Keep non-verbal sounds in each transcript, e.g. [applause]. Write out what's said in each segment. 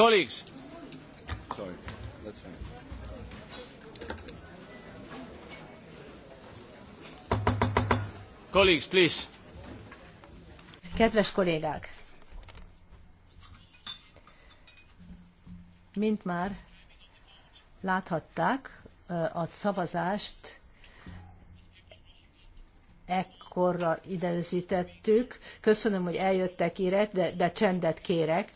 Colleagues. Sorry, that's fine. Colleagues, please. Kedves kollégák! Mint már láthatták, a szavazást ekkorra időzítettük. Köszönöm, hogy eljöttek írek, de, de csendet kérek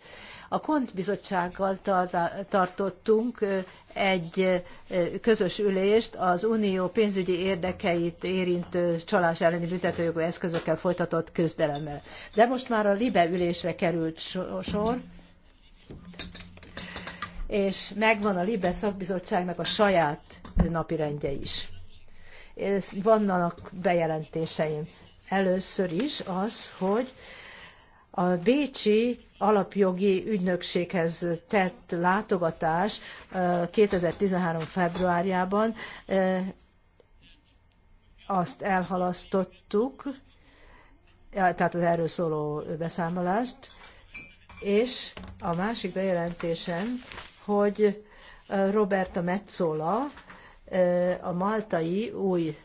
a KONT bizottsággal tartottunk egy közös ülést az unió pénzügyi érdekeit érintő csalás elleni büntetőjogú eszközökkel folytatott küzdelemmel. De most már a LIBE ülésre került sor, és megvan a LIBE szakbizottságnak a saját napirendje is. Vannak bejelentéseim. Először is az, hogy a Bécsi alapjogi ügynökséghez tett látogatás 2013. februárjában azt elhalasztottuk, tehát az erről szóló beszámolást, és a másik bejelentésem, hogy Roberta Metzola, a maltai új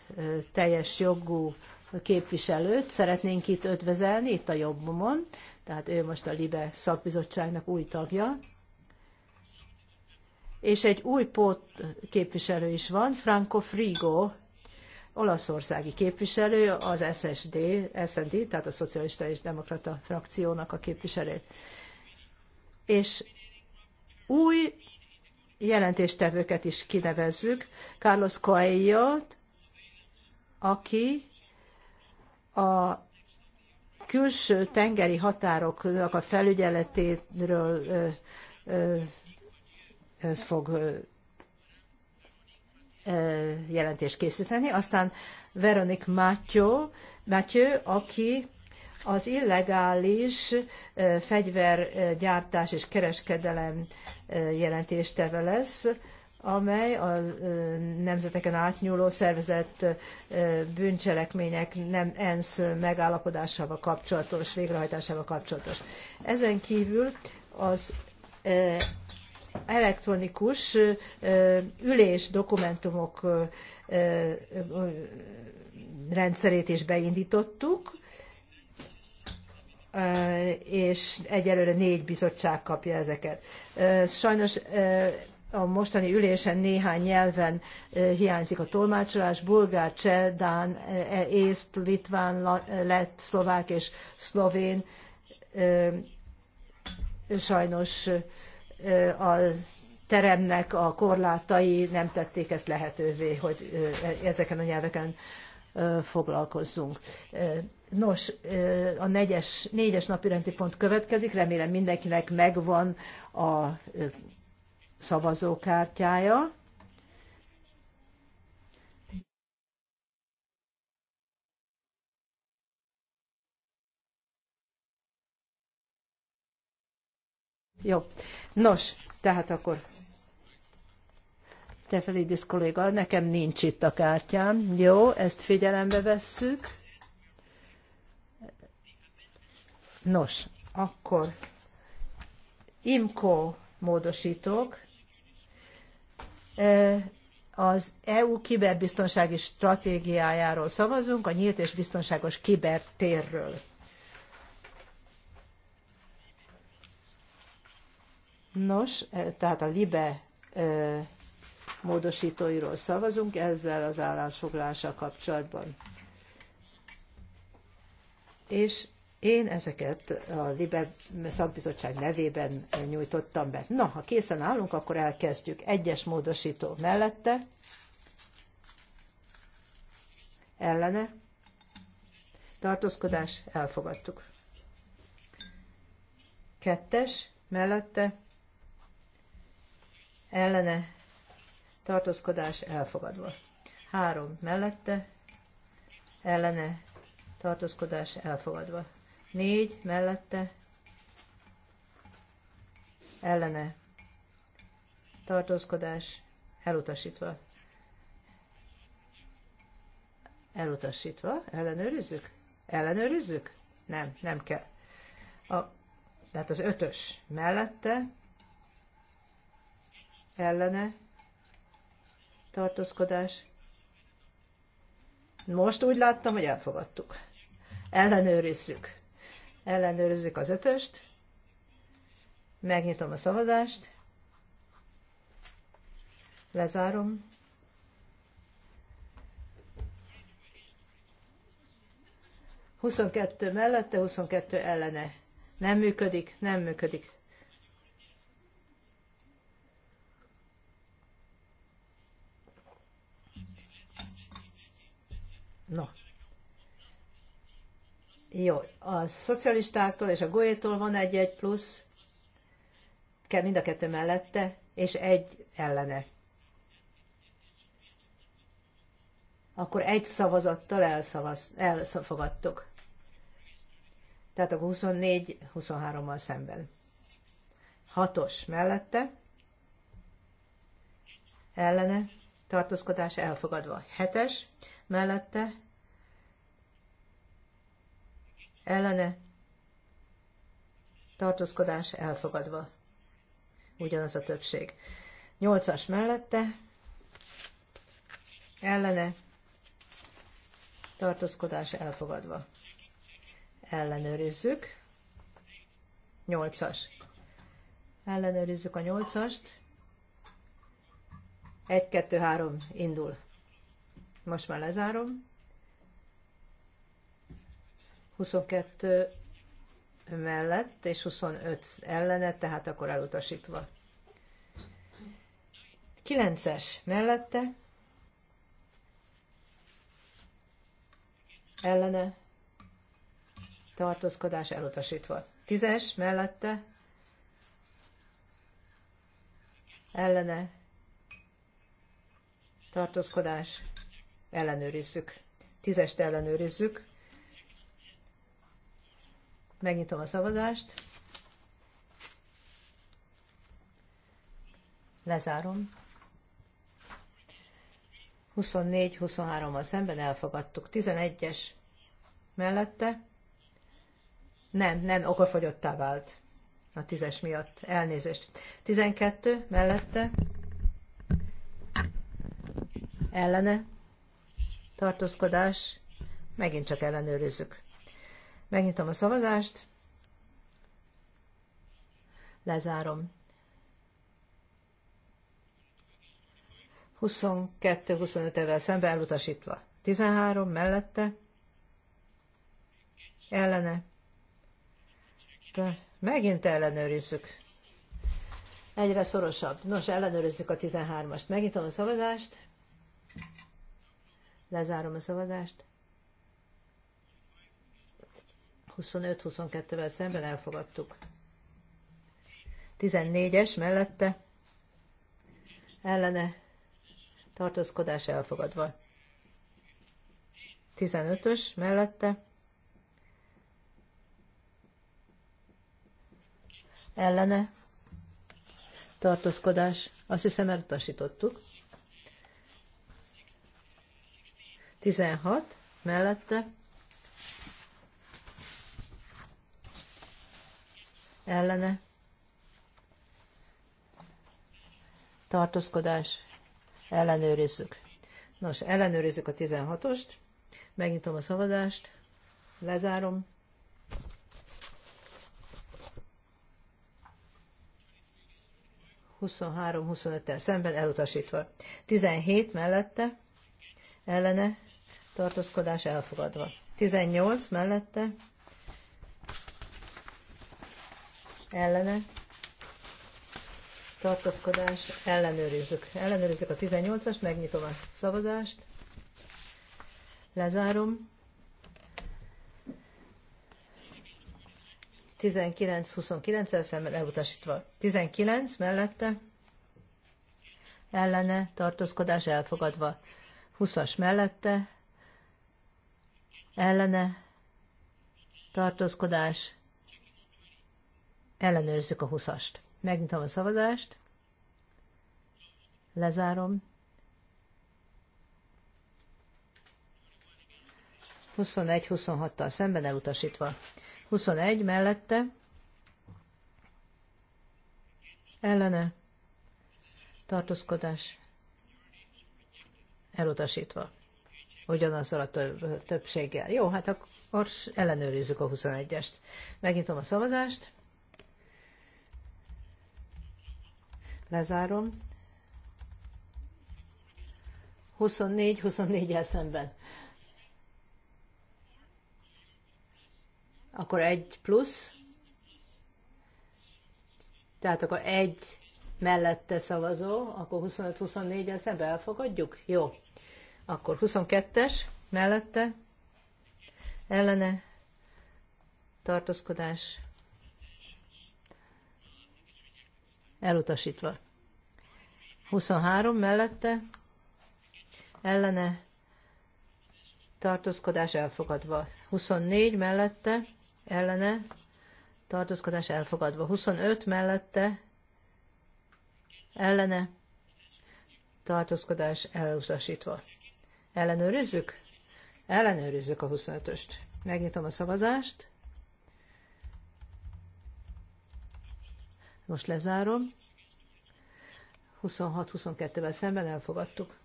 teljes jogú képviselőt szeretnénk itt ötvezelni, itt a jobbomon, tehát ő most a LIBE szakbizottságnak új tagja, és egy új pót képviselő is van, Franco Frigo, olaszországi képviselő, az SSD, SND, tehát a Szocialista és Demokrata frakciónak a képviselő. És új jelentéstevőket is kinevezzük, Carlos coelho aki a külső tengeri határoknak a felügyeletéről ez fog jelentést készíteni. Aztán Veronik Mátyó, Mátyő, aki az illegális fegyvergyártás és kereskedelem jelentésteve lesz, amely a nemzeteken átnyúló szervezett bűncselekmények nem ENSZ megállapodásával kapcsolatos, végrehajtásával kapcsolatos. Ezen kívül az elektronikus ülés dokumentumok rendszerét is beindítottuk, és egyelőre négy bizottság kapja ezeket. Sajnos a mostani ülésen néhány nyelven hiányzik a tolmácsolás, bulgár, cseh, dán, e, észt, litván, lett, szlovák és szlovén. Sajnos a teremnek a korlátai nem tették ezt lehetővé, hogy ezeken a nyelveken foglalkozzunk. Nos, a negyes, négyes napirendi pont következik, remélem mindenkinek megvan a szavazókártyája. Jó. Nos, tehát akkor te felédisz kolléga, nekem nincs itt a kártyám. Jó, ezt figyelembe vesszük. Nos, akkor IMCO módosítók az EU kiberbiztonsági stratégiájáról szavazunk, a nyílt és biztonságos kibertérről. Nos, e, tehát a LIBE módosítóiról szavazunk ezzel az állásfoglalással kapcsolatban. És én ezeket a Liber szakbizottság nevében nyújtottam be. Na, ha készen állunk, akkor elkezdjük. Egyes módosító mellette, ellene, tartózkodás, elfogadtuk. Kettes, mellette, ellene, tartózkodás, elfogadva. Három, mellette, ellene, tartózkodás, elfogadva négy mellette ellene tartózkodás elutasítva. Elutasítva? Ellenőrizzük? Ellenőrizzük? Nem, nem kell. A, tehát az ötös mellette ellene tartózkodás. Most úgy láttam, hogy elfogadtuk. Ellenőrizzük ellenőrizzük az ötöst, megnyitom a szavazást, lezárom, Huszonkettő mellette, huszonkettő ellene. Nem működik, nem működik. No, jó, a szocialistáktól és a golyétól van egy-egy plusz, kell mind a kettő mellette, és egy ellene. Akkor egy szavazattal elszavaz, elfogadtuk. Tehát a 24-23-mal szemben. Hatos mellette, ellene, tartózkodás elfogadva. Hetes mellette, ellene tartózkodás elfogadva. Ugyanaz a többség. Nyolcas mellette ellene tartózkodás elfogadva. Ellenőrizzük. nyolcas. Ellenőrizzük a nyolcast. Egy kettő három indul. Most már lezárom. 22 mellett és 25 ellene, tehát akkor elutasítva. 9-es mellette, ellene, tartózkodás elutasítva. 10-es mellette, ellene, tartózkodás, ellenőrizzük. 10-est ellenőrizzük. Megnyitom a szavazást. Lezárom. 24-23-mal szemben elfogadtuk. 11-es mellette. Nem, nem, okafogyottá vált a 10-es miatt. Elnézést. 12 mellette. Ellene. Tartózkodás. Megint csak ellenőrizzük. Megnyitom a szavazást. Lezárom. 22-25 évvel szembe elutasítva. 13 mellette. Ellene. De megint ellenőrizzük. Egyre szorosabb. Nos, ellenőrizzük a 13-ast. Megnyitom a szavazást. Lezárom a szavazást. 25-22-vel szemben elfogadtuk. 14-es mellette ellene tartózkodás elfogadva. 15-ös mellette ellene tartózkodás. Azt hiszem elutasítottuk. 16 mellette ellene tartózkodás, ellenőrizzük. Nos, ellenőrizzük a 16-ost, megnyitom a szavazást, lezárom. Huszonhárom, huszonöttel szemben elutasítva. 17 mellette, ellene, tartózkodás elfogadva. 18 mellette, ellene tartózkodás, ellenőrizzük. Ellenőrizzük a 18-as, megnyitom a szavazást, lezárom. 19-29 szemben elutasítva. 19 mellette ellene tartózkodás elfogadva. 20-as mellette ellene tartózkodás ellenőrzzük a 20-ast. Megnyitom a szavazást, lezárom, 21-26-tal szemben elutasítva. 21 mellette ellene tartózkodás elutasítva. Ugyanazzal a több, többséggel. Jó, hát akkor ellenőrizzük a 21-est. Megnyitom a szavazást. 21-26. Lezárom. 24, 24-el szemben. Akkor egy plusz. Tehát akkor egy mellette szavazó, akkor 25-24-el szemben elfogadjuk? Jó. Akkor 22-es mellette, ellene, tartózkodás, elutasítva. 23 mellette ellene tartózkodás elfogadva. 24 mellette ellene tartózkodás elfogadva. 25 mellette ellene tartózkodás elutasítva. Ellenőrizzük? Ellenőrizzük a 25-öst. Megnyitom a szavazást. Most lezárom. 26-22-vel szemben elfogadtuk.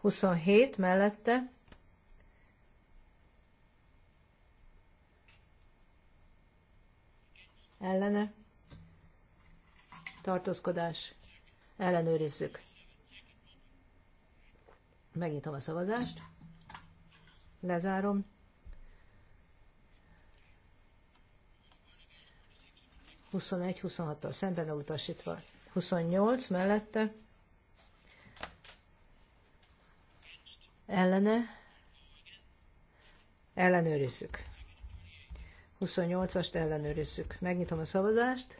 27 mellette. Ellene. Tartózkodás. Ellenőrizzük. Megnyitom a szavazást. Lezárom. 21-26-tal szemben elutasítva. 28 mellette ellene ellenőrizzük. 28-ast ellenőrizzük. Megnyitom a szavazást,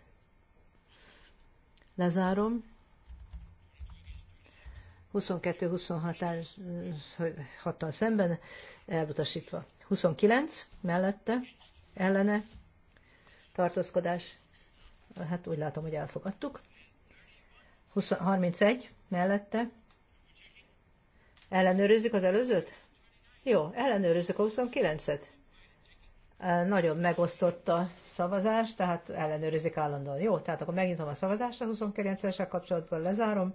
lezárom. 22-26-tal szemben elutasítva. 29 mellette ellene tartózkodás Hát úgy látom, hogy elfogadtuk. 20, 31 mellette. Ellenőrizzük az előzőt? Jó, ellenőrizzük a 29-et. Nagyon megosztott a szavazás, tehát ellenőrizik állandóan. Jó, tehát akkor megnyitom a szavazást a 29 esek kapcsolatban, lezárom.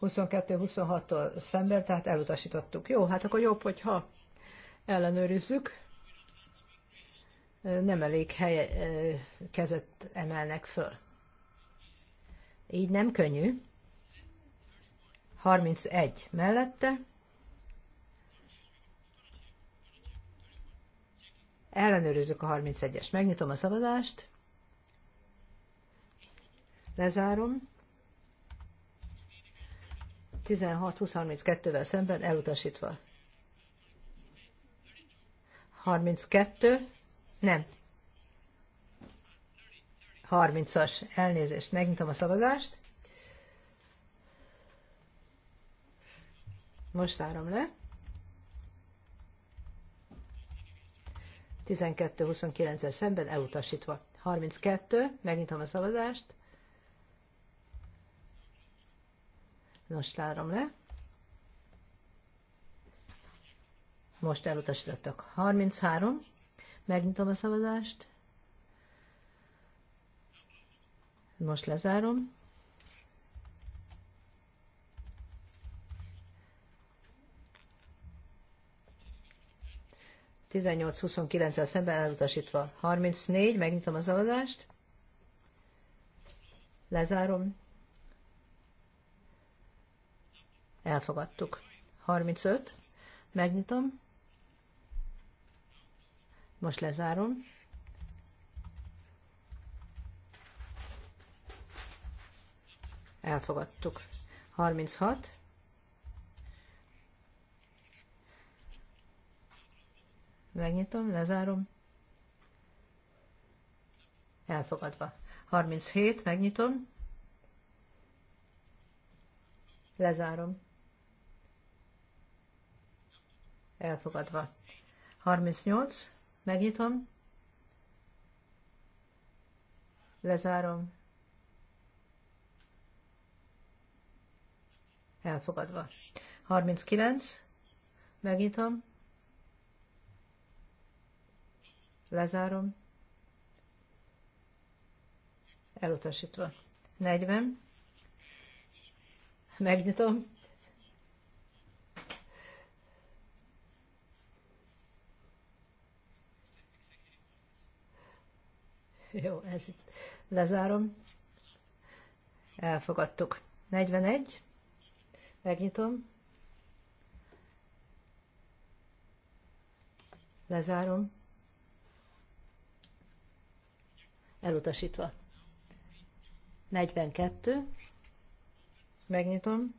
22-26-tól szemben, tehát elutasítottuk. Jó, hát akkor jobb, hogyha ellenőrizzük nem elég helye, kezet emelnek föl. Így nem könnyű. 31 mellette. Ellenőrizzük a 31-es. Megnyitom a szavazást. Lezárom. 16-20-32-vel szemben elutasítva. 32 nem. 30-as. Elnézést. Megnyitom a szavazást. Most zárom le. 12-29-el szemben elutasítva. 32, megnyitom a szavazást. Most lárom le. Most elutasítottak. 33, Megnyitom a szavazást. Most lezárom. Tizennyolc 29 el szemben elutasítva. 34, megnyitom a szavazást. Lezárom. Elfogadtuk. 35, megnyitom. Most lezárom. Elfogadtuk. 36. Megnyitom, lezárom. Elfogadva. 37, megnyitom. Lezárom. Elfogadva. 38. Megnyitom. Lezárom. Elfogadva. 39. Megnyitom. Lezárom. Elutasítva. 40. Megnyitom. [laughs] Jó, ez lezárom. Elfogadtuk. 41. Megnyitom. Lezárom. Elutasítva. 42. Megnyitom.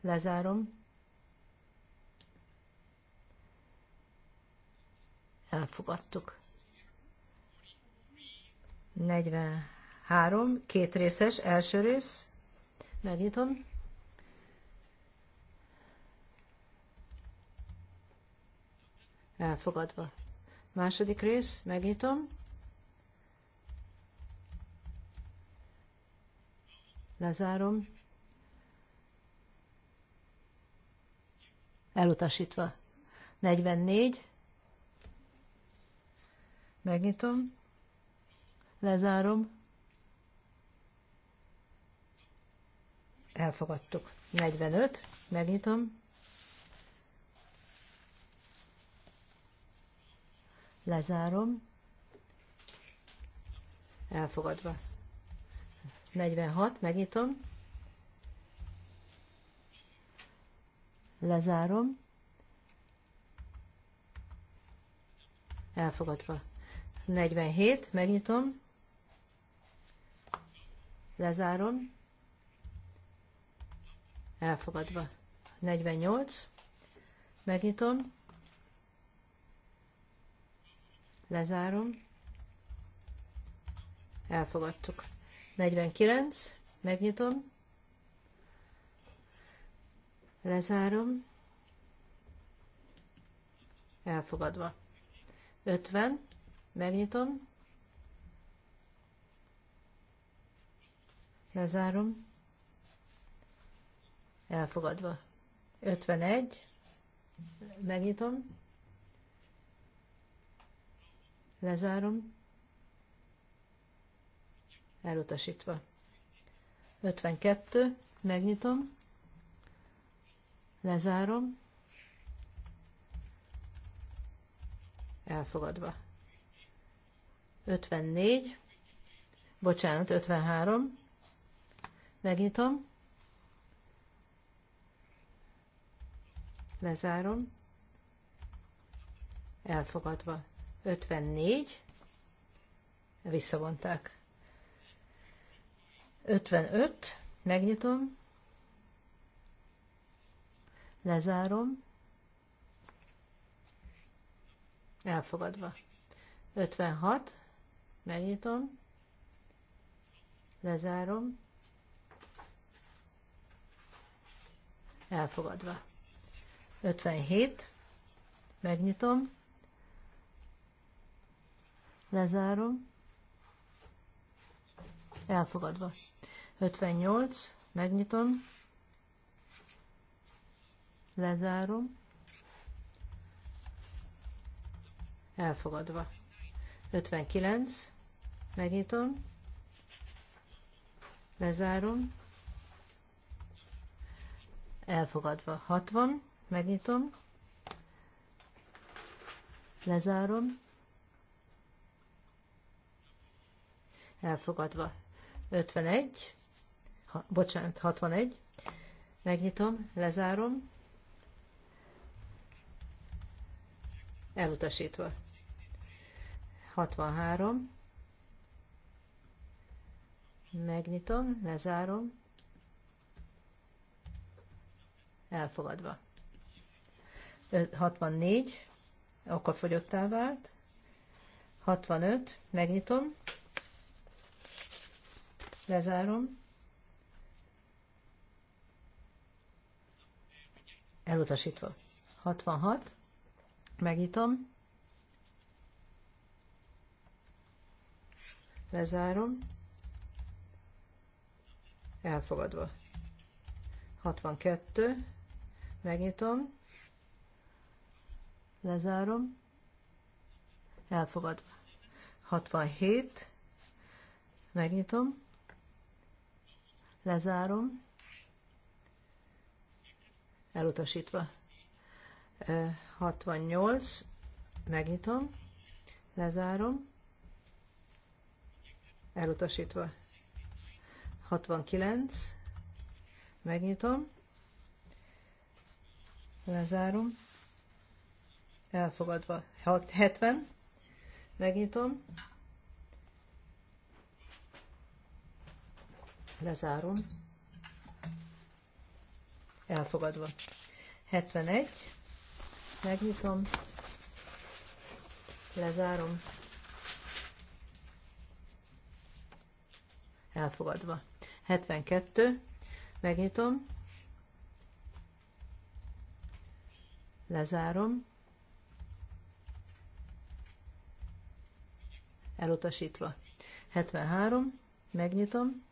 Lezárom. elfogadtuk. 43, két részes, első rész, megnyitom. Elfogadva. Második rész, megnyitom. Lezárom. Elutasítva. 44. Megnyitom. Lezárom. Elfogadtuk. 45. Megnyitom. Lezárom. Elfogadva. 46. Megnyitom. Lezárom. Elfogadva. 47, megnyitom, lezárom, elfogadva. 48, megnyitom, lezárom, elfogadtuk. 49, megnyitom, lezárom, elfogadva. 50, Megnyitom. Lezárom. Elfogadva. 51. Megnyitom. Lezárom. Elutasítva. 52. Megnyitom. Lezárom. Elfogadva. 54, bocsánat, 53, megnyitom, lezárom, elfogadva, 54, visszavonták, 55, megnyitom, lezárom, elfogadva. 56, Megnyitom. Lezárom. Elfogadva. 57. Megnyitom. Lezárom. Elfogadva. 58. Megnyitom. Lezárom. Elfogadva. 59. Megnyitom. Lezárom. Elfogadva. 60. Megnyitom. Lezárom. Elfogadva. 51. Ha, bocsánat, 61. Megnyitom, lezárom. Elutasítva. 63. Megnyitom, lezárom. Elfogadva. 64, akkor fogyottá vált. 65, megnyitom. Lezárom. Elutasítva. 66, megnyitom. Lezárom elfogadva. 62, megnyitom, lezárom, elfogadva. 67, megnyitom, lezárom, elutasítva. 68, megnyitom, lezárom, elutasítva. 69, megnyitom, lezárom, elfogadva 70, megnyitom, lezárom, elfogadva 71, megnyitom, lezárom, elfogadva. 72. Megnyitom. Lezárom. Elutasítva. 73. Megnyitom.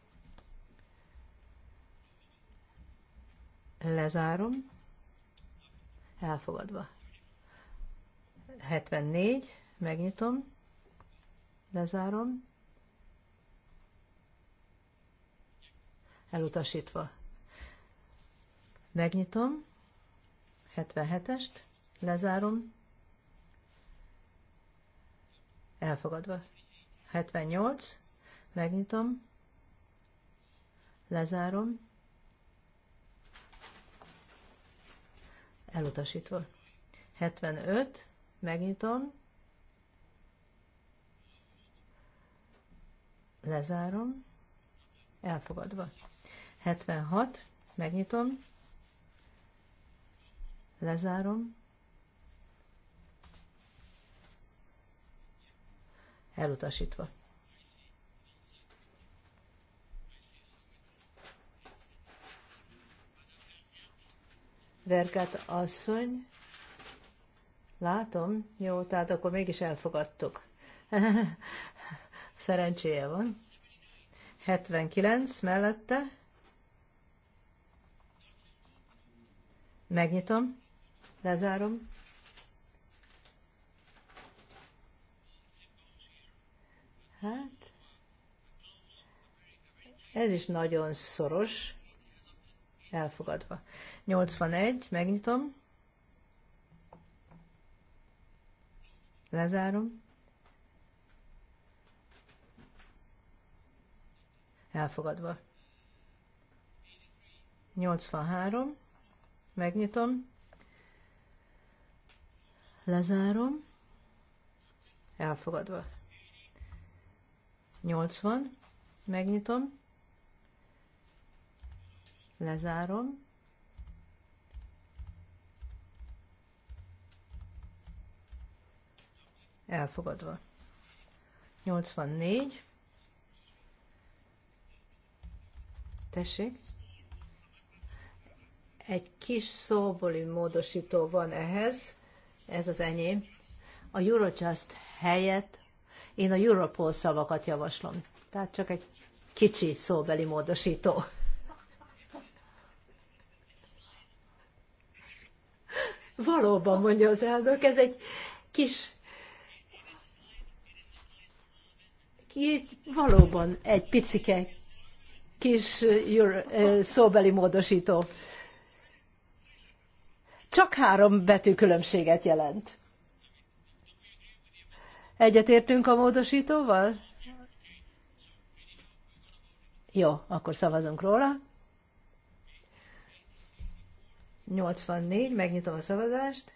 Lezárom. Elfogadva. 74. Megnyitom. Lezárom elutasítva. Megnyitom, 77-est, lezárom, elfogadva. 78, megnyitom, lezárom, elutasítva. 75, megnyitom, lezárom, elfogadva. 76, megnyitom, lezárom, elutasítva. Verkát asszony, látom, jó, tehát akkor mégis elfogadtuk. [laughs] Szerencséje van. 79 mellette Megnyitom, lezárom. Hát, ez is nagyon szoros, elfogadva. 81, megnyitom. Lezárom. Elfogadva. 83. Megnyitom. Lezárom. Elfogadva. 80. Megnyitom. Lezárom. Elfogadva. 84. Tessék. Egy kis szóbeli módosító van ehhez, ez az enyém. A Eurojust helyett én a Europol szavakat javaslom. Tehát csak egy kicsi szóbeli módosító. Valóban, mondja az elnök, ez egy kis... Valóban egy picike kis szóbeli módosító csak három betű különbséget jelent. Egyetértünk a módosítóval? Jó, akkor szavazunk róla. 84, megnyitom a szavazást.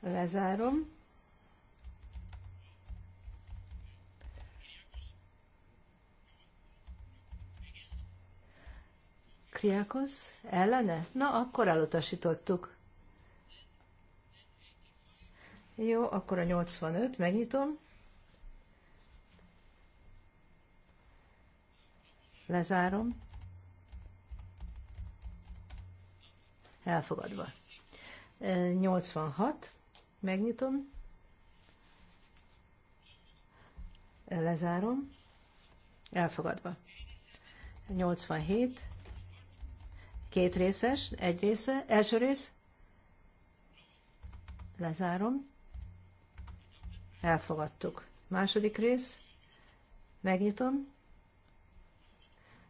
Lezárom. Kriákosz ellene? Na, akkor elutasítottuk. Jó, akkor a 85, megnyitom. Lezárom. Elfogadva. 86, megnyitom. Lezárom. Elfogadva. 87, Két részes, egy része, első rész, lezárom, elfogadtuk. Második rész, megnyitom,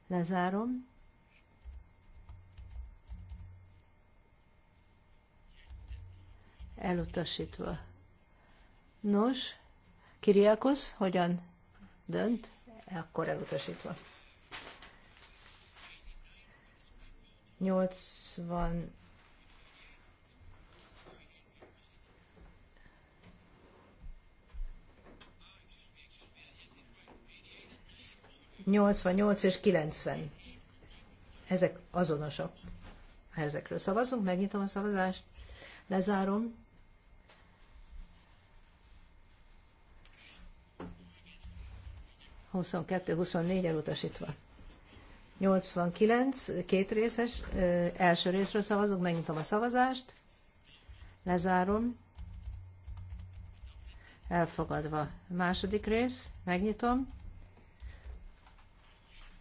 lezárom, elutasítva. Nos, Kiriakos hogyan dönt? Akkor elutasítva. 80 88 és 90. Ezek azonosak. Ezekről szavazunk, megnyitom a szavazást, lezárom. Huszonkettő, huszonnégy elutasítva. 89, két részes, első részről szavazunk, megnyitom a szavazást, lezárom, elfogadva. Második rész, megnyitom,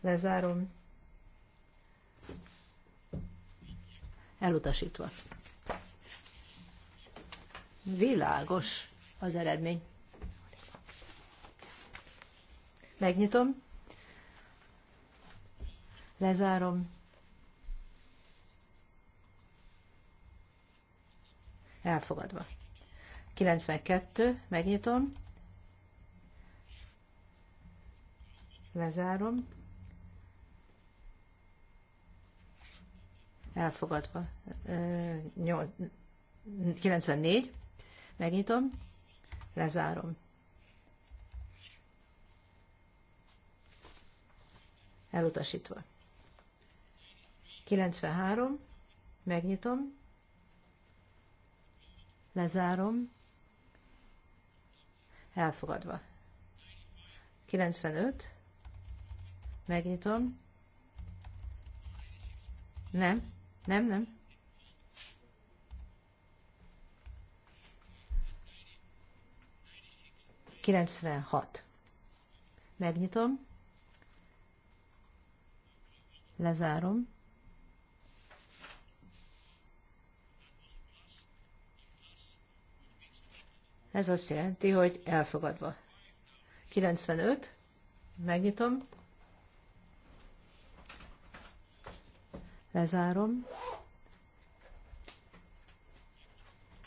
lezárom, elutasítva. Világos az eredmény. Megnyitom. Lezárom. Elfogadva. 92, megnyitom. Lezárom. Elfogadva. 94, megnyitom. Lezárom. Elutasítva. 93, megnyitom, lezárom, elfogadva. 95, megnyitom, nem, nem, nem. Kilencvenhat. Megnyitom. Lezárom. Ez azt jelenti, hogy elfogadva. 95, megnyitom, lezárom,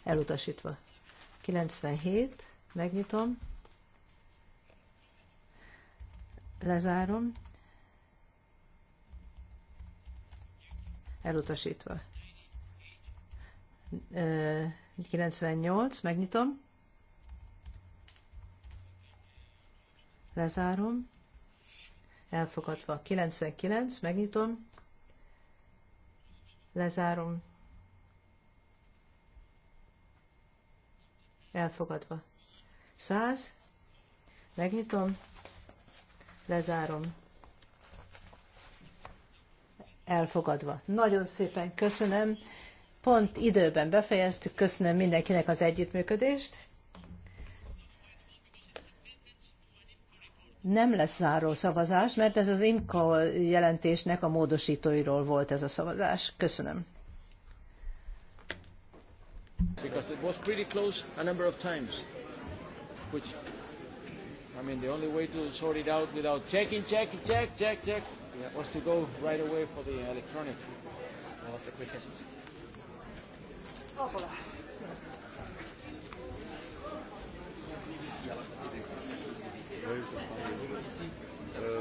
elutasítva. 97, megnyitom, lezárom, elutasítva. 98, megnyitom, Lezárom. Elfogadva. 99. Megnyitom. Lezárom. Elfogadva. 100. Megnyitom. Lezárom. Elfogadva. Nagyon szépen köszönöm. Pont időben befejeztük. Köszönöm mindenkinek az együttműködést. nem lesz záró szavazás, mert ez az IMCA jelentésnek a módosítóiról volt ez a szavazás. Köszönöm. Because it was pretty close a number of times, which, I mean, the only way to sort it out without checking, check, check, check, yeah, was to go right away for the electronic. That was the quickest. Oh, Euh,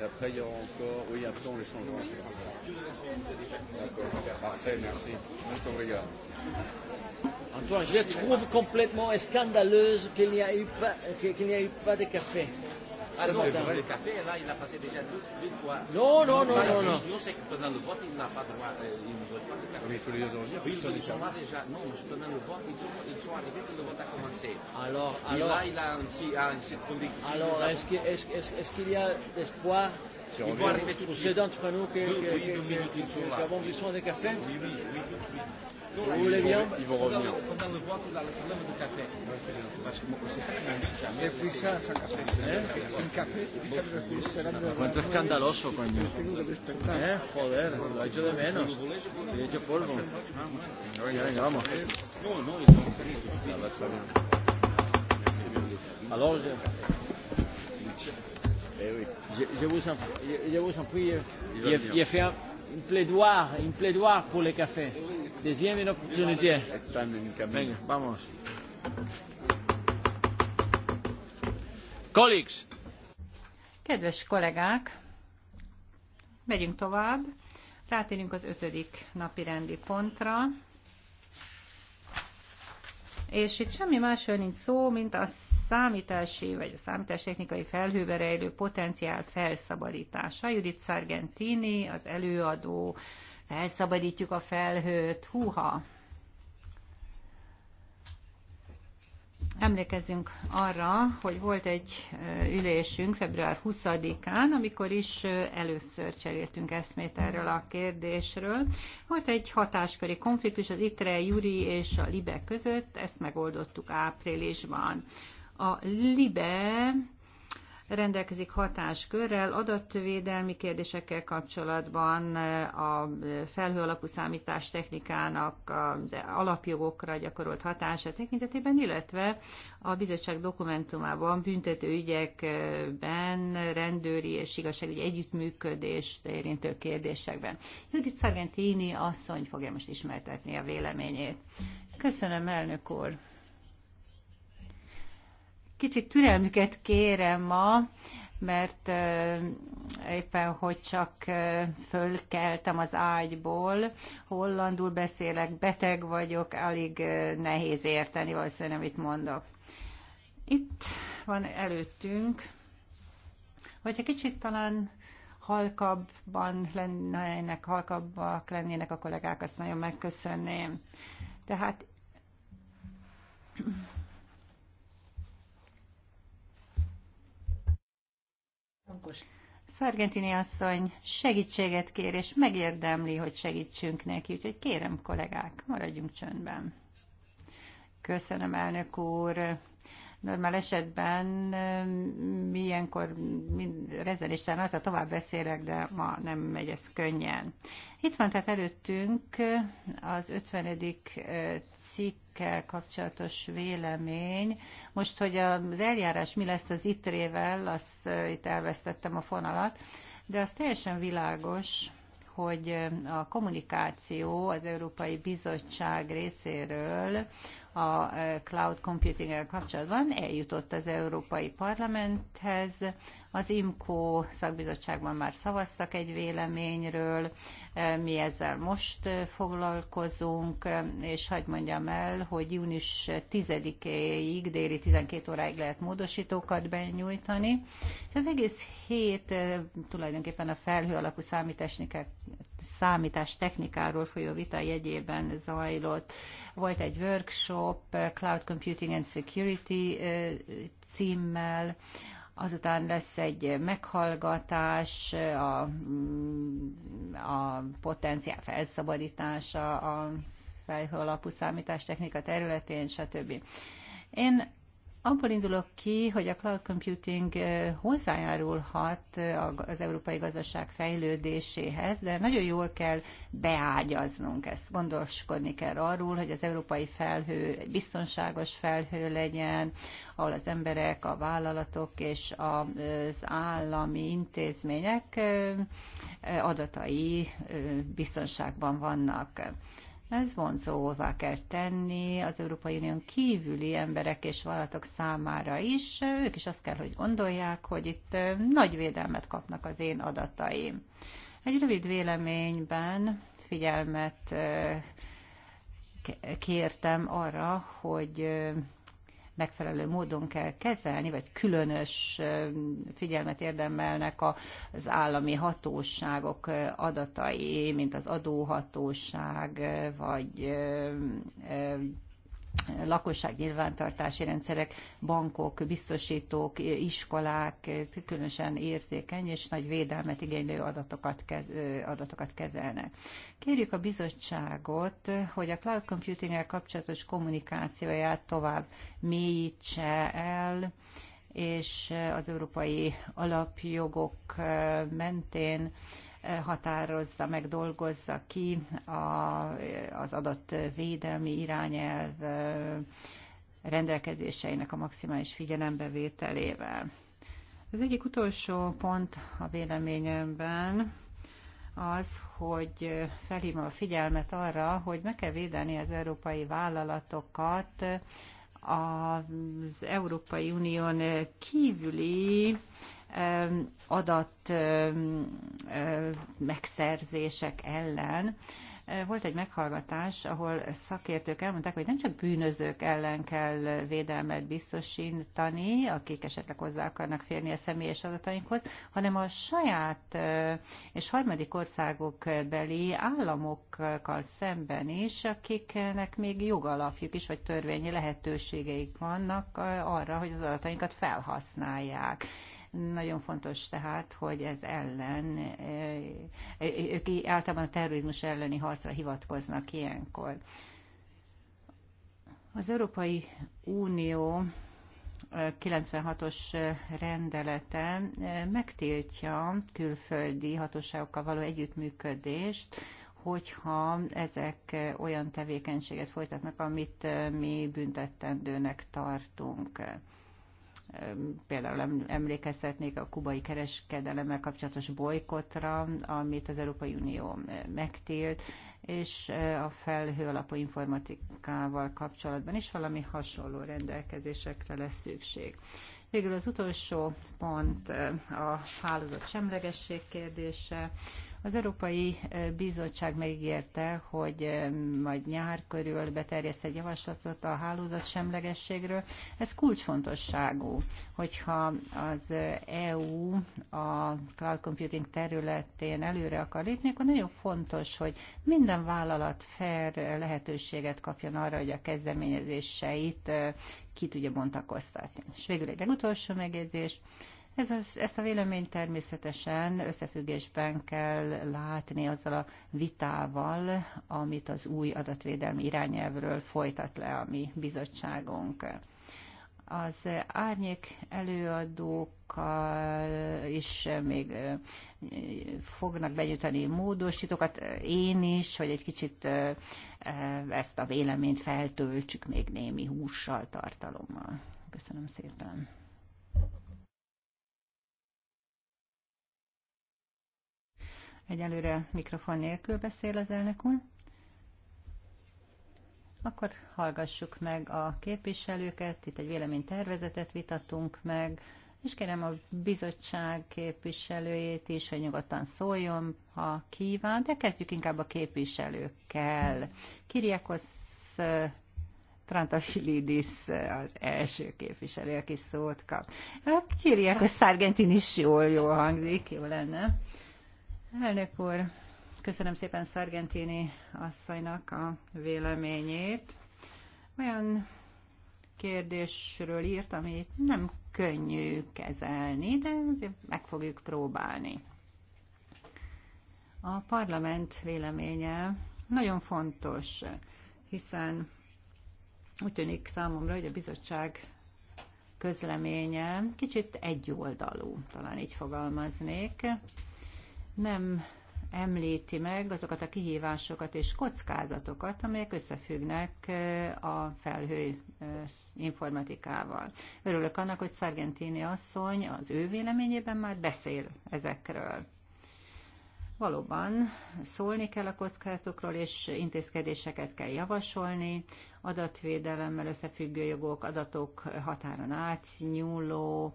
Et après, il y aura encore. Oui, après, on les changera. D'accord. Parfait, merci. Je regarde. Antoine, je trouve complètement scandaleuse qu'il n'y a, eu pas, qu'il n'y a eu pas de café. Ah non, c'est vrai. Le café, là, il a passé déjà deux, deux fois. Non, non, non, non. non, non. Nous, c'est que pendant le vote, il n'a pas droit. Euh, mais faut de dire, oui, ils sont là déjà. Non, je te donne le vote, ils sont, ils sont arrivés quand le vote a commencé. Alors, alors. Et là, il a un petit, un petit conviction. Alors, est-ce qu'il est est est qu y a d'espoir si Ils vont arriver tout de suite. Pour d'entre nous qui avons besoin de café Oui, oui, oui, tout de Cuánto escandaloso, coño. Eh, joder, lo he hecho de menos. Lo he hecho polvo. Venga, venga, vamos. No, no, no. je, vous, en, je, je vous en prie, eh, j'ai fait un, une plaidoire, une plaidoire pour les cafés. Eh oui. Deuxième opportunité. Venga, vamos. Colleagues. Kedves kollégák, megyünk tovább. Rátérünk az ötödik napi rendi pontra. És itt semmi másról nincs szó, mint a számítási vagy a számítástechnikai felhőbe rejlő potenciál felszabadítása. Judith Sargentini, az előadó, felszabadítjuk a felhőt, húha! Emlékezzünk arra, hogy volt egy ülésünk február 20-án, amikor is először cseréltünk eszmét erről a kérdésről. Volt egy hatásköri konfliktus az ITRE, Juri és a LIBE között, ezt megoldottuk áprilisban. A LIBE rendelkezik hatáskörrel adatvédelmi kérdésekkel kapcsolatban, a felhő alapú számítás technikának az alapjogokra gyakorolt hatása tekintetében, illetve a bizottság dokumentumában büntető ügyekben, rendőri és igazságügyi együttműködést érintő kérdésekben. Judit Sargentini asszony fogja most ismertetni a véleményét. Köszönöm, elnök úr! Kicsit türelmüket kérem ma, mert eh, éppen, hogy csak eh, fölkeltem az ágyból, hollandul beszélek, beteg vagyok, alig eh, nehéz érteni valószínűleg, amit mondok. Itt van előttünk, hogyha kicsit talán halkabban lennének, halkabbak lennének a kollégák, azt nagyon megköszönném. Tehát Szargentini asszony segítséget kér, és megérdemli, hogy segítsünk neki, úgyhogy kérem kollégák, maradjunk csöndben. Köszönöm, elnök úr. Normál esetben milyenkor mm, rezelésten a tovább beszélek, de ma nem megy ez könnyen. Itt van tehát előttünk az 50 cikkkel kapcsolatos vélemény. Most, hogy az eljárás mi lesz az itrével, azt itt elvesztettem a fonalat, de az teljesen világos, hogy a kommunikáció az Európai Bizottság részéről a e, cloud computing kapcsolatban eljutott az Európai Parlamenthez. Az IMCO szakbizottságban már szavaztak egy véleményről, e, mi ezzel most e, foglalkozunk, és hagyd mondjam el, hogy június 10-éig, déli 12 óráig lehet módosítókat benyújtani. És az egész hét tulajdonképpen a felhő alapú számítechnikák számítás technikáról folyó vita jegyében zajlott. Volt egy workshop Cloud Computing and Security címmel, Azután lesz egy meghallgatás, a, a potenciál felszabadítása a felhő alapú számítástechnika területén, stb. Én abból indulok ki, hogy a cloud computing eh, hozzájárulhat eh, az európai gazdaság fejlődéséhez, de nagyon jól kell beágyaznunk ezt. Gondoskodni kell arról, hogy az európai felhő egy biztonságos felhő legyen, ahol az emberek, a vállalatok és az állami intézmények eh, adatai biztonságban vannak. Ez vonzóvá kell tenni az Európai Unión kívüli emberek és vállalatok számára is. Ők is azt kell, hogy gondolják, hogy itt nagy védelmet kapnak az én adataim. Egy rövid véleményben figyelmet kértem arra, hogy megfelelő módon kell kezelni, vagy különös figyelmet érdemelnek az állami hatóságok adatai, mint az adóhatóság, vagy lakosság nyilvántartási rendszerek, bankok, biztosítók, iskolák különösen érzékeny és nagy védelmet igénylő adatokat, kez, adatokat kezelnek. Kérjük a bizottságot, hogy a cloud computing kapcsolatos kommunikációját tovább mélyítse el, és az európai alapjogok mentén határozza meg, dolgozza ki a az adott védelmi irányelv rendelkezéseinek a maximális figyelembevételével. Az egyik utolsó pont a véleményemben az, hogy felhívom a figyelmet arra, hogy meg kell védeni az európai vállalatokat az Európai Unión kívüli adat megszerzések ellen, volt egy meghallgatás, ahol szakértők elmondták, hogy nem csak bűnözők ellen kell védelmet biztosítani, akik esetleg hozzá akarnak férni a személyes adatainkhoz, hanem a saját és harmadik országok beli államokkal szemben is, akiknek még jogalapjuk is, vagy törvényi lehetőségeik vannak eh, arra, hogy az adatainkat felhasználják nagyon fontos tehát, hogy ez ellen, eh, eh, ők általában a terrorizmus elleni harcra hivatkoznak ilyenkor. Az Európai Unió 96-os eh, rendelete megtiltja külföldi hatóságokkal való együttműködést, hogyha ezek olyan tevékenységet folytatnak, amit mi büntettendőnek tartunk. Például emlékeztetnék a kubai kereskedelemmel kapcsolatos bolykotra, amit az Európai Unió megtilt, és e, a felhő alapú informatikával kapcsolatban is valami hasonló rendelkezésekre lesz szükség. Végül az utolsó pont e, a hálózat semlegesség kérdése. Az Európai Bizottság megígérte, hogy majd nyár körül beterjeszt egy javaslatot a hálózat semlegességről. Ez kulcsfontosságú, hogyha az EU a cloud computing területén előre akar lépni, akkor nagyon fontos, hogy minden vállalat fair lehetőséget kapjon arra, hogy a kezdeményezéseit ki tudja bontakoztatni. És végül egy legutolsó megjegyzés. Ez az, ezt a véleményt természetesen összefüggésben kell látni azzal a vitával, amit az új adatvédelmi irányelvről folytat le a mi bizottságunk az árnyék előadókkal is még fognak benyújtani módosítókat, én is, hogy egy kicsit ezt a véleményt feltöltsük még némi hússal, tartalommal. Köszönöm szépen. Egyelőre mikrofon nélkül beszél az elnök úr. Akkor hallgassuk meg a képviselőket, itt egy véleménytervezetet vitatunk meg, és kérem a bizottság képviselőjét is, hogy nyugodtan szóljon, ha kíván, de kezdjük inkább a képviselőkkel. Kiriakosz Trantafilidis az első képviselő, aki szót kap. Kiriakosz Szárgentin is jól, jól hangzik, jó lenne. Elnök úr, köszönöm szépen Sargentini asszonynak a véleményét. Olyan kérdésről írt, amit nem könnyű kezelni, de azért meg fogjuk próbálni. A parlament véleménye nagyon fontos, hiszen úgy tűnik számomra, hogy a bizottság közleménye kicsit egyoldalú, talán így fogalmaznék nem említi meg azokat a kihívásokat és kockázatokat, amelyek összefüggnek a felhő informatikával. Örülök annak, hogy Sargentini asszony az ő véleményében már beszél ezekről. Valóban szólni kell a kockázatokról, és intézkedéseket kell javasolni, adatvédelemmel összefüggő jogok, adatok határon átnyúló,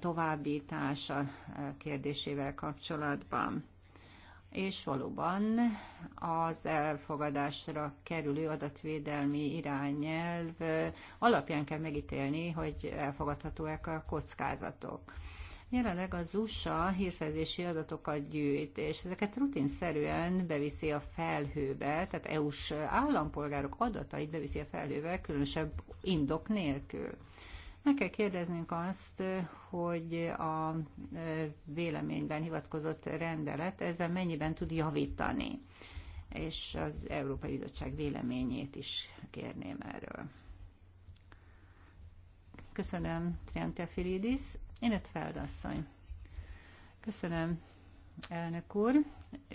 továbbítása eh, kérdésével kapcsolatban. És valóban az elfogadásra kerülő adatvédelmi irányelv eh, alapján kell megítélni, hogy elfogadhatóak a kockázatok. Jelenleg az USA hírszerzési adatokat gyűjt, és ezeket rutinszerűen beviszi a felhőbe, tehát EU-s állampolgárok adatait beviszi a felhőbe, különösebb indok nélkül. Meg kell kérdeznünk azt, hogy a véleményben hivatkozott rendelet ezzel mennyiben tud javítani. És az Európai Bizottság véleményét is kérném erről. Köszönöm, Triante Filidis, illetve Feldasszony. Köszönöm, elnök úr.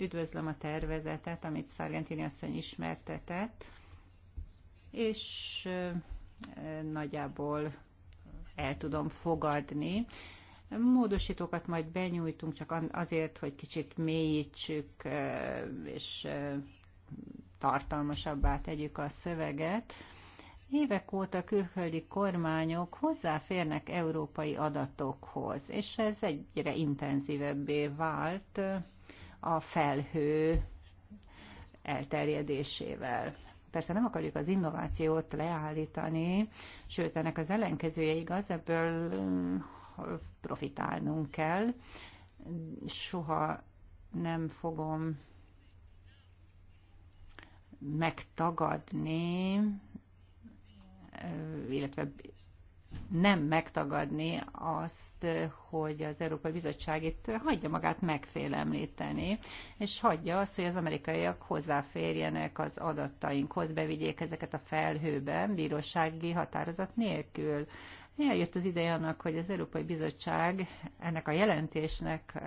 Üdvözlöm a tervezetet, amit Szargentini asszony ismertetett, és nagyjából el tudom fogadni. Módosítókat majd benyújtunk csak azért, hogy kicsit mélyítsük és tartalmasabbá tegyük a szöveget. Évek óta külföldi kormányok hozzáférnek európai adatokhoz, és ez egyre intenzívebbé vált a felhő elterjedésével. Persze nem akarjuk az innovációt leállítani, sőt, ennek az ellenkezője igaz, ebből hm, profitálnunk kell. Soha nem fogom megtagadni, illetve nem megtagadni azt, hogy az Európai Bizottság itt hagyja magát megfélemlíteni, és hagyja azt, hogy az amerikaiak hozzáférjenek az adatainkhoz, bevigyék ezeket a felhőbe, bírósági határozat nélkül. Eljött az ideje annak, hogy az Európai Bizottság ennek a jelentésnek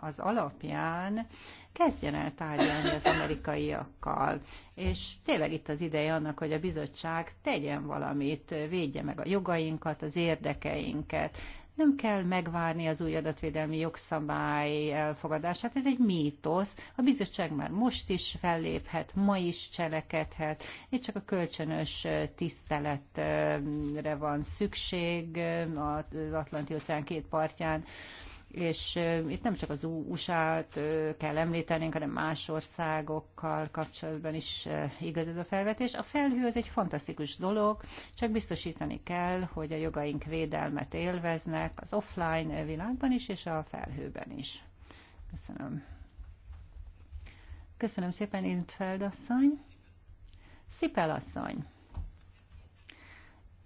az alapján kezdjen el tárgyalni az amerikaiakkal. És tényleg itt az ideje annak, hogy a bizottság tegyen valamit, védje meg a jogainkat, az érdekeinket nem kell megvárni az új adatvédelmi jogszabály elfogadását, ez egy mítosz. A bizottság már most is felléphet, ma is cselekedhet, itt csak a kölcsönös tiszteletre van szükség az Atlanti-óceán két partján és itt nem csak az USA-t kell említenünk, hanem más országokkal kapcsolatban is igaz ez a felvetés. A felhő az egy fantasztikus dolog, csak biztosítani kell, hogy a jogaink védelmet élveznek az offline világban is, és a felhőben is. Köszönöm. Köszönöm szépen, Intfeld asszony. Szipel asszony.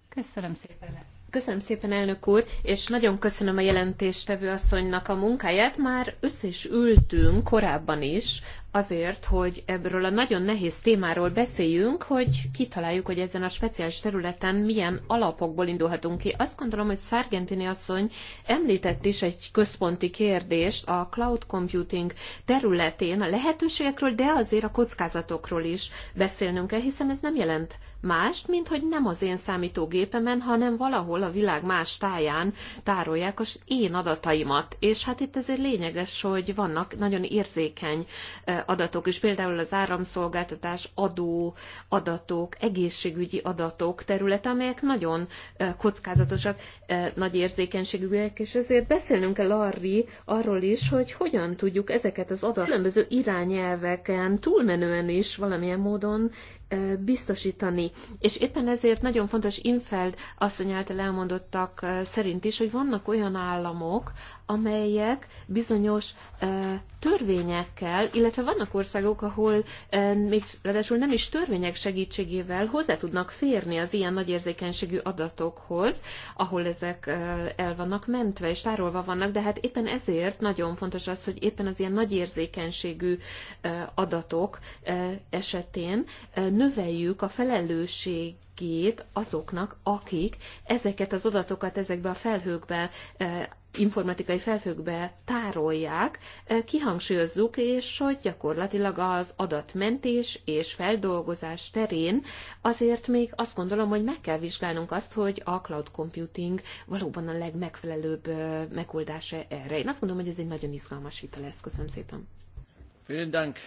Köszönöm szépen. Köszönöm szépen, elnök úr, és nagyon köszönöm a jelentéstevő asszonynak a munkáját. Már össze is ültünk korábban is azért, hogy ebből a nagyon nehéz témáról beszéljünk, hogy kitaláljuk, hogy ezen a speciális területen milyen alapokból indulhatunk ki. Azt gondolom, hogy Szargentini asszony említett is egy központi kérdést a cloud computing területén a lehetőségekről, de azért a kockázatokról is beszélnünk kell, hiszen ez nem jelent mást, mint hogy nem az én számítógépemen, hanem valahol a világ más táján tárolják az én adataimat. És hát itt azért lényeges, hogy vannak nagyon érzékeny adatok is, például az áramszolgáltatás, adó adatok, egészségügyi adatok területe, amelyek nagyon kockázatosak, nagy érzékenységűek, és ezért beszélnünk kell arri, arról is, hogy hogyan tudjuk ezeket az adatokat különböző irányelveken túlmenően is valamilyen módon biztosítani. És éppen ezért nagyon fontos Infeld asszony által elmondottak szerint is, hogy vannak olyan államok, amelyek bizonyos törvényekkel, illetve vannak országok, ahol még ráadásul nem is törvények segítségével hozzá tudnak férni az ilyen nagy érzékenységű adatokhoz, ahol ezek el vannak mentve és tárolva vannak, de hát éppen ezért nagyon fontos az, hogy éppen az ilyen nagy érzékenységű adatok esetén növeljük a felelősségét azoknak, akik ezeket az adatokat ezekbe a felhőkbe eh, informatikai felhőkbe tárolják, eh, kihangsúlyozzuk, és hogy gyakorlatilag az adatmentés és feldolgozás terén azért még azt gondolom, hogy meg kell vizsgálnunk azt, hogy a cloud computing valóban a legmegfelelőbb eh, megoldása erre. Én azt gondolom, hogy ez egy nagyon izgalmas vita lesz. Köszönöm szépen. Vielen Dank.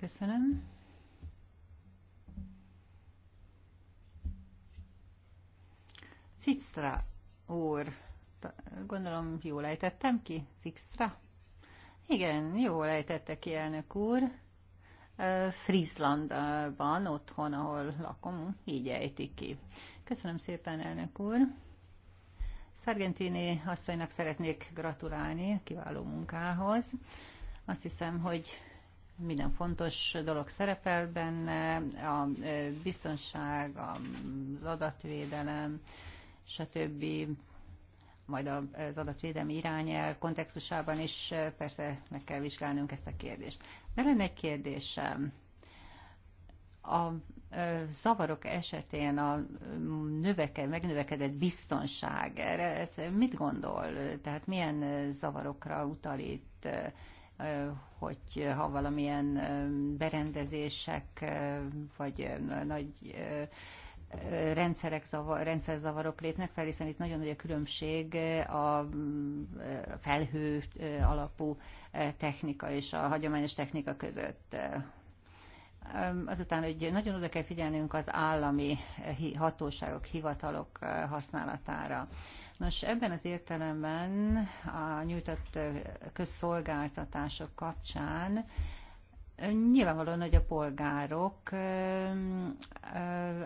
Köszönöm. Cicstra úr, gondolom jól ejtettem ki, Cicstra? Igen, jól ejtette ki, elnök úr. Frizlandban, otthon, ahol lakom, így ejtik ki. Köszönöm szépen, elnök úr. Sargentini asszonynak szeretnék gratulálni a kiváló munkához. Azt hiszem, hogy minden fontos dolog szerepel benne, a e, biztonság, az adatvédelem, stb. Majd az adatvédelmi irányel kontextusában is e, persze meg kell vizsgálnunk ezt a kérdést. De lenne egy kérdésem. A e, zavarok esetén a növeke, megnövekedett biztonság, erre ez mit gondol? Tehát milyen zavarokra utalít hogy eh, ha valamilyen eh, berendezések eh, vagy nagy rendszerek zavar, rendszerzavarok lépnek fel, hiszen itt nagyon nagy a különbség a felhő alapú technika és a hagyományos technika között. Azután, hogy nagyon oda kell figyelnünk az állami hatóságok, hivatalok használatára. Nos, ebben az értelemben a nyújtott közszolgáltatások kapcsán Nyilvánvalóan, hogy a polgárok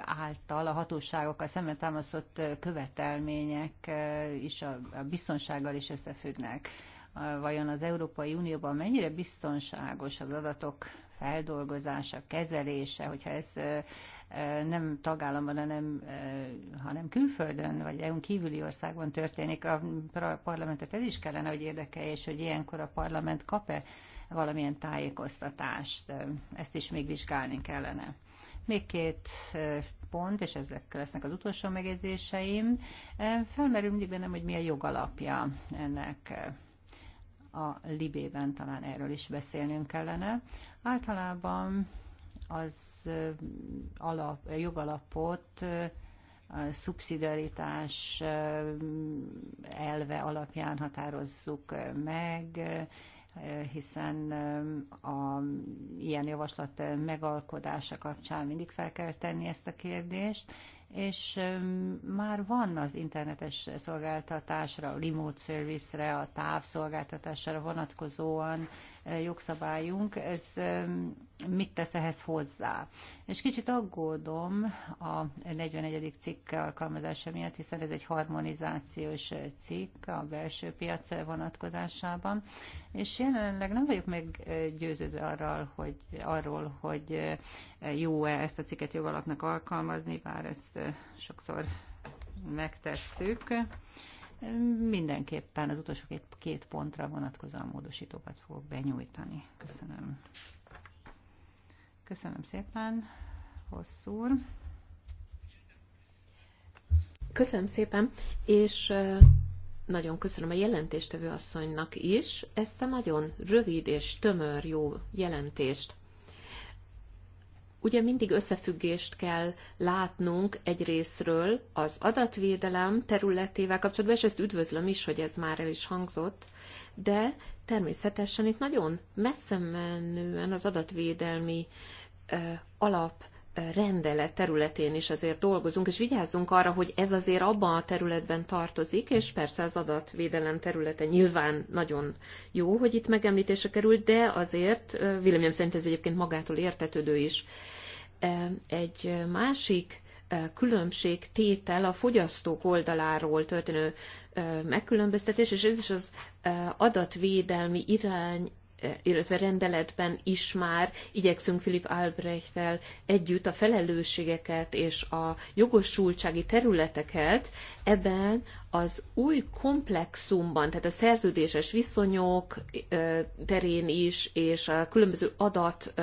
által a hatóságokkal szemben támasztott követelmények is a biztonsággal is összefüggnek. Vajon az Európai Unióban mennyire biztonságos az adatok feldolgozása, kezelése, hogyha ez nem tagállamban, hanem, hanem külföldön, vagy EU-n kívüli országban történik, a parlamentet ez is kellene, hogy érdekelje, és hogy ilyenkor a parlament kap-e valamilyen tájékoztatást. Ezt is még vizsgálni kellene. Még két pont, és ezek lesznek az utolsó megjegyzéseim. Felmerül mindig bennem, hogy mi a jogalapja ennek a libében talán erről is beszélnünk kellene. Általában az alap, jogalapot a szubszidiaritás elve alapján határozzuk meg, hiszen a ilyen javaslat megalkodása kapcsán mindig fel kell tenni ezt a kérdést, és már van az internetes szolgáltatásra, a remote service-re, a távszolgáltatásra vonatkozóan jogszabályunk, ez mit tesz ehhez hozzá. És kicsit aggódom a 41. cikk alkalmazása miatt, hiszen ez egy harmonizációs cikk a belső piac vonatkozásában, és jelenleg nem vagyok meggyőződve eh, arról, hogy, arról, hogy eh, jó-e ezt a cikket jogalapnak alkalmazni, bár ezt eh, sokszor megtesszük mindenképpen az utolsó két, két pontra vonatkozóan módosítókat fogok benyújtani. Köszönöm. Köszönöm szépen, hosszúr. Köszönöm szépen, és nagyon köszönöm a jelentéstevő asszonynak is ezt a nagyon rövid és tömör jó jelentést ugye mindig összefüggést kell látnunk egy részről az adatvédelem területével kapcsolatban, és ezt üdvözlöm is, hogy ez már el is hangzott, de természetesen itt nagyon messze menően az adatvédelmi alap rendelet területén is azért dolgozunk, és vigyázzunk arra, hogy ez azért abban a területben tartozik, és persze az adatvédelem területe nyilván nagyon jó, hogy itt megemlítése került, de azért véleményem szerint ez egyébként magától értetődő is. Egy másik különbség tétel a fogyasztók oldaláról történő megkülönböztetés, és ez is az adatvédelmi irány illetve rendeletben is már igyekszünk Filip Albrechtel együtt a felelősségeket és a jogosultsági területeket ebben az új komplexumban, tehát a szerződéses viszonyok terén is, és a különböző adat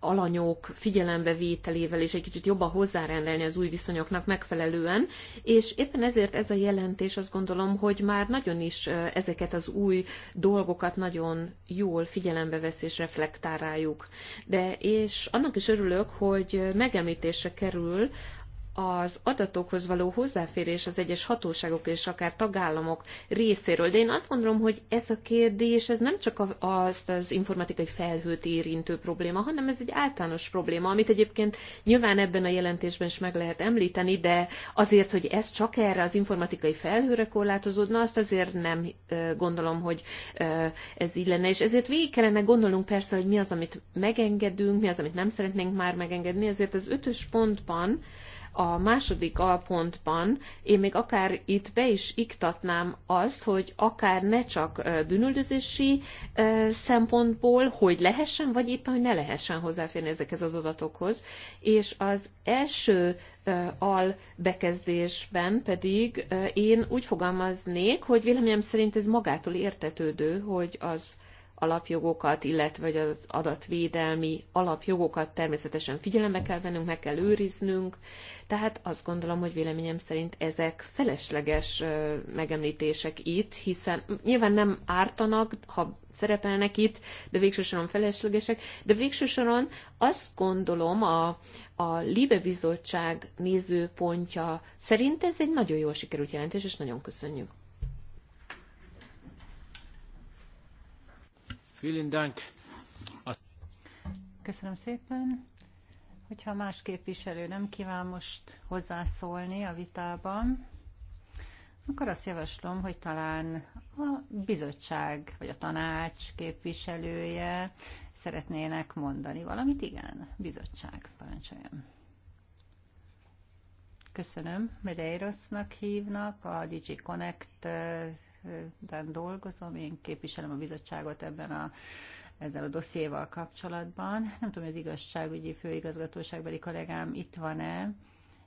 alanyok figyelembevételével is egy kicsit jobban hozzárendelni az új viszonyoknak megfelelően, és éppen ezért ez a jelentés azt gondolom, hogy már nagyon is ezeket az új dolgokat nagyon jól figyelembe vesz és reflektáráljuk. De és annak is örülök, hogy megemlítésre kerül az adatokhoz való hozzáférés az egyes hatóságok és akár tagállamok részéről. De én azt gondolom, hogy ez a kérdés, ez nem csak azt az informatikai felhőt érintő probléma, hanem ez egy általános probléma, amit egyébként nyilván ebben a jelentésben is meg lehet említeni, de azért, hogy ez csak erre az informatikai felhőre korlátozódna, azt azért nem gondolom, hogy ez így lenne. És ezért végig kellene gondolnunk persze, hogy mi az, amit megengedünk, mi az, amit nem szeretnénk már megengedni, ezért az ötös pontban, a második alpontban én még akár itt be is iktatnám azt, hogy akár ne csak bűnüldözési szempontból, hogy lehessen, vagy éppen, hogy ne lehessen hozzáférni ezekhez az adatokhoz. És az első al bekezdésben pedig én úgy fogalmaznék, hogy véleményem szerint ez magától értetődő, hogy az alapjogokat, illetve az adatvédelmi alapjogokat természetesen figyelembe kell vennünk, meg kell őriznünk. Tehát azt gondolom, hogy véleményem szerint ezek felesleges megemlítések itt, hiszen nyilván nem ártanak, ha szerepelnek itt, de végsősoron feleslegesek. De végsősoron azt gondolom, a, a Libe Bizottság nézőpontja szerint ez egy nagyon jól sikerült jelentés, és nagyon köszönjük. Vielen Dank. Köszönöm szépen. Hogyha más képviselő nem kíván most hozzászólni a vitában, akkor azt javaslom, hogy talán a bizottság vagy a tanács képviselője szeretnének mondani valamit. Igen, bizottság, parancsoljon. Köszönöm. Medeirosnak hívnak, a DigiConnect dolgozom, én képviselem a bizottságot ebben a ezzel a dossziéval kapcsolatban. Nem tudom, hogy az igazságügyi főigazgatóságbeli kollégám itt van-e,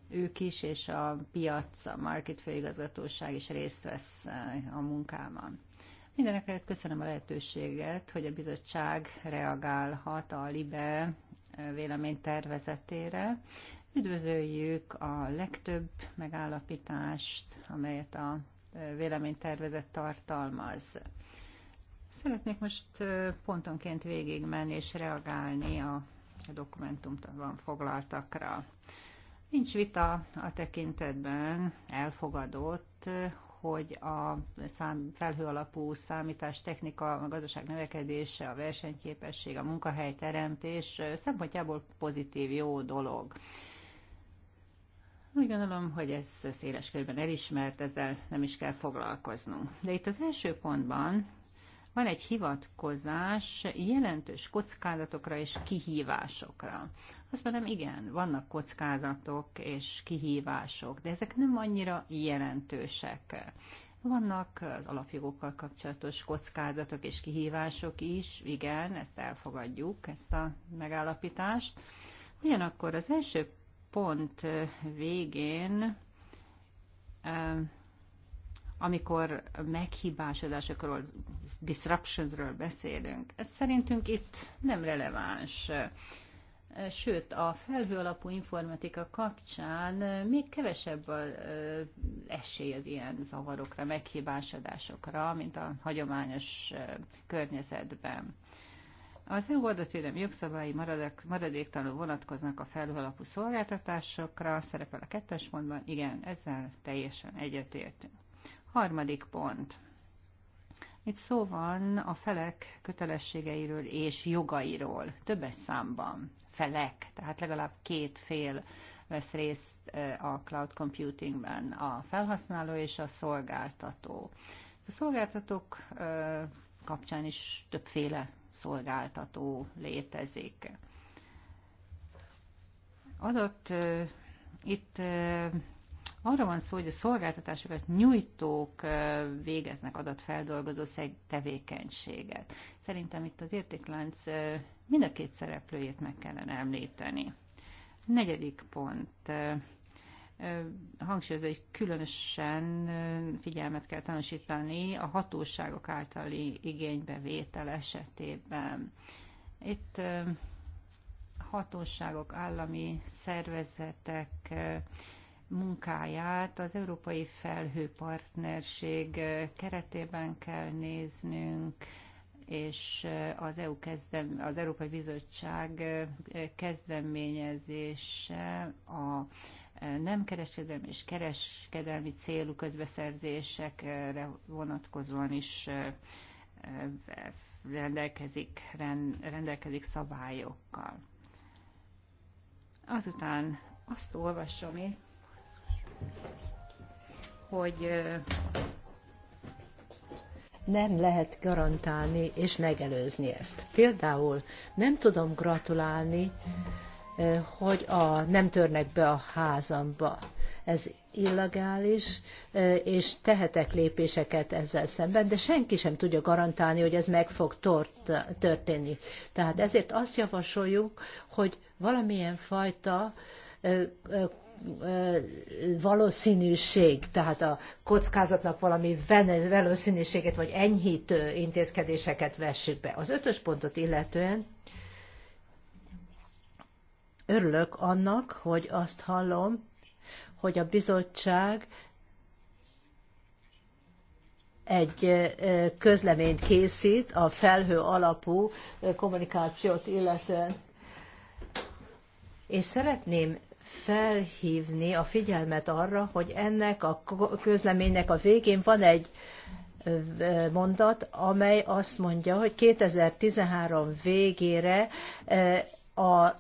ők is, és a piac, a market főigazgatóság is részt vesz a munkában. Mindenekelőtt köszönöm a lehetőséget, hogy a bizottság reagálhat a LIBE tervezetére. Üdvözöljük a legtöbb megállapítást, amelyet a véleménytervezet tartalmaz. Szeretnék most pontonként végigmenni és reagálni a dokumentumban foglaltakra. Nincs vita a tekintetben elfogadott, hogy a szám, felhő alapú számítás technika, a gazdaság növekedése, a versenyképesség, a munkahelyteremtés szempontjából pozitív, jó dolog. Úgy gondolom, hogy ez széles körben elismert, ezzel nem is kell foglalkoznunk. De itt az első pontban van egy hivatkozás jelentős kockázatokra és kihívásokra. Azt mondom, igen, vannak kockázatok és kihívások, de ezek nem annyira jelentősek. Vannak az alapjogokkal kapcsolatos kockázatok és kihívások is, igen, ezt elfogadjuk, ezt a megállapítást. Ugyanakkor az első pont végén, amikor meghibásodásokról, disruptionsről beszélünk, ez szerintünk itt nem releváns. Sőt, a felhő alapú informatika kapcsán még kevesebb esély az ilyen zavarokra, meghibásodásokra, mint a hagyományos környezetben. Az EU jogszabályi maradék, maradéktalanul vonatkoznak a felhőalapú szolgáltatásokra, szerepel a kettes pontban, igen, ezzel teljesen egyetértünk. Harmadik pont. Itt szó van a felek kötelességeiről és jogairól, többes számban. Felek, tehát legalább két fél vesz részt a cloud computingben, a felhasználó és a szolgáltató. A szolgáltatók kapcsán is többféle szolgáltató létezik. Adott itt arra van szó, hogy a szolgáltatásokat nyújtók végeznek adatfeldolgozó tevékenységet. Szerintem itt az értéklánc mind a két szereplőjét meg kellene említeni. Negyedik pont hangsúlyozza, hogy különösen figyelmet kell tanúsítani a hatóságok általi igénybevétel esetében. Itt hatóságok, állami szervezetek munkáját az Európai Felhőpartnerség keretében kell néznünk, és az, EU kezdem, az Európai Bizottság kezdeményezése a nem kereskedelmi és kereskedelmi célú közbeszerzésekre vonatkozóan is rendelkezik, rendelkezik szabályokkal. Azután azt olvasom én, hogy nem lehet garantálni és megelőzni ezt. Például nem tudom gratulálni hogy a, nem törnek be a házamba. Ez illegális, és tehetek lépéseket ezzel szemben, de senki sem tudja garantálni, hogy ez meg fog történni. Tehát ezért azt javasoljuk, hogy valamilyen fajta valószínűség, tehát a kockázatnak valami valószínűséget vagy enyhítő intézkedéseket vessük be. Az ötös pontot illetően Örülök annak, hogy azt hallom, hogy a bizottság egy közleményt készít a felhő alapú kommunikációt illetően. És szeretném felhívni a figyelmet arra, hogy ennek a közleménynek a végén van egy mondat, amely azt mondja, hogy 2013 végére a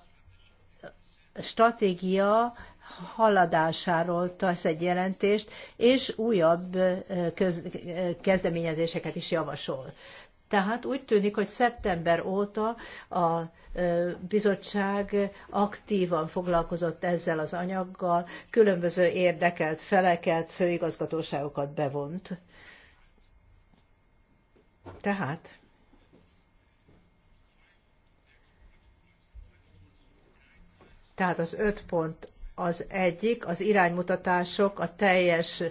stratégia haladásáról tesz egy jelentést, és újabb köz, kezdeményezéseket is javasol. Tehát úgy tűnik, hogy szeptember óta a bizottság aktívan foglalkozott ezzel az anyaggal, különböző érdekelt feleket, főigazgatóságokat bevont. Tehát Tehát az öt pont az egyik, az iránymutatások a teljes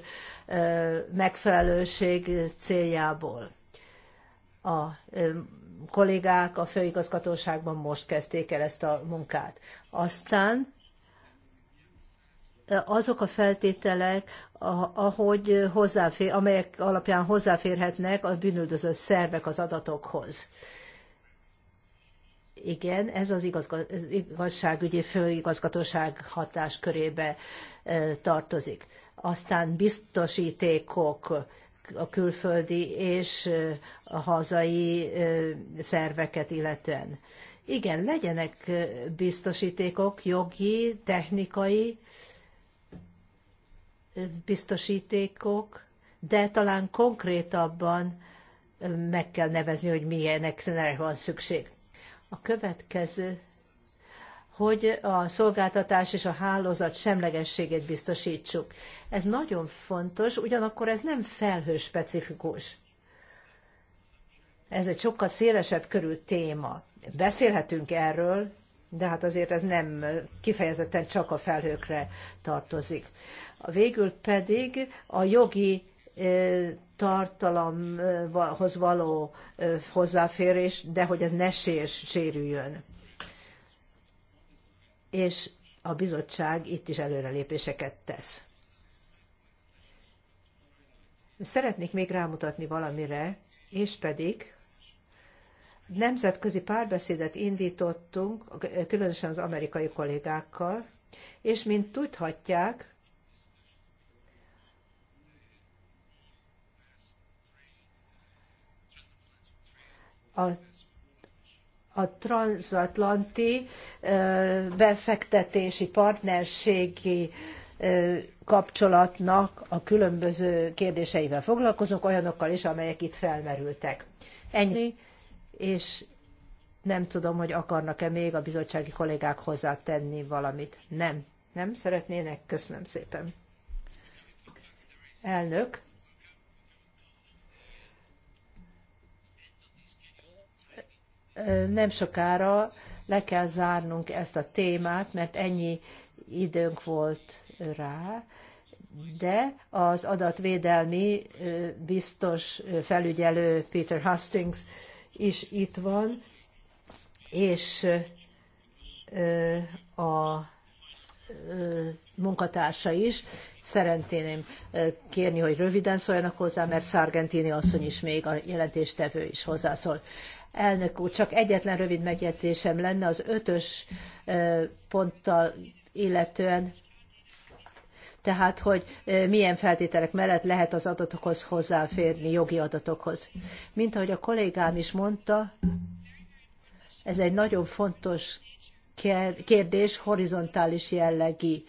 megfelelőség céljából. A kollégák a főigazgatóságban most kezdték el ezt a munkát. Aztán azok a feltételek, ahogy hozzáfér, amelyek alapján hozzáférhetnek a bűnöldöző szervek az adatokhoz igen, ez az igazságügyi főigazgatóság hatáskörébe tartozik. Aztán biztosítékok, a külföldi és a hazai szerveket illetően. Igen, legyenek biztosítékok, jogi, technikai biztosítékok, de talán konkrétabban meg kell nevezni, hogy milyenekre van szükség. A következő, hogy a szolgáltatás és a hálózat semlegességét biztosítsuk. Ez nagyon fontos, ugyanakkor ez nem felhő specifikus. Ez egy sokkal szélesebb körű téma. Beszélhetünk erről, de hát azért ez nem kifejezetten csak a felhőkre tartozik. Végül pedig a jogi tartalomhoz való hozzáférés, de hogy ez ne sér, sérüljön. És a bizottság itt is előrelépéseket tesz. Szeretnék még rámutatni valamire, és pedig nemzetközi párbeszédet indítottunk, különösen az amerikai kollégákkal, és mint tudhatják, a, a transatlanti befektetési partnerségi kapcsolatnak a különböző kérdéseivel foglalkozunk, olyanokkal is, amelyek itt felmerültek. Ennyi, és nem tudom, hogy akarnak-e még a bizottsági kollégák hozzátenni valamit. Nem. Nem szeretnének? Köszönöm szépen. Elnök, nem sokára le kell zárnunk ezt a témát, mert ennyi időnk volt rá, de az adatvédelmi biztos felügyelő Peter Hastings is itt van, és a munkatársa is. Szeretném kérni, hogy röviden szóljanak hozzá, mert Sargentini asszony is még a jelentéstevő is hozzászól. Elnök úr, csak egyetlen rövid megjegyzésem lenne az ötös ponttal illetően, tehát hogy milyen feltételek mellett lehet az adatokhoz hozzáférni, jogi adatokhoz. Mint ahogy a kollégám is mondta, ez egy nagyon fontos kérdés, horizontális jellegi.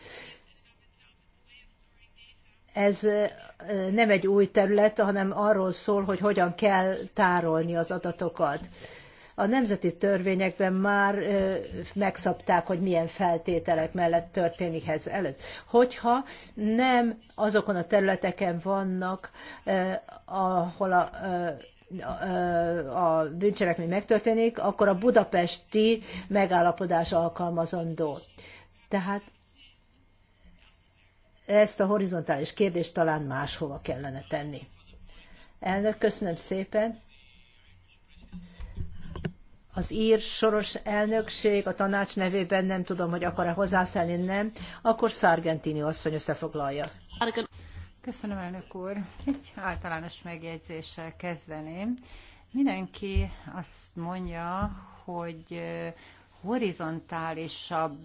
Ez nem egy új terület, hanem arról szól, hogy hogyan kell tárolni az adatokat. A nemzeti törvényekben már megszabták, hogy milyen feltételek mellett történik ez előtt. Hogyha nem azokon a területeken vannak, ahol a a bűncselekmény megtörténik, akkor a budapesti megállapodás alkalmazandó. Tehát ezt a horizontális kérdést talán máshova kellene tenni. Elnök, köszönöm szépen. Az ír soros elnökség a tanács nevében nem tudom, hogy akar-e hozzászállni, nem. Akkor Szargentini asszony összefoglalja. Köszönöm, elnök úr. Egy általános megjegyzéssel kezdeném. Mindenki azt mondja, hogy horizontálisabb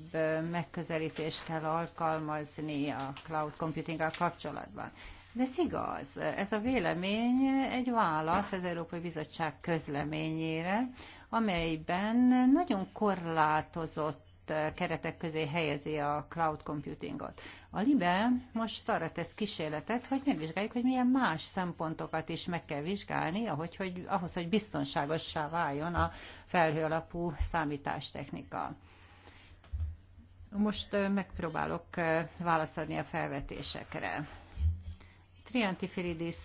megközelítést kell alkalmazni a cloud computinggal kapcsolatban. De ez igaz, ez a vélemény egy válasz az Európai Bizottság közleményére, amelyben nagyon korlátozott keretek közé helyezi a cloud computingot. A LIBE most arra tesz kísérletet, hogy megvizsgáljuk, hogy milyen más szempontokat is meg kell vizsgálni, ahogy, hogy, ahhoz, hogy biztonságossá váljon a felhő alapú számítástechnika. Most megpróbálok válaszadni a felvetésekre. Trianti Filidis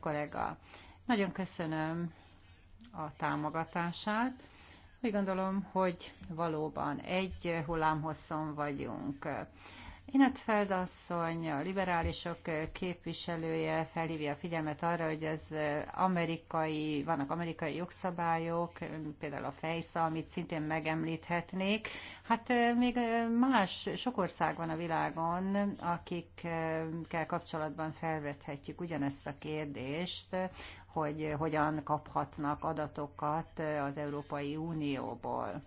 kollega, nagyon köszönöm a támogatását. Úgy gondolom, hogy valóban egy hullámhosszon vagyunk. Inet Feldasszony, a liberálisok képviselője felhívja a figyelmet arra, hogy az amerikai, vannak amerikai jogszabályok, például a FEJSZA, amit szintén megemlíthetnék. Hát még más, sok ország van a világon, akikkel kapcsolatban felvethetjük ugyanezt a kérdést, hogy hogyan kaphatnak adatokat az Európai Unióból.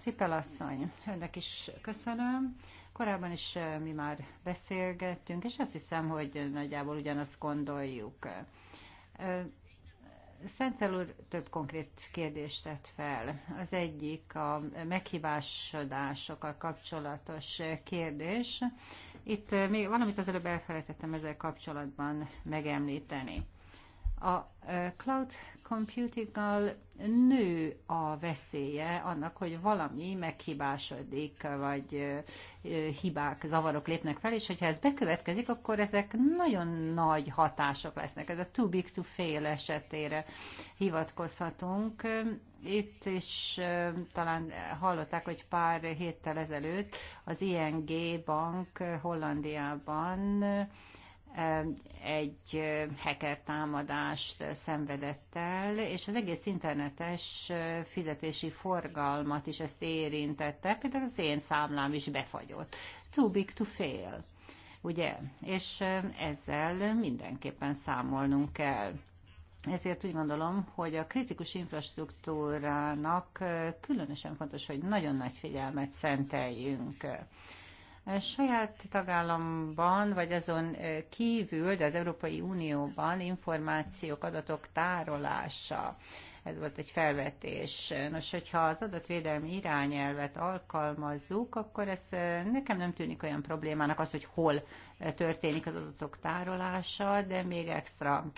Cipel asszony, önnek is köszönöm. Korábban is mi már beszélgettünk, és azt hiszem, hogy nagyjából ugyanazt gondoljuk. Szentszel úr több konkrét kérdést tett fel. Az egyik a meghibásodásokkal kapcsolatos kérdés. Itt még valamit az előbb elfelejtettem ezzel kapcsolatban megemlíteni. A cloud computinggal nő a veszélye annak, hogy valami meghibásodik, vagy hibák, zavarok lépnek fel, és hogyha ez bekövetkezik, akkor ezek nagyon nagy hatások lesznek. Ez a too big to fail esetére hivatkozhatunk. Itt is talán hallották, hogy pár héttel ezelőtt az ING bank Hollandiában egy hacker támadást szenvedett el, és az egész internetes fizetési forgalmat is ezt érintette, például az én számlám is befagyott. Too big to fail, ugye? És ezzel mindenképpen számolnunk kell. Ezért úgy gondolom, hogy a kritikus infrastruktúrának különösen fontos, hogy nagyon nagy figyelmet szenteljünk saját tagállamban, vagy azon kívül, de az Európai Unióban információk, adatok tárolása. Ez volt egy felvetés. Nos, hogyha az adatvédelmi irányelvet alkalmazzuk, akkor ez nekem nem tűnik olyan problémának az, hogy hol történik az adatok tárolása, de még extra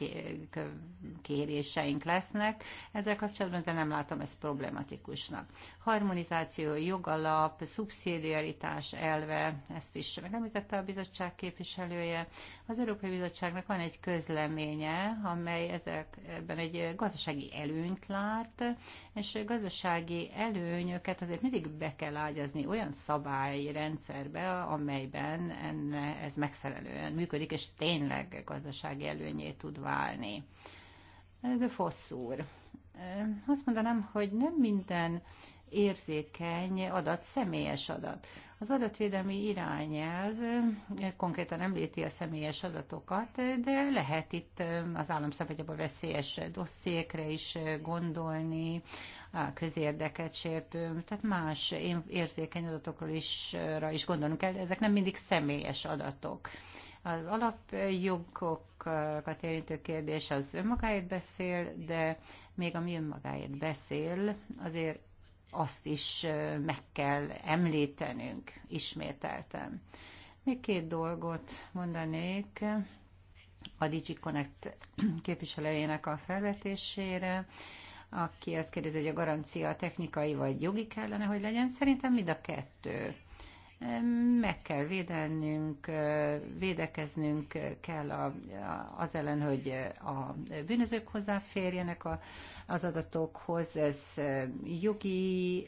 kéréseink lesznek. Ezzel kapcsolatban de nem látom ezt problematikusnak. Harmonizáció, jogalap, szubszidiaritás elve, ezt is megemlítette a bizottság képviselője. Az Európai Bizottságnak van egy közleménye, amely ezekben egy gazdasági előnyt lát, és gazdasági előnyöket azért mindig be kell ágyazni olyan szabályrendszerbe, amelyben enne, ez meg megfelelően működik, és tényleg gazdasági előnyé tud válni. De Fossz úr, azt mondanám, hogy nem minden érzékeny adat, személyes adat. Az adatvédelmi irányelv konkrétan említi a személyes adatokat, de lehet itt az állam veszélyes dossziékre is gondolni, a közérdeket sértő, tehát más érzékeny adatokról is, rá is gondolunk kell, ezek nem mindig személyes adatok. Az alapjogokat érintő kérdés az önmagáért beszél, de még ami önmagáért beszél, azért azt is meg kell említenünk ismételten. Még két dolgot mondanék a DigiConnect képviselőjének a felvetésére aki azt kérdezi, hogy a garancia technikai vagy jogi kellene, hogy legyen. Szerintem mind a kettő. Meg kell védelnünk, védekeznünk kell az ellen, hogy a bűnözők hozzáférjenek a, az adatokhoz. Ez jogi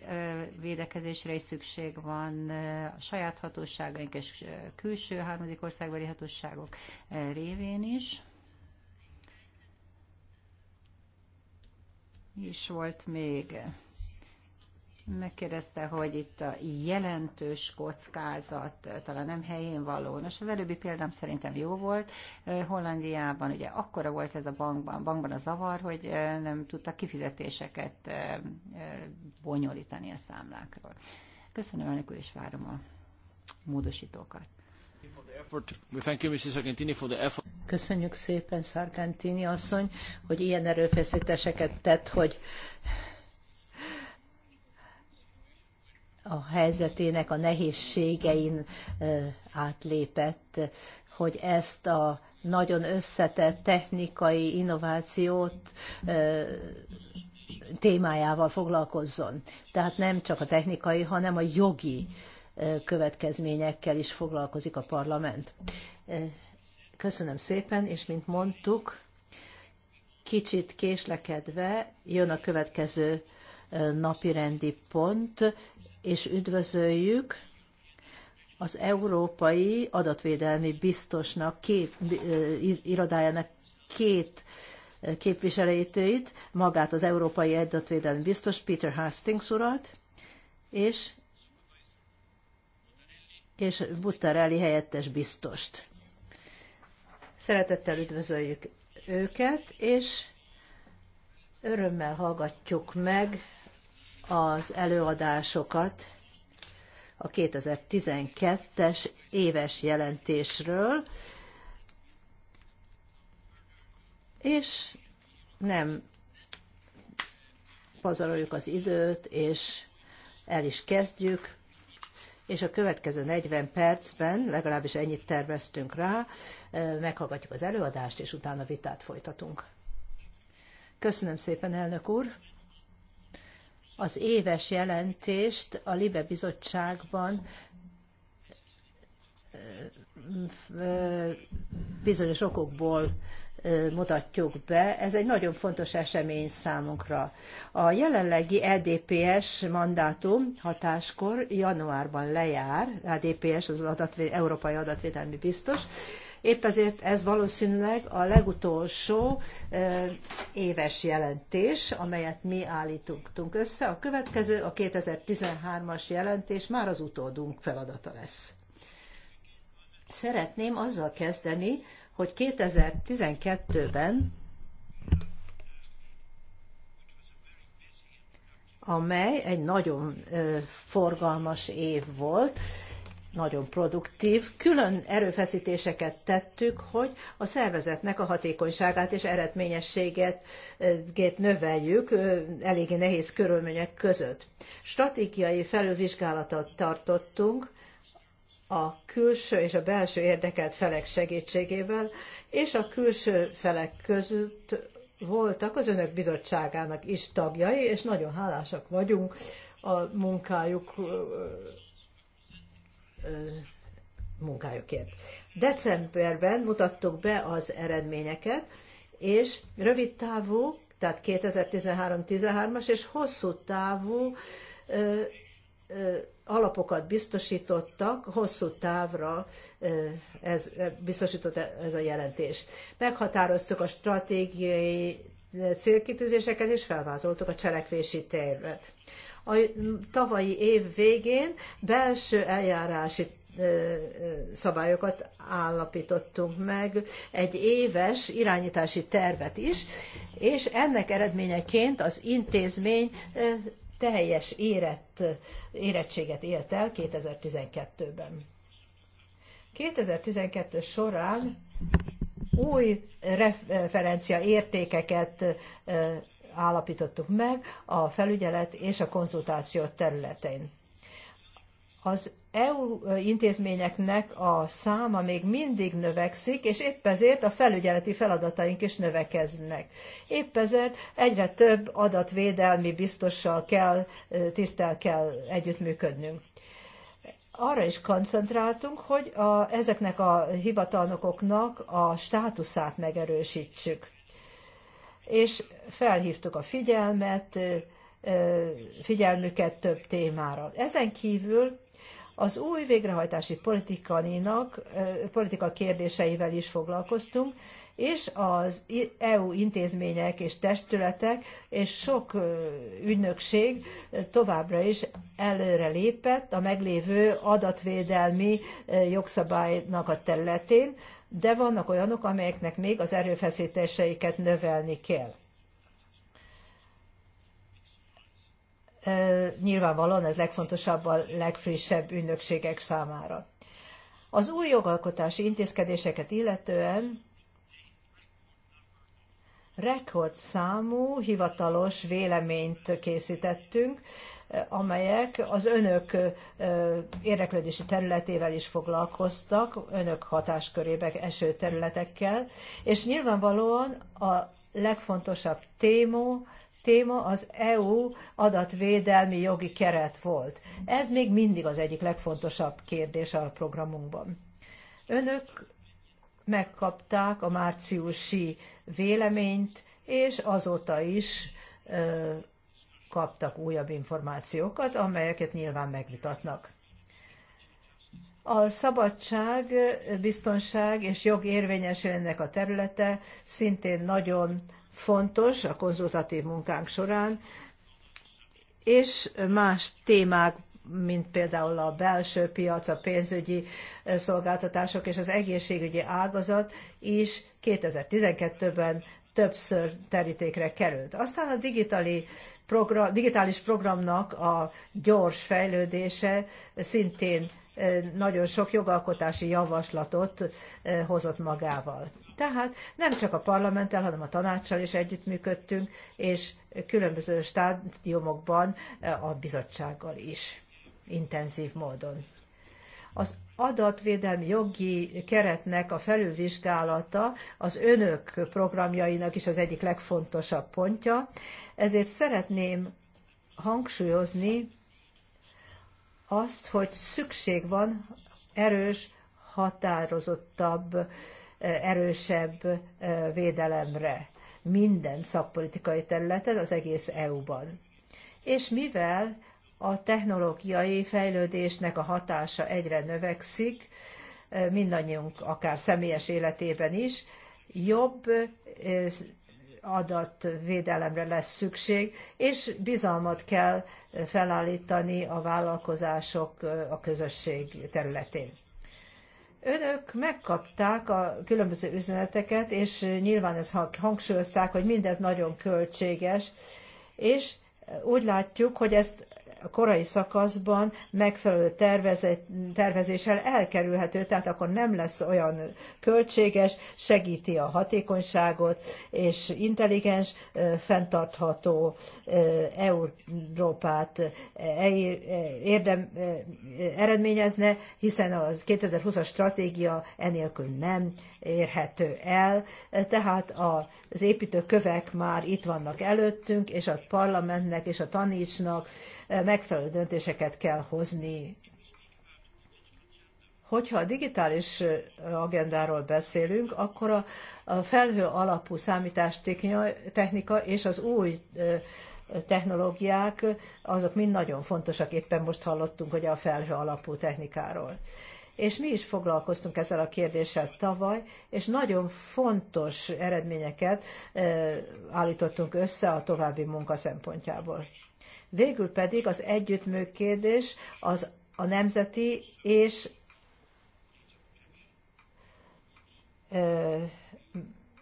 védekezésre is szükség van a saját hatóságaink és külső harmadik országbeli hatóságok révén is. is volt még? Megkérdezte, hogy itt a jelentős kockázat talán nem helyén való. Nos, az előbbi példám szerintem jó volt. Hollandiában ugye akkora volt ez a bankban, bankban a zavar, hogy nem tudta kifizetéseket bonyolítani a számlákról. Köszönöm, elnök és várom a módosítókat. Köszönjük szépen, Szargentini asszony, hogy ilyen erőfeszítéseket tett, hogy a helyzetének a nehézségein átlépett, hogy ezt a nagyon összetett technikai innovációt témájával foglalkozzon. Tehát nem csak a technikai, hanem a jogi következményekkel is foglalkozik a parlament. Köszönöm szépen, és mint mondtuk, kicsit késlekedve jön a következő napi rendi pont, és üdvözöljük az Európai Adatvédelmi Biztosnak két, irodájának két képviselőjét, magát az Európai Adatvédelmi Biztos Peter Hastings urat, és és Buttarelli helyettes biztost. Szeretettel üdvözöljük őket, és örömmel hallgatjuk meg az előadásokat a 2012-es éves jelentésről, és nem pazaroljuk az időt, és el is kezdjük és a következő 40 percben, legalábbis ennyit terveztünk rá, meghallgatjuk az előadást, és utána vitát folytatunk. Köszönöm szépen, elnök úr! Az éves jelentést a Libe Bizottságban bizonyos okokból mutatjuk be. Ez egy nagyon fontos esemény számunkra. A jelenlegi EDPS mandátum hatáskor januárban lejár, EDPS az adatvé, Európai Adatvédelmi Biztos, Épp ezért ez valószínűleg a legutolsó éves jelentés, amelyet mi állítottunk össze. A következő, a 2013-as jelentés már az utódunk feladata lesz. Szeretném azzal kezdeni, hogy 2012-ben, amely egy nagyon forgalmas év volt, nagyon produktív, külön erőfeszítéseket tettük, hogy a szervezetnek a hatékonyságát és eredményességet növeljük eléggé nehéz körülmények között. Stratégiai felülvizsgálatot tartottunk, a külső és a belső érdekelt felek segítségével, és a külső felek között voltak az önök bizottságának is tagjai, és nagyon hálásak vagyunk a munkájuk munkájukért. Decemberben mutattuk be az eredményeket, és rövid távú, tehát 2013-13-as és hosszú távú ö, ö, alapokat biztosítottak, hosszú távra ez, biztosított ez a jelentés. Meghatároztuk a stratégiai célkitűzéseket, és felvázoltuk a cselekvési tervet. A tavalyi év végén belső eljárási szabályokat állapítottunk meg, egy éves irányítási tervet is, és ennek eredményeként az intézmény teljes érett, érettséget élt el 2012-ben. 2012 során új referencia értékeket állapítottuk meg a felügyelet és a konzultáció területein az EU intézményeknek a száma még mindig növekszik, és épp ezért a felügyeleti feladataink is növekeznek. Épp ezért egyre több adatvédelmi biztossal kell, tisztel kell együttműködnünk. Arra is koncentráltunk, hogy a, ezeknek a hivatalnokoknak a státuszát megerősítsük. És felhívtuk a figyelmet, figyelmüket több témára. Ezen kívül az új végrehajtási politikának, politika kérdéseivel is foglalkoztunk, és az EU intézmények és testületek és sok ügynökség továbbra is előre lépett a meglévő adatvédelmi jogszabálynak a területén, de vannak olyanok, amelyeknek még az erőfeszítéseiket növelni kell. nyilvánvalóan ez legfontosabb a legfrissebb ügynökségek számára. Az új jogalkotási intézkedéseket illetően rekordszámú hivatalos véleményt készítettünk, amelyek az önök érdeklődési területével is foglalkoztak, önök hatáskörébe eső területekkel, és nyilvánvalóan a legfontosabb téma téma az EU adatvédelmi jogi keret volt. Ez még mindig az egyik legfontosabb kérdés a programunkban. Önök megkapták a márciusi véleményt, és azóta is ö, kaptak újabb információkat, amelyeket nyilván megvitatnak. A szabadság, biztonság és jog érvényesülnek a területe szintén nagyon fontos a konzultatív munkánk során, és más témák, mint például a belső piac, a pénzügyi eh, szolgáltatások és az egészségügyi ágazat is 2012-ben többször terítékre került. Aztán a digitali program, digitális programnak a gyors fejlődése szintén eh, nagyon sok jogalkotási javaslatot eh, hozott magával. Tehát nem csak a parlamenttel, hanem a tanácssal is együttműködtünk, és különböző stádiumokban e, a bizottsággal is intenzív módon. Az adatvédelmi jogi keretnek a felülvizsgálata az önök programjainak is az egyik legfontosabb pontja, ezért szeretném hangsúlyozni azt, hogy szükség van erős, határozottabb erősebb védelemre minden szakpolitikai területen, az egész EU-ban. És mivel a technológiai fejlődésnek a hatása egyre növekszik, mindannyiunk akár személyes életében is, jobb adatvédelemre lesz szükség, és bizalmat kell felállítani a vállalkozások a közösség területén. Önök megkapták a különböző üzeneteket, és nyilván ezt hangsúlyozták, hogy mindez nagyon költséges, és úgy látjuk, hogy ezt korai szakaszban megfelelő tervezéssel elkerülhető, tehát akkor nem lesz olyan költséges, segíti a hatékonyságot, és intelligens, fenntartható Európát e, érdem, eredményezne, hiszen a 2020-as stratégia enélkül nem érhető el, tehát az építőkövek már itt vannak előttünk, és a parlamentnek és a tanácsnak megfelelő döntéseket kell hozni. Hogyha a digitális agendáról beszélünk, akkor a felhő alapú számítástechnika és az új technológiák, azok mind nagyon fontosak. Éppen most hallottunk hogy a felhő alapú technikáról. És mi is foglalkoztunk ezzel a kérdéssel tavaly, és nagyon fontos eredményeket állítottunk össze a további munka szempontjából. Végül pedig az együttműködés az a nemzeti és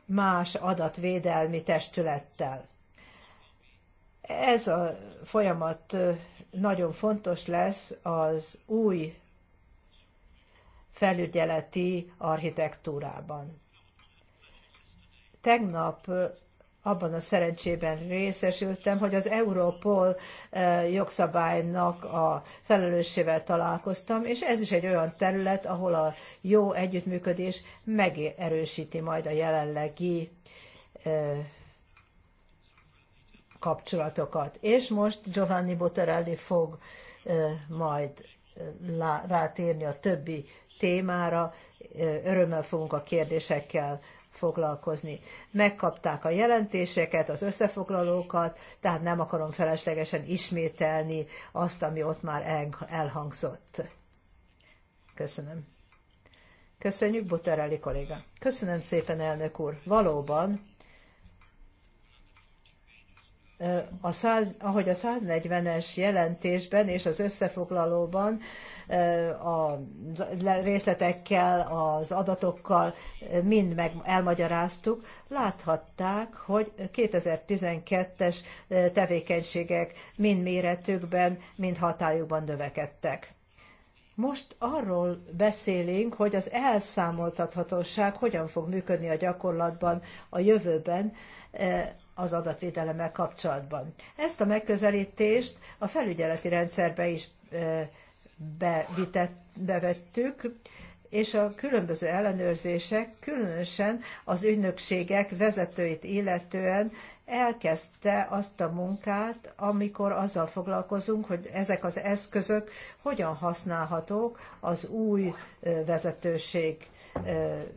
más adatvédelmi testülettel. Ez a folyamat nagyon fontos lesz az új felügyeleti architektúrában. Tegnap abban a szerencsében részesültem, hogy az Europol eh, jogszabálynak a felelőssével találkoztam, és ez is egy olyan terület, ahol a jó együttműködés megerősíti majd a jelenlegi eh, kapcsolatokat. És most Giovanni Botterelli fog eh, majd rátérni a többi témára. Örömmel fogunk a kérdésekkel foglalkozni. Megkapták a jelentéseket, az összefoglalókat, tehát nem akarom feleslegesen ismételni azt, ami ott már elhangzott. Köszönöm. Köszönjük, Buterelli kolléga. Köszönöm szépen, elnök úr. Valóban a 100, ahogy a 140-es jelentésben és az összefoglalóban a részletekkel, az adatokkal mind meg elmagyaráztuk, láthatták, hogy 2012-es tevékenységek mind méretükben, mind hatályukban növekedtek. Most arról beszélünk, hogy az elszámoltathatóság hogyan fog működni a gyakorlatban a jövőben, az adatvédelemmel kapcsolatban. Ezt a megközelítést a felügyeleti rendszerbe is bevitett, bevettük, és a különböző ellenőrzések, különösen az ügynökségek vezetőit illetően elkezdte azt a munkát, amikor azzal foglalkozunk, hogy ezek az eszközök hogyan használhatók az új vezetőség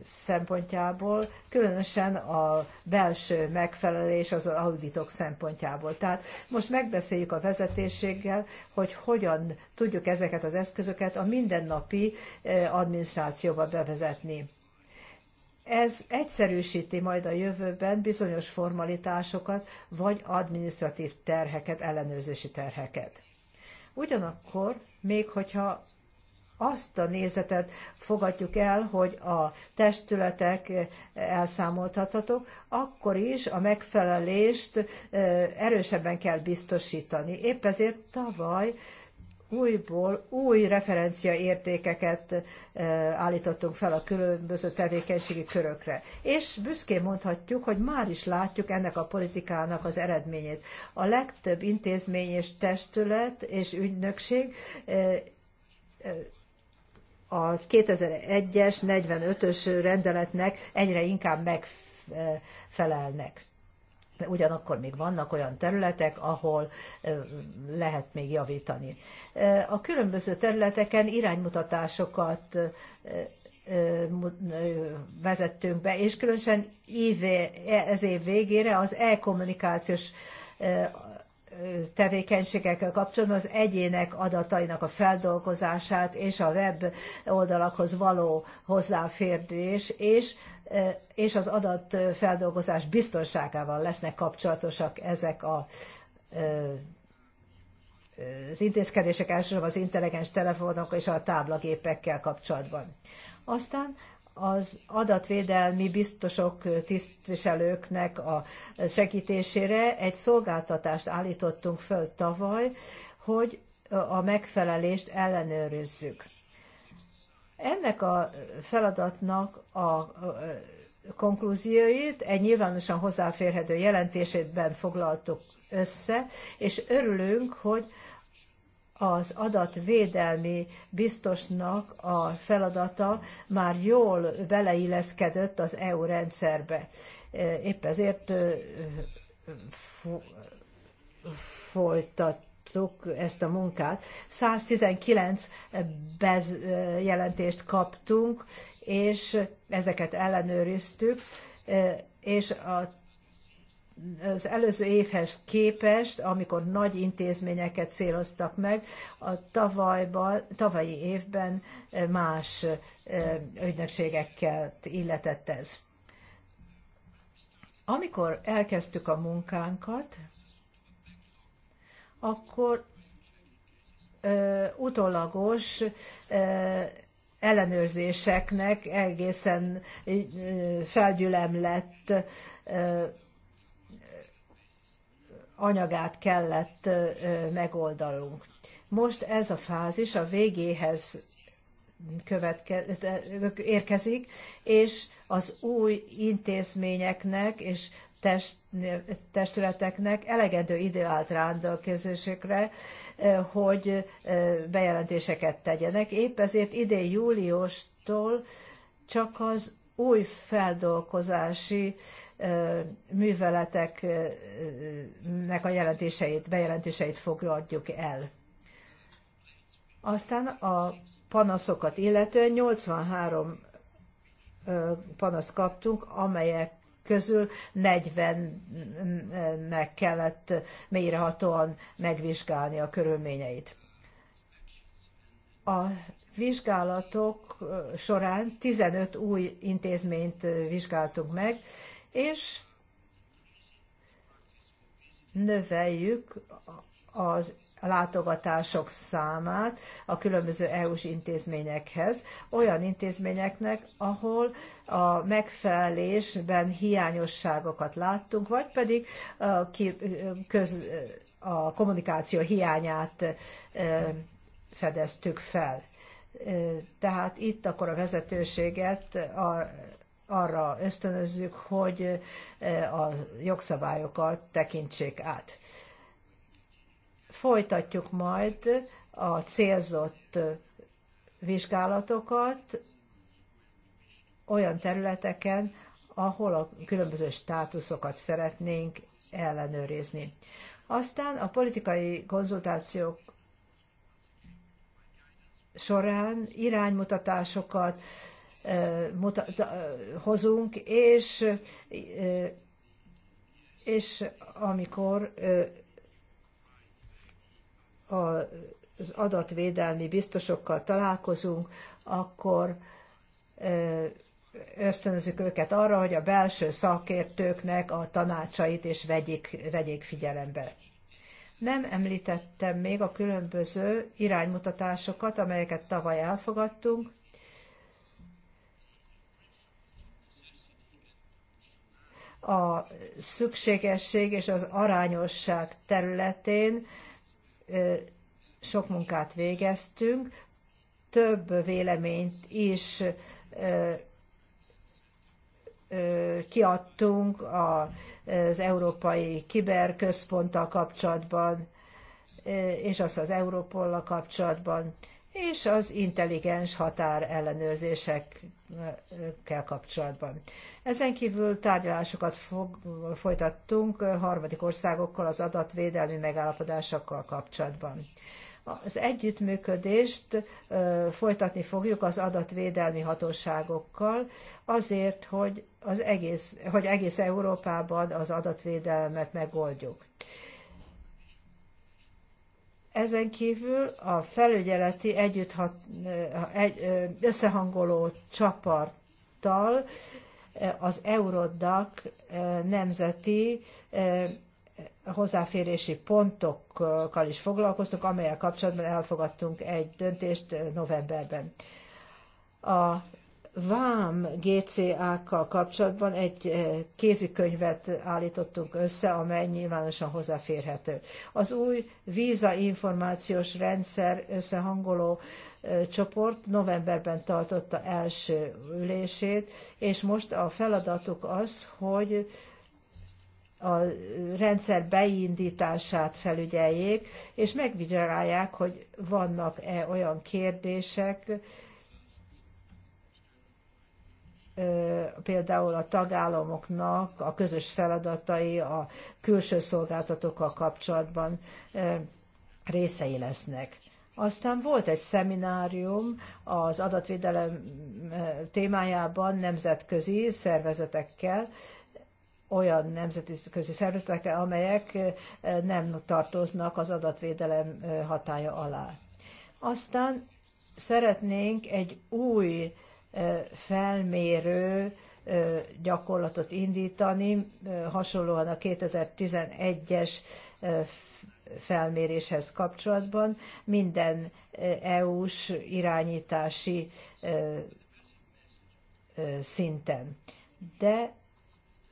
szempontjából, különösen a belső megfelelés az auditok szempontjából. Tehát most megbeszéljük a vezetésséggel, hogy hogyan tudjuk ezeket az eszközöket a mindennapi adminisztrációba bevezetni ez egyszerűsíti majd a jövőben bizonyos formalitásokat vagy administratív terheket, ellenőrzési terheket. Ugyanakkor, még hogyha azt a nézetet fogadjuk el, hogy a testületek elszámoltathatók, akkor is a megfelelést erősebben kell biztosítani. Épp ezért tavaly újból új referenciaértékeket eh, állítottunk fel a különböző tevékenységi körökre. És büszkén mondhatjuk, hogy már is látjuk ennek a politikának az eredményét. A legtöbb intézmény és testület és ügynökség eh, eh, a 2001-es, 45-ös rendeletnek egyre inkább megfelelnek ugyanakkor még vannak olyan területek, ahol lehet még javítani. A különböző területeken iránymutatásokat vezettünk be, és különösen ez év végére az e-kommunikációs tevékenységekkel kapcsolatban az egyének adatainak a feldolgozását és a web oldalakhoz való hozzáférés, és és az adatfeldolgozás biztonságával lesznek kapcsolatosak ezek a az intézkedések elsősorban az intelligens telefonok és a táblagépekkel kapcsolatban. Aztán az adatvédelmi biztosok, tisztviselőknek a segítésére egy szolgáltatást állítottunk föl tavaly, hogy a megfelelést ellenőrizzük. Ennek a feladatnak a konklúzióit egy nyilvánosan hozzáférhető jelentésében foglaltuk össze, és örülünk, hogy az adatvédelmi biztosnak a feladata már jól beleilleszkedett az EU rendszerbe. Épp ezért folytat, folytattuk ezt a munkát. 119 jelentést kaptunk, és ezeket ellenőriztük, és a az előző évhez képest, amikor nagy intézményeket céloztak meg, a tavalyban, tavalyi évben más ügynökségekkel illetett ez. Amikor elkezdtük a munkánkat, akkor ö, ellenőrzéseknek egészen felgyülemlett anyagát kellett megoldalunk. Most ez a fázis a végéhez érkezik, és az új intézményeknek és test, testületeknek elegendő idő állt rendelkezésükre, eh, hogy eh, bejelentéseket tegyenek. Épp ezért idén júliustól csak az új feldolgozási eh, műveleteknek a jelentéseit, bejelentéseit fogadjuk el. Aztán a panaszokat illetően 83 panaszt kaptunk, amelyek közül 40-nek kellett mélyrehatóan megvizsgálni a körülményeit. A vizsgálatok során 15 új intézményt vizsgáltunk meg, és növeljük az a látogatások számát a különböző EU-s intézményekhez, olyan intézményeknek, ahol a megfelelésben hiányosságokat láttunk, vagy pedig a, ki, köz, a kommunikáció hiányát fedeztük fel. Tehát itt akkor a vezetőséget a, arra ösztönözzük, hogy a jogszabályokat tekintsék át folytatjuk majd a célzott vizsgálatokat olyan területeken, ahol a különböző státuszokat szeretnénk ellenőrizni. Aztán a politikai konzultációk során iránymutatásokat hozunk, és, és amikor az adatvédelmi biztosokkal találkozunk, akkor ösztönözzük őket arra, hogy a belső szakértőknek a tanácsait is vegyék, vegyék figyelembe. Nem említettem még a különböző iránymutatásokat, amelyeket tavaly elfogadtunk. A szükségesség és az arányosság területén sok munkát végeztünk, több véleményt is kiadtunk az Európai Kiberközponttal kapcsolatban, és azt az Európollal kapcsolatban és az intelligens határ ellenőrzésekkel kapcsolatban. Ezen kívül tárgyalásokat fog, folytattunk harmadik országokkal az adatvédelmi megállapodásokkal kapcsolatban. Az együttműködést folytatni fogjuk az adatvédelmi hatóságokkal azért, hogy, az egész, hogy egész Európában az adatvédelmet megoldjuk. Ezen kívül a felügyeleti együtt eh, egy, eh, összehangoló csapattal eh, az Eurodac nemzeti hozzáférési pontokkal is foglalkoztunk, amelyel kapcsolatban elfogadtunk egy döntést novemberben. A vám GCA-kkal kapcsolatban egy eh, kézikönyvet állítottunk össze, amely nyilvánosan hozzáférhető. Az új víza információs rendszer összehangoló eh, csoport novemberben tartotta első ülését, és most a feladatuk az, hogy a rendszer beindítását felügyeljék, és megvizsgálják, hogy vannak-e olyan kérdések, például a tagállamoknak a közös feladatai a külső szolgáltatókkal kapcsolatban részei lesznek. Aztán volt egy szeminárium az adatvédelem témájában nemzetközi szervezetekkel, olyan nemzetközi szervezetekkel, amelyek nem tartoznak az adatvédelem hatája alá. Aztán szeretnénk egy új felmérő gyakorlatot indítani, hasonlóan a 2011-es felméréshez kapcsolatban minden EU-s irányítási szinten. De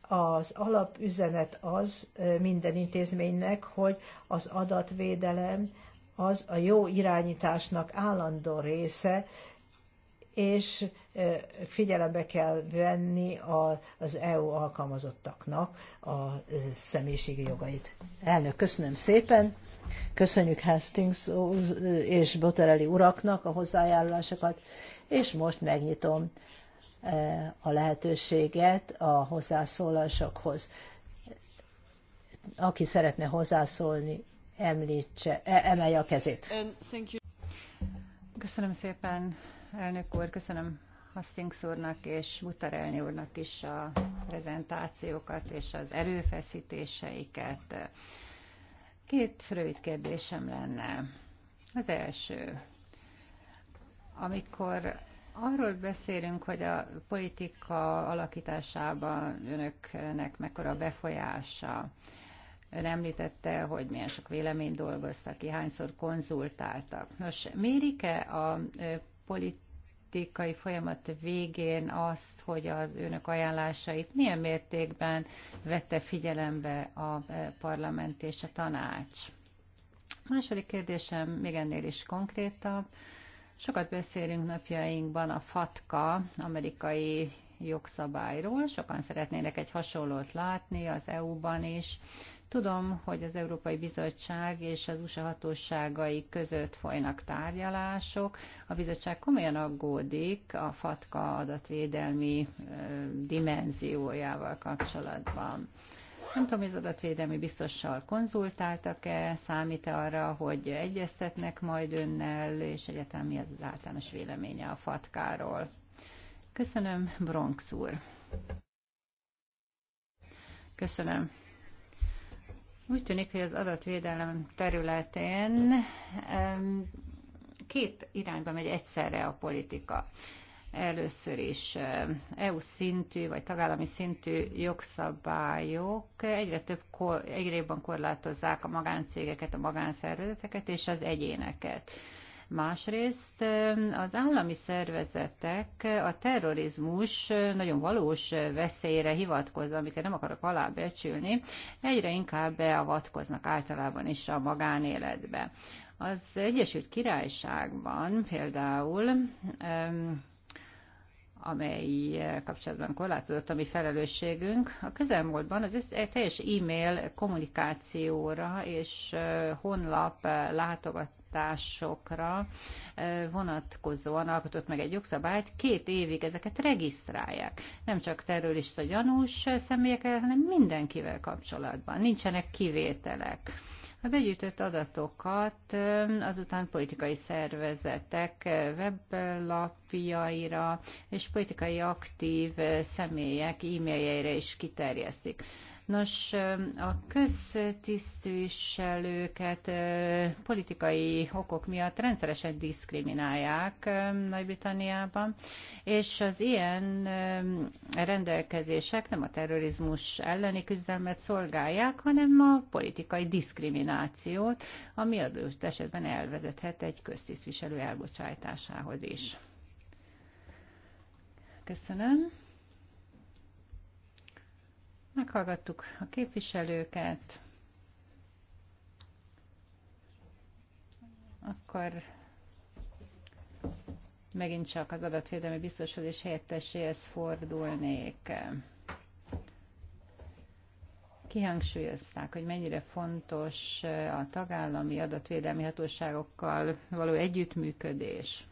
az alapüzenet az minden intézménynek, hogy az adatvédelem az a jó irányításnak állandó része, és figyelembe kell venni az EU alkalmazottaknak a személyiségi jogait. Elnök, köszönöm szépen. Köszönjük Hastings és Botereli uraknak a hozzájárulásokat, és most megnyitom a lehetőséget a hozzászólásokhoz. Aki szeretne hozzászólni, említse, e, emelje a kezét. Um, köszönöm szépen, elnök úr, köszönöm Hastings úrnak és Mutarelni úrnak is a prezentációkat és az erőfeszítéseiket. Két rövid kérdésem lenne. Az első, amikor arról beszélünk, hogy a politika alakításában önöknek mekkora befolyása, Ön említette, hogy milyen sok vélemény dolgoztak ki, hányszor konzultáltak. Nos, mérik-e a politika politikai folyamat végén azt, hogy az önök ajánlásait milyen mértékben vette figyelembe a e, parlament és a tanács? A második kérdésem még ennél is konkrétabb. Sokat beszélünk napjainkban a FATKA, amerikai jogszabályról. Sokan szeretnének egy hasonlót látni az EU-ban is. Tudom, hogy az Európai Bizottság és az USA hatóságai között folynak tárgyalások. A bizottság komolyan aggódik a FATKA adatvédelmi dimenziójával kapcsolatban. Nem tudom, hogy az adatvédelmi biztossal konzultáltak-e, számít -e arra, hogy egyeztetnek majd önnel, és egyáltalán mi az, az általános véleménye a fatkáról. Köszönöm, Bronx úr. Köszönöm. Úgy tűnik, hogy az adatvédelem területén két irányba megy egyszerre a politika. Először is EU szintű vagy tagállami szintű jogszabályok egyre több, egyre jobban korlátozzák a magáncégeket, a magánszervezeteket és az egyéneket. Másrészt az állami szervezetek a terrorizmus nagyon valós veszélyre hivatkozva, amiket nem akarok alábecsülni, egyre inkább beavatkoznak általában is a magánéletbe. Az Egyesült Királyságban például amely kapcsolatban korlátozott a mi felelősségünk. A közelmúltban az teljes e-mail kommunikációra és honlap látogat szolgáltatásokra vonatkozóan alkotott meg egy jogszabályt, két évig ezeket regisztrálják. Nem csak terrorista gyanús személyekkel, hanem mindenkivel kapcsolatban. Nincsenek kivételek. A begyűjtött adatokat azután politikai szervezetek weblapjaira és politikai aktív személyek e-mailjeire is kiterjesztik. Nos, a köztisztviselőket politikai okok miatt rendszeresen diszkriminálják Nagy-Britanniában, és az ilyen rendelkezések nem a terrorizmus elleni küzdelmet szolgálják, hanem a politikai diszkriminációt, ami adott esetben elvezethet egy köztisztviselő elbocsátásához is. Köszönöm. Meghallgattuk a képviselőket. Akkor megint csak az adatvédelmi biztoshoz és helyetteséhez fordulnék. Kihangsúlyozták, hogy mennyire fontos a tagállami adatvédelmi hatóságokkal való együttműködés.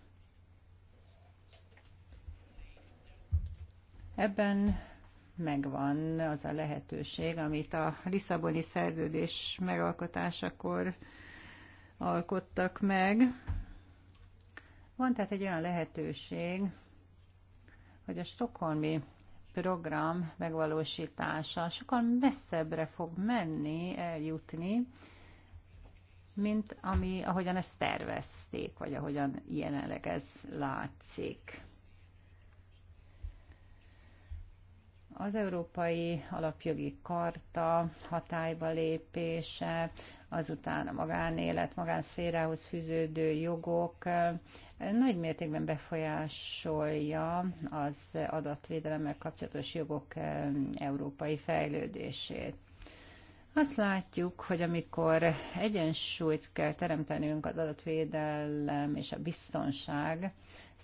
Ebben megvan az a lehetőség, amit a Lisszaboni szerződés megalkotásakor alkottak meg. Van tehát egy olyan lehetőség, hogy a stokholmi program megvalósítása sokkal messzebbre fog menni, eljutni, mint ami, ahogyan ezt tervezték, vagy ahogyan jelenleg ez látszik. Az Európai Alapjogi Karta hatályba lépése, azután a magánélet, magánszférához fűződő jogok eh, nagy mértékben befolyásolja az adatvédelemmel kapcsolatos jogok eh, európai fejlődését. Azt látjuk, hogy amikor egyensúlyt kell teremtenünk az adatvédelem és a biztonság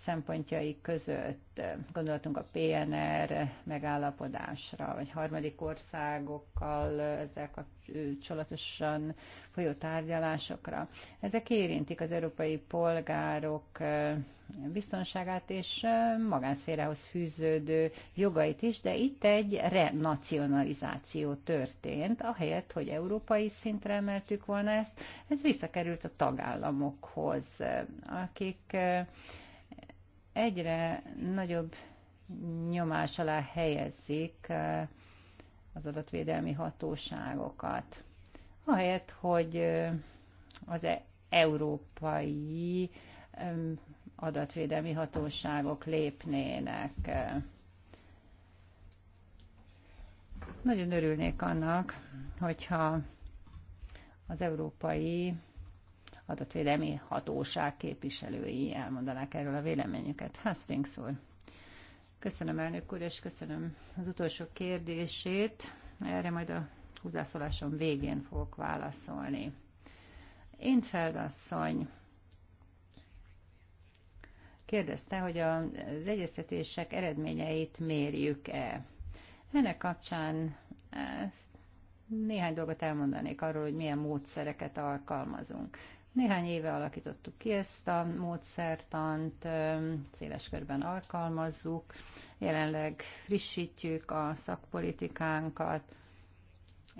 szempontjai között. Eh, gondoltunk a PNR megállapodásra, vagy harmadik országokkal eh, ezzel kapcsolatosan eh, folyó tárgyalásokra. Ezek érintik az európai polgárok biztonságát és magánszférához fűződő jogait is, de itt egy renacionalizáció történt, ahelyett, hogy európai szintre emeltük volna ezt, ez visszakerült a tagállamokhoz, akik egyre nagyobb nyomás alá helyezik eh, az adatvédelmi hatóságokat. Ahelyett, hogy eh, az e- európai adatvédelmi hatóságok lépnének. Eh. Nagyon örülnék annak, hogyha az európai adatvédelmi hatóság képviselői elmondanák erről a véleményüket. Hastings úr. Köszönöm, elnök úr, és köszönöm az utolsó kérdését. Erre majd a húzászolásom végén fogok válaszolni. Én feldasszony kérdezte, hogy az egyeztetések eredményeit mérjük-e. Ennek kapcsán eh, néhány dolgot elmondanék arról, hogy milyen módszereket alkalmazunk. Néhány éve alakítottuk ki ezt a módszertant, széles körben alkalmazzuk, jelenleg frissítjük a szakpolitikánkat,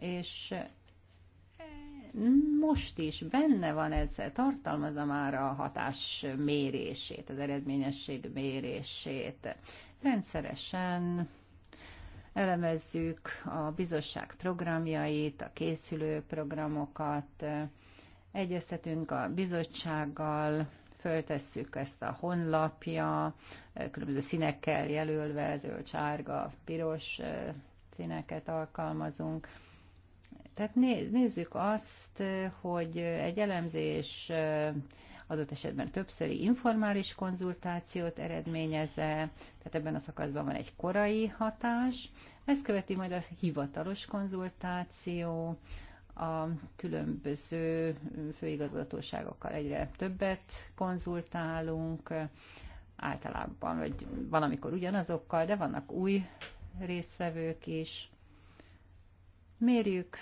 és most is benne van ez, tartalmazza már a hatás mérését, az eredményesség mérését. Rendszeresen elemezzük a bizottság programjait, a készülő programokat, egyeztetünk a bizottsággal, föltesszük ezt a honlapja, különböző színekkel jelölve, zöld, sárga, piros színeket alkalmazunk. Tehát nézzük azt, hogy egy elemzés adott esetben többszöri informális konzultációt eredményeze, tehát ebben a szakaszban van egy korai hatás, ezt követi majd a hivatalos konzultáció, a különböző főigazgatóságokkal egyre többet konzultálunk, általában, vagy van, amikor ugyanazokkal, de vannak új résztvevők is. Mérjük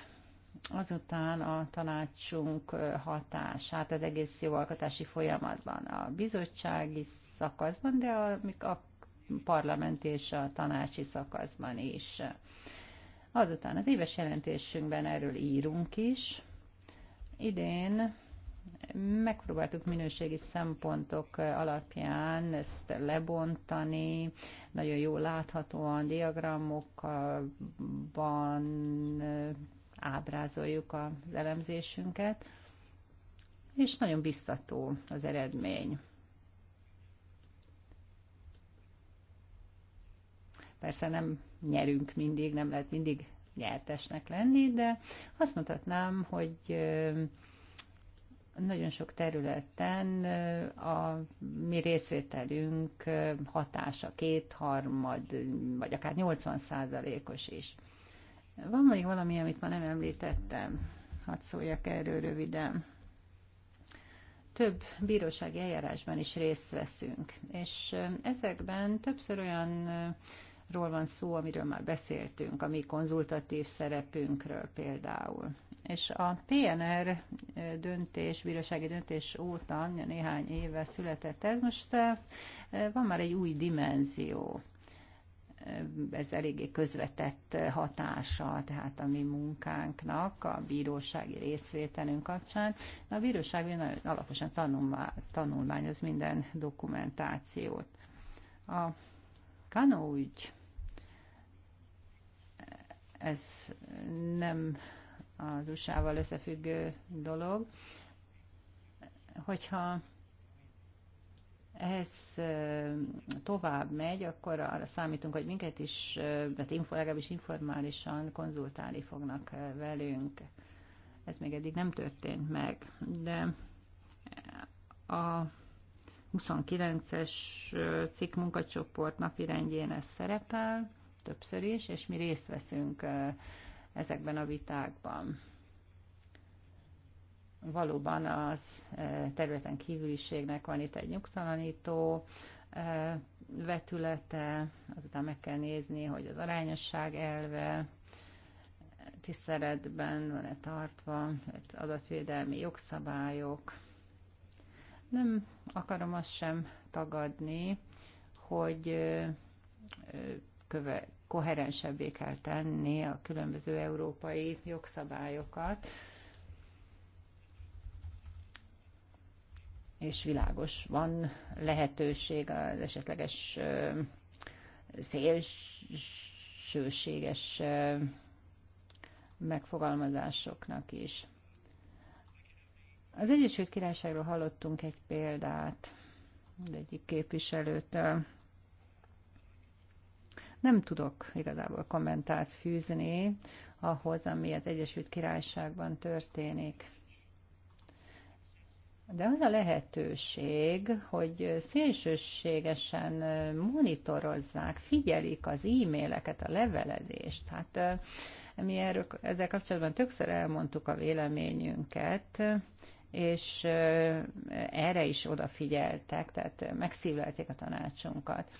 azután a tanácsunk hatását az egész jogalkotási folyamatban, a bizottsági szakaszban, de a, a parlament és a tanácsi szakaszban is. Azután az éves jelentésünkben erről írunk is. Idén megpróbáltuk minőségi szempontok alapján ezt lebontani, nagyon jól láthatóan diagramokban eh, ábrázoljuk az elemzésünket, és nagyon biztató az eredmény. Persze nem nyerünk mindig, nem lehet mindig nyertesnek lenni, de azt mondhatnám, hogy nagyon sok területen a mi részvételünk hatása kétharmad, vagy akár 80 százalékos is. Van még valami, amit ma nem említettem? Hadd szóljak erről röviden. Több bírósági eljárásban is részt veszünk, és ezekben többször olyan ról van szó, amiről már beszéltünk, a mi konzultatív szerepünkről például. És a PNR eh, döntés, bírósági döntés óta néhány éve született ez, most eh, eh, van már egy új dimenzió. Ez eléggé közvetett hatása, tehát a mi munkánknak, a bírósági részvételünk kapcsán. A bíróság nagyon alaposan tanulmányoz minden dokumentációt. A Kanó ügy ez nem az USA-val összefüggő dolog. Hogyha ehhez tovább megy, akkor arra számítunk, hogy minket is, tehát info, legalábbis informálisan konzultálni fognak velünk. Ez még eddig nem történt meg, de a 29-es cikk munkacsoport napirendjén ez szerepel, többször is, és mi részt veszünk ezekben a vitákban. Valóban az területen kívüliségnek van itt egy nyugtalanító vetülete, azután meg kell nézni, hogy az arányosság elve tiszteletben van-e tartva, adatvédelmi jogszabályok. Nem akarom azt sem tagadni, hogy köve, koherensebbé kell tenni a különböző európai jogszabályokat, és világos van lehetőség az esetleges szélsőséges megfogalmazásoknak is. Az Egyesült Királyságról hallottunk egy példát az egyik képviselőtől. Nem tudok igazából kommentált fűzni ahhoz, ami az Egyesült Királyságban történik. De az a lehetőség, hogy szélsőségesen monitorozzák, figyelik az e-maileket, a levelezést. Hát eh, mi erről, ezzel kapcsolatban többször elmondtuk a véleményünket, és eh, erre is odafigyeltek, tehát megszívlelték a tanácsunkat.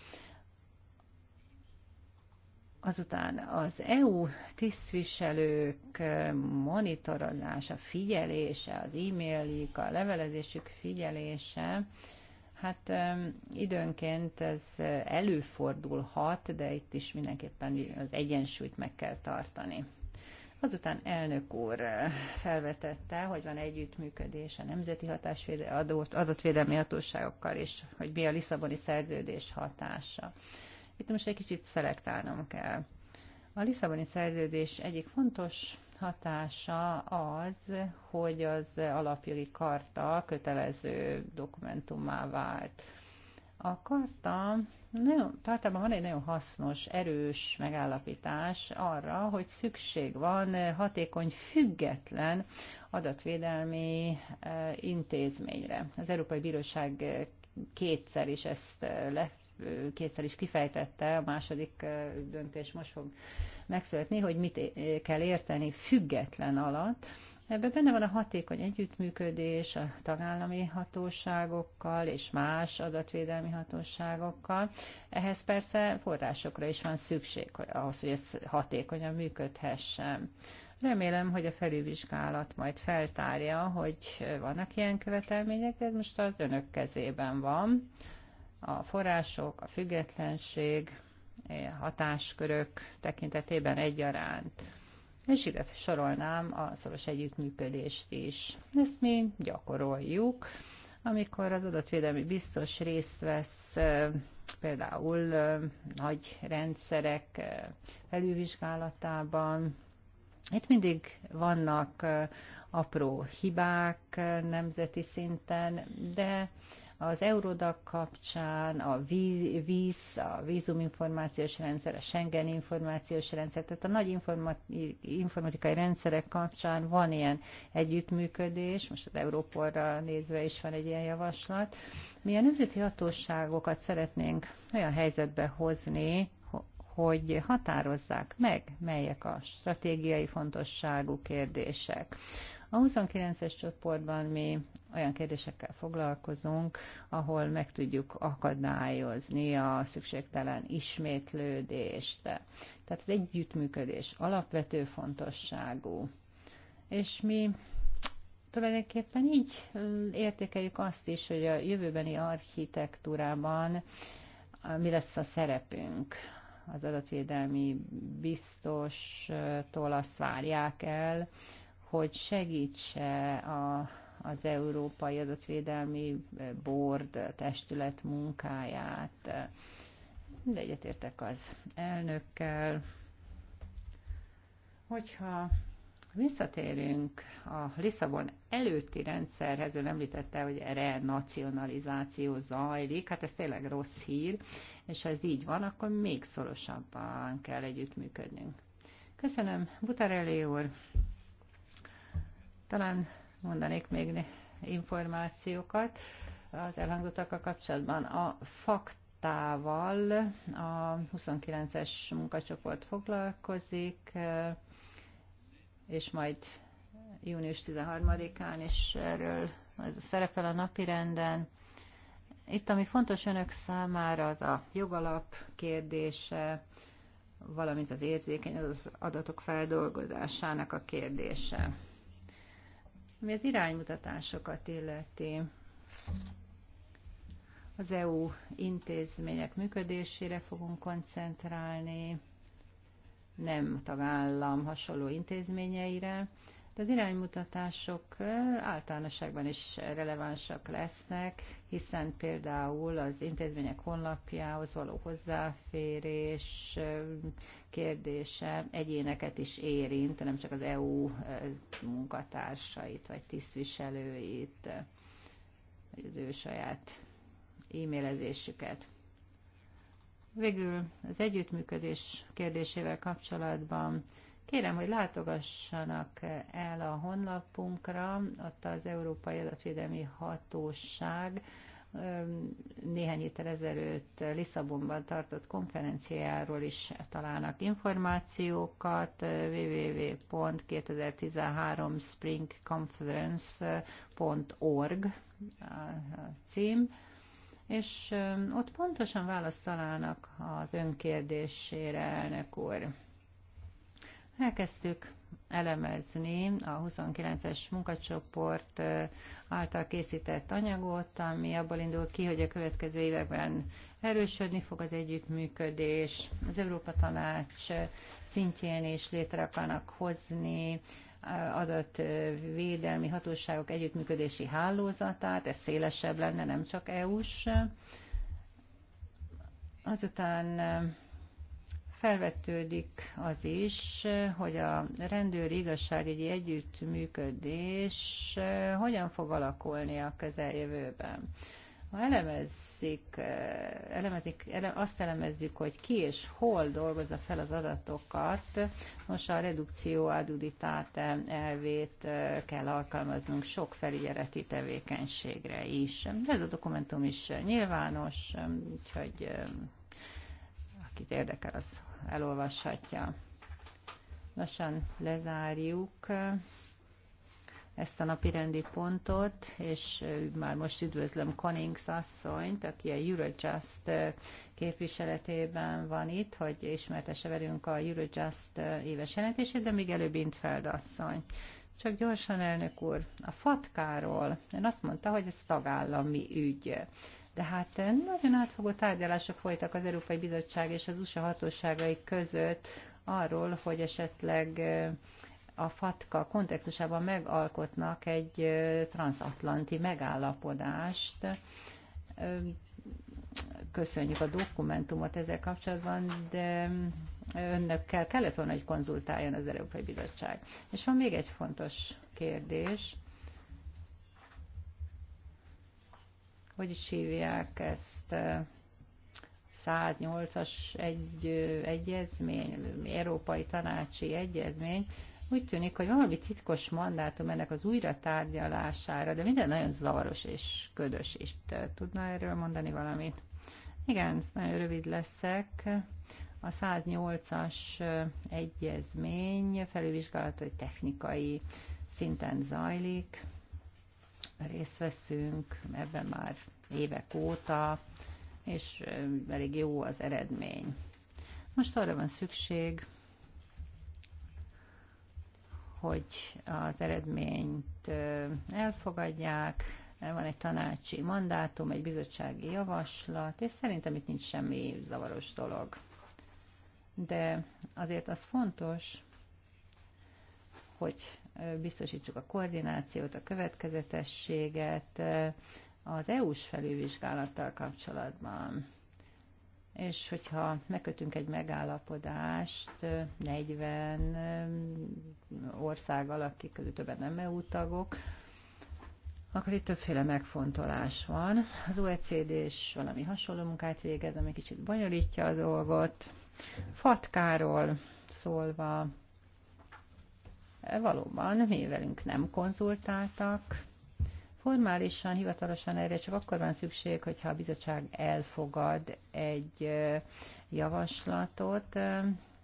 Azután az EU tisztviselők eh, monitorozása, figyelése, az e-mailjük, a levelezésük figyelése, hát időnként ez előfordulhat, de itt is mindenképpen az egyensúlyt meg kell tartani. Azután elnök úr eh, felvetette, hogy van együttműködés a Nemzeti Hatásvédelmi Adatvédelmi Hatóságokkal, és hogy mi a Lisszaboni szerződés hatása. Itt most egy kicsit szelektálnom kell. A Lisszaboni szerződés egyik fontos hatása az, hogy az alapjogi karta kötelező dokumentummá vált. A karta nagyon, tartában van egy nagyon hasznos, erős megállapítás arra, hogy szükség van hatékony, független adatvédelmi eh, intézményre. Az Európai Bíróság kétszer is ezt lef, kétszer is kifejtette, a második döntés most fog megszületni, hogy mit kell érteni független alatt. Ebben benne van a hatékony együttműködés a tagállami hatóságokkal és más adatvédelmi hatóságokkal. Ehhez persze forrásokra is van szükség ahhoz, hogy ez hatékonyan működhessen. Remélem, hogy a felülvizsgálat majd feltárja, hogy vannak ilyen követelmények, de ez most az önök kezében van a források, a függetlenség, a hatáskörök tekintetében egyaránt. És ide sorolnám a szoros együttműködést is. Ezt mi gyakoroljuk, amikor az adatvédelmi biztos részt vesz például nagy rendszerek felülvizsgálatában, itt mindig vannak apró hibák nemzeti szinten, de az Eurodac kapcsán a víz, a vízuminformációs rendszer, a Schengen információs rendszer, tehát a nagy informatikai rendszerek kapcsán van ilyen együttműködés, most az Európorra nézve is van egy ilyen javaslat. Mi a nemzeti hatóságokat szeretnénk olyan helyzetbe hozni, hogy határozzák meg, melyek a stratégiai fontosságú kérdések. A 29-es csoportban mi olyan kérdésekkel foglalkozunk, ahol meg tudjuk akadályozni a szükségtelen ismétlődést. Tehát az együttműködés alapvető fontosságú. És mi tulajdonképpen így értékeljük azt is, hogy a jövőbeni architektúrában mi lesz a szerepünk. Az adatvédelmi biztostól azt várják el, hogy segítse a, az Európai Adatvédelmi Board testület munkáját. De egyetértek az elnökkel, hogyha visszatérünk a Lisszabon előtti rendszerhez, ő említette, hogy renacionalizáció zajlik, hát ez tényleg rossz hír, és ha ez így van, akkor még szorosabban kell együttműködnünk. Köszönöm, Butarelli úr! Talán mondanék még információkat az elhangzottakkal kapcsolatban. A faktával a 29-es munkacsoport foglalkozik, és majd június 13-án is erről szerepel a renden. Itt, ami fontos önök számára, az a jogalap kérdése, valamint az érzékeny az adatok feldolgozásának a kérdése. Ami az iránymutatásokat illeti, az EU intézmények működésére fogunk koncentrálni, nem tagállam hasonló intézményeire, de az iránymutatások általánosságban is relevánsak lesznek, hiszen például az intézmények honlapjához való hozzáférés kérdése egyéneket is érint, nem csak az EU munkatársait vagy tisztviselőit, vagy az ő saját e-mailezésüket. Végül az együttműködés kérdésével kapcsolatban Kérem, hogy látogassanak el a honlapunkra, ott az Európai Adatvédelmi Hatóság néhány héttel ezelőtt Lisszabonban tartott konferenciáról is találnak információkat, www.2013springconference.org a cím, és ott pontosan választ találnak az önkérdésére, elnök úr. Elkezdtük elemezni a 29-es munkacsoport által készített anyagot, ami abból indul ki, hogy a következő években erősödni fog az együttműködés, az Európa Tanács szintjén is létre akarnak hozni adatvédelmi hatóságok együttműködési hálózatát, ez szélesebb lenne, nem csak EU-s. Azután felvetődik az is, hogy a rendőri igazságügyi együttműködés hogyan fog alakulni a közeljövőben. Ha elemezzük, elemezik, ele, azt elemezzük, hogy ki és hol dolgozza fel az adatokat, most a redukció aduditáte elvét kell alkalmaznunk sok felügyeleti tevékenységre is. Ez a dokumentum is nyilvános, úgyhogy akit érdekel, az elolvashatja. Lassan lezárjuk ezt a napi rendi pontot, és már most üdvözlöm Konings asszonyt, aki a Eurojust képviseletében van itt, hogy ismertese velünk a Eurojust éves jelentését, de még előbb Intfeld asszony. Csak gyorsan, elnök úr, a fatkáról, ön azt mondta, hogy ez tagállami ügy. Tehát eh, nagyon átfogó tárgyalások folytak az Európai Bizottság és az USA hatóságai között arról, hogy esetleg eh, a FATKA kontextusában megalkotnak egy eh, transatlanti megállapodást. Köszönjük a dokumentumot ezzel kapcsolatban, de önnökkel kellett volna, hogy konzultáljon az Európai Bizottság. És van még egy fontos kérdés. hogy is hívják ezt, 108-as egy, egyezmény, Európai Tanácsi Egyezmény, úgy tűnik, hogy valami titkos mandátum ennek az újra tárgyalására, de minden nagyon zavaros és ködös is. Tudná erről mondani valamit? Igen, nagyon rövid leszek. A 108-as egyezmény felülvizsgálata technikai szinten zajlik részt veszünk ebben már évek óta, és elég jó az eredmény. Most arra van szükség, hogy az eredményt elfogadják, van egy tanácsi mandátum, egy bizottsági javaslat, és szerintem itt nincs semmi zavaros dolog. De azért az fontos, hogy biztosítsuk a koordinációt, a következetességet az EU-s felülvizsgálattal kapcsolatban. És hogyha megkötünk egy megállapodást 40 országgal, akik közül többen nem EU tagok, akkor itt többféle megfontolás van. Az OECD is valami hasonló munkát végez, ami kicsit bonyolítja a dolgot. Fatkáról szólva, Valóban, mi velünk nem konzultáltak. Formálisan, hivatalosan erre csak akkor van szükség, hogyha a bizottság elfogad egy javaslatot,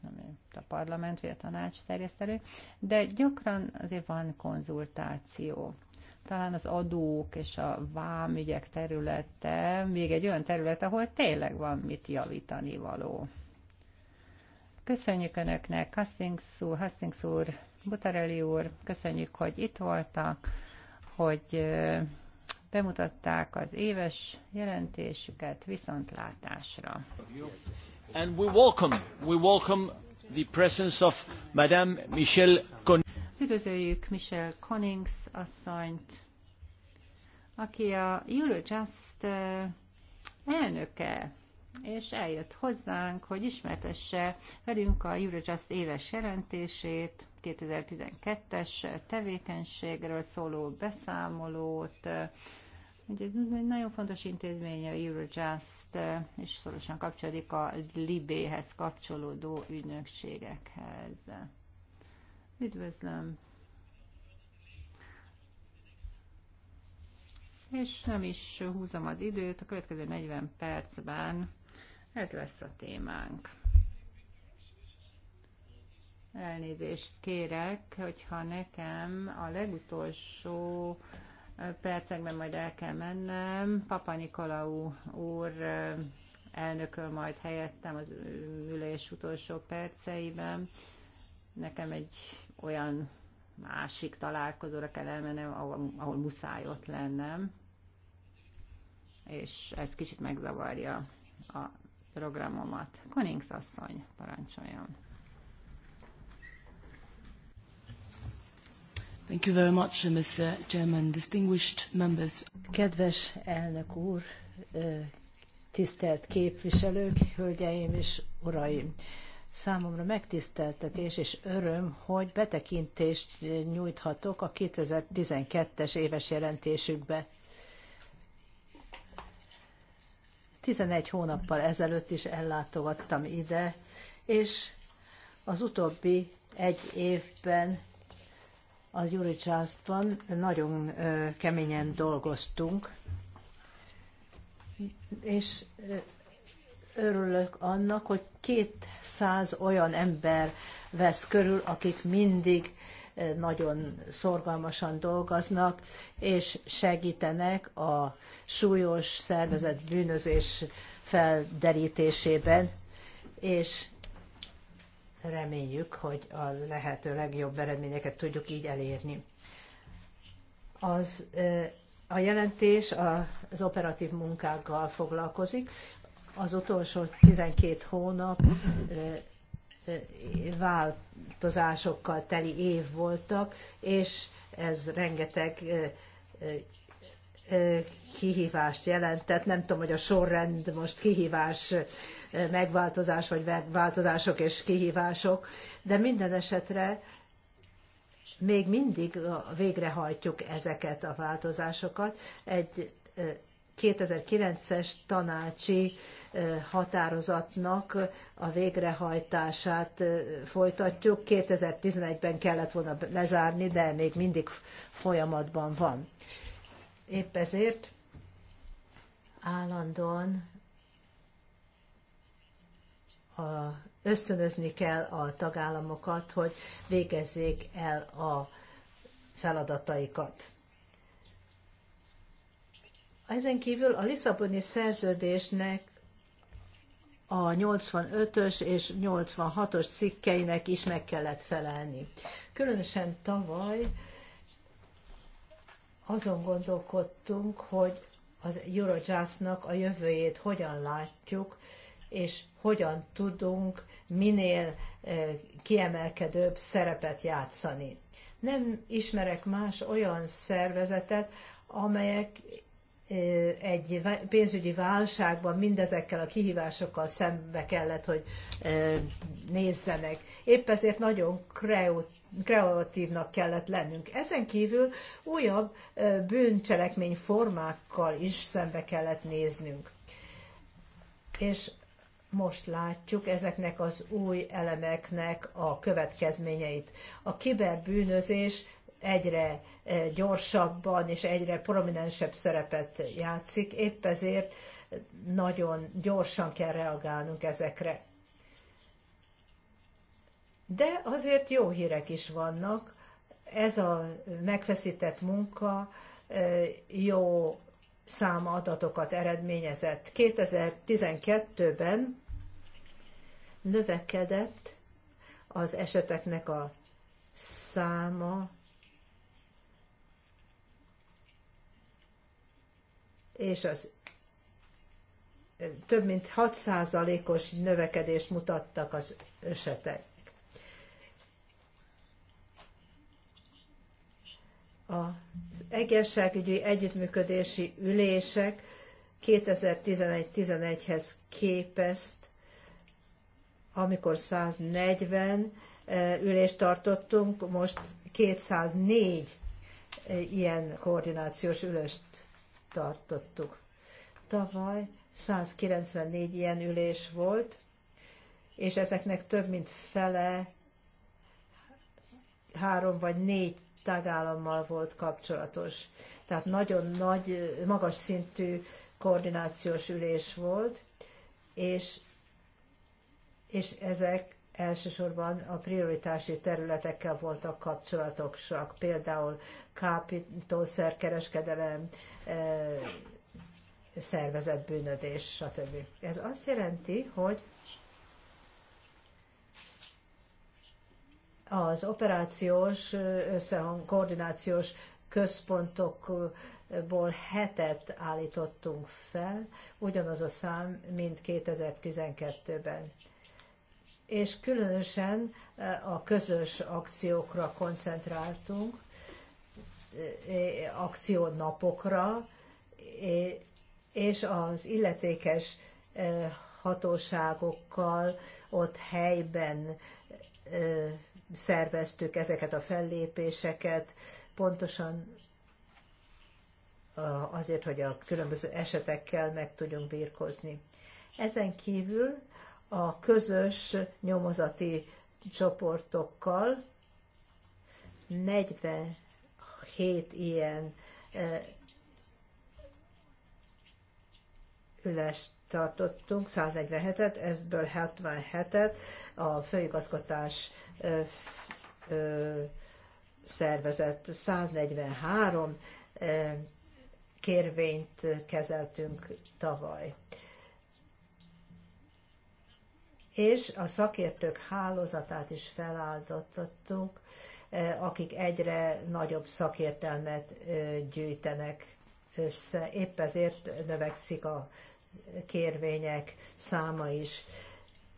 amit a parlament vagy a tanács terjesztelő, de gyakran azért van konzultáció talán az adók és a vámügyek területe még egy olyan terület, ahol tényleg van mit javítani való. Köszönjük Önöknek, Hastings úr, Hastings úr Butareli úr, köszönjük, hogy itt voltak, hogy bemutatták az éves jelentésüket viszontlátásra. And we welcome, we welcome the presence of Madame Michelle Con Üdvözöljük Michelle Connings asszonyt, aki a Eurojust elnöke és eljött hozzánk, hogy ismertesse velünk a Eurojust éves jelentését, 2012-es tevékenységről szóló beszámolót, Ugye ez egy nagyon fontos intézmény a Eurojust, és szorosan kapcsolódik a Libéhez kapcsolódó ügynökségekhez. Üdvözlöm! És nem is húzom az időt, a következő 40 percben ez lesz a témánk. Elnézést kérek, hogyha nekem a legutolsó eh, percekben majd el kell mennem. Papa Nikolaú úr eh, elnököl majd helyettem az ülés utolsó perceiben. Nekem egy olyan másik találkozóra kell elmennem, ahol, ahol muszáj ott lennem, és ez kicsit megzavarja a programomat. Konings asszony, parancsoljon. Thank you very much, Mr. Uh, Chairman, distinguished members. Kedves elnök úr, tisztelt képviselők, hölgyeim és uraim! Számomra megtiszteltetés és öröm, hogy betekintést nyújthatok a 2012-es éves jelentésükbe. 11 hónappal ezelőtt is ellátogattam ide, és az utóbbi egy évben a Gyuricsázban nagyon keményen dolgoztunk, és örülök annak, hogy 200 olyan ember vesz körül, akik mindig nagyon szorgalmasan dolgoznak, és segítenek a súlyos szervezett bűnözés felderítésében, és reméljük, hogy a lehető legjobb eredményeket tudjuk így elérni. Az, a jelentés az operatív munkákkal foglalkozik. Az utolsó 12 hónap változásokkal teli év voltak, és ez rengeteg kihívást jelentett. Nem tudom, hogy a sorrend most kihívás, megváltozás, vagy változások és kihívások, de minden esetre még mindig végrehajtjuk ezeket a változásokat. Egy 2009-es tanácsi határozatnak a végrehajtását folytatjuk. 2011-ben kellett volna lezárni, de még mindig folyamatban van. Épp ezért állandóan a, ösztönözni kell a tagállamokat, hogy végezzék el a feladataikat. Ezen kívül a Lisszaboni szerződésnek a 85-ös és 86-os cikkeinek is meg kellett felelni. Különösen tavaly azon gondolkodtunk, hogy az Eurojustnak a jövőjét hogyan látjuk, és hogyan tudunk minél eh, kiemelkedőbb szerepet játszani. Nem ismerek más olyan szervezetet, amelyek egy pénzügyi válságban mindezekkel a kihívásokkal szembe kellett, hogy nézzenek. Épp ezért nagyon kreatívnak kellett lennünk. Ezen kívül újabb bűncselekmény formákkal is szembe kellett néznünk. És most látjuk ezeknek az új elemeknek a következményeit. A kiberbűnözés egyre eh, gyorsabban és egyre prominensebb szerepet játszik, épp ezért nagyon gyorsan kell reagálnunk ezekre. De azért jó hírek is vannak, ez a megfeszített munka eh, jó adatokat eredményezett. 2012-ben növekedett az eseteknek a száma és az eh, több mint 6%-os növekedést mutattak az esetek. Az egészségügyi együttműködési ülések 2011-11-hez képest, amikor 140 eh, ülést tartottunk, most 204 ilyen koordinációs ülést tartottuk. Tavaly 194 ilyen ülés volt, és ezeknek több mint fele három vagy négy tagállammal volt kapcsolatos. Tehát nagyon nagy, magas szintű koordinációs ülés volt, és, és ezek elsősorban a prioritási területekkel voltak kapcsolatosak, például kábítószerkereskedelem, szervezett bűnödés, stb. Ez azt jelenti, hogy az operációs, összehang, koordinációs központokból hetet állítottunk fel, ugyanaz a szám, mint 2012-ben. És különösen a közös akciókra koncentráltunk, akciónapokra, és az illetékes hatóságokkal ott helyben szerveztük ezeket a fellépéseket, pontosan azért, hogy a különböző esetekkel meg tudjunk birkozni. Ezen kívül a közös nyomozati csoportokkal 40 hét ilyen ülést tartottunk, 147-et, ezből 77-et a főigazgatás szervezett 143 kérvényt kezeltünk tavaly. És a szakértők hálózatát is feláldottattuk akik egyre nagyobb szakértelmet gyűjtenek össze. Épp ezért növekszik a kérvények száma is.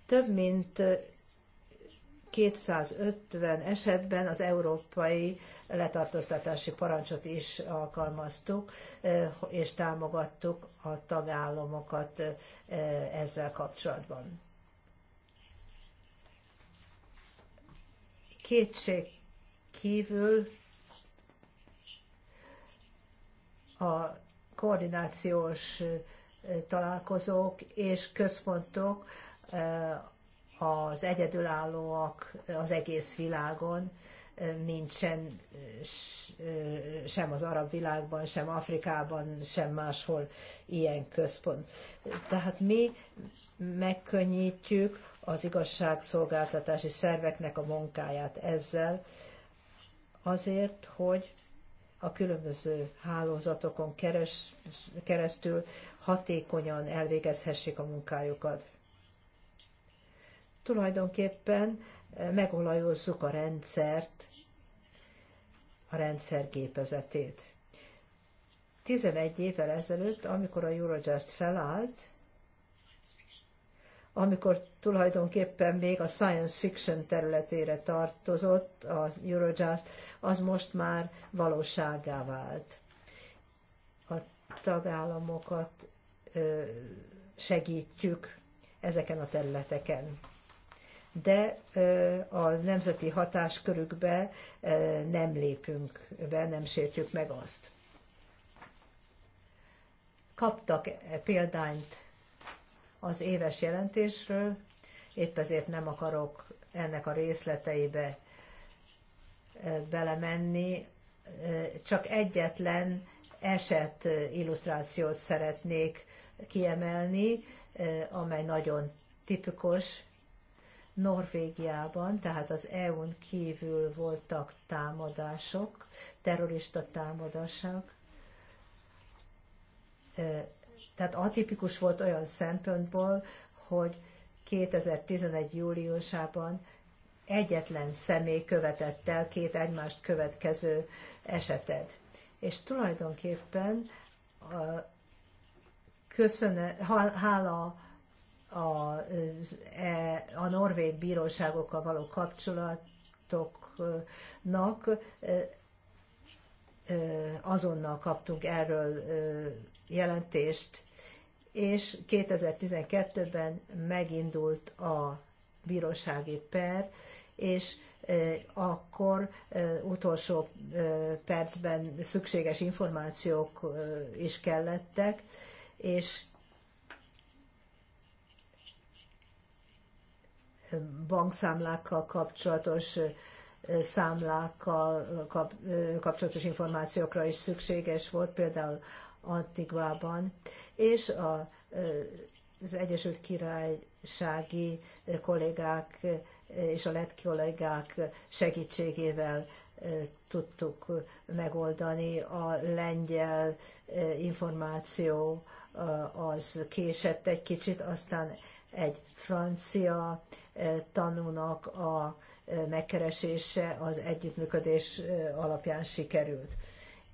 Több mint 250 esetben az európai letartóztatási parancsot is alkalmaztuk, és támogattuk a tagállamokat ezzel kapcsolatban. Kétség kívül a koordinációs találkozók és központok az egyedülállóak az egész világon nincsen sem az arab világban, sem Afrikában, sem máshol ilyen központ. Tehát mi megkönnyítjük az igazságszolgáltatási szerveknek a munkáját ezzel, azért, hogy a különböző hálózatokon keres, keresztül hatékonyan elvégezhessék a munkájukat. Tulajdonképpen eh, megolajozzuk a rendszert, a rendszer gépezetét. 11 évvel ezelőtt, amikor a Eurojust felállt, amikor tulajdonképpen még a science fiction területére tartozott az Eurojust, az most már valóságá vált. A tagállamokat segítjük ezeken a területeken. De a nemzeti hatáskörükbe nem lépünk be, nem sértjük meg azt. Kaptak példányt az éves jelentésről, épp ezért nem akarok ennek a részleteibe e, belemenni, e, csak egyetlen eset illusztrációt szeretnék kiemelni, e, amely nagyon tipikus Norvégiában, tehát az EU-n kívül voltak támadások, terrorista támadások, tehát atipikus volt olyan szempontból, hogy 2011. júliusában egyetlen személy követett el két egymást következő esetet. És tulajdonképpen a köszönet, hála a, e, a norvég bíróságokkal való kapcsolatoknak e, azonnal kaptunk erről jelentést, és 2012-ben megindult a bírósági per, és akkor utolsó percben szükséges információk is kellettek, és bankszámlákkal kapcsolatos számlákkal kap, kapcsolatos információkra is szükséges volt, például Antiguában, és a, az Egyesült Királysági kollégák és a lett kollégák segítségével tudtuk megoldani a lengyel információ az késett egy kicsit, aztán egy francia tanúnak a megkeresése az együttműködés alapján sikerült.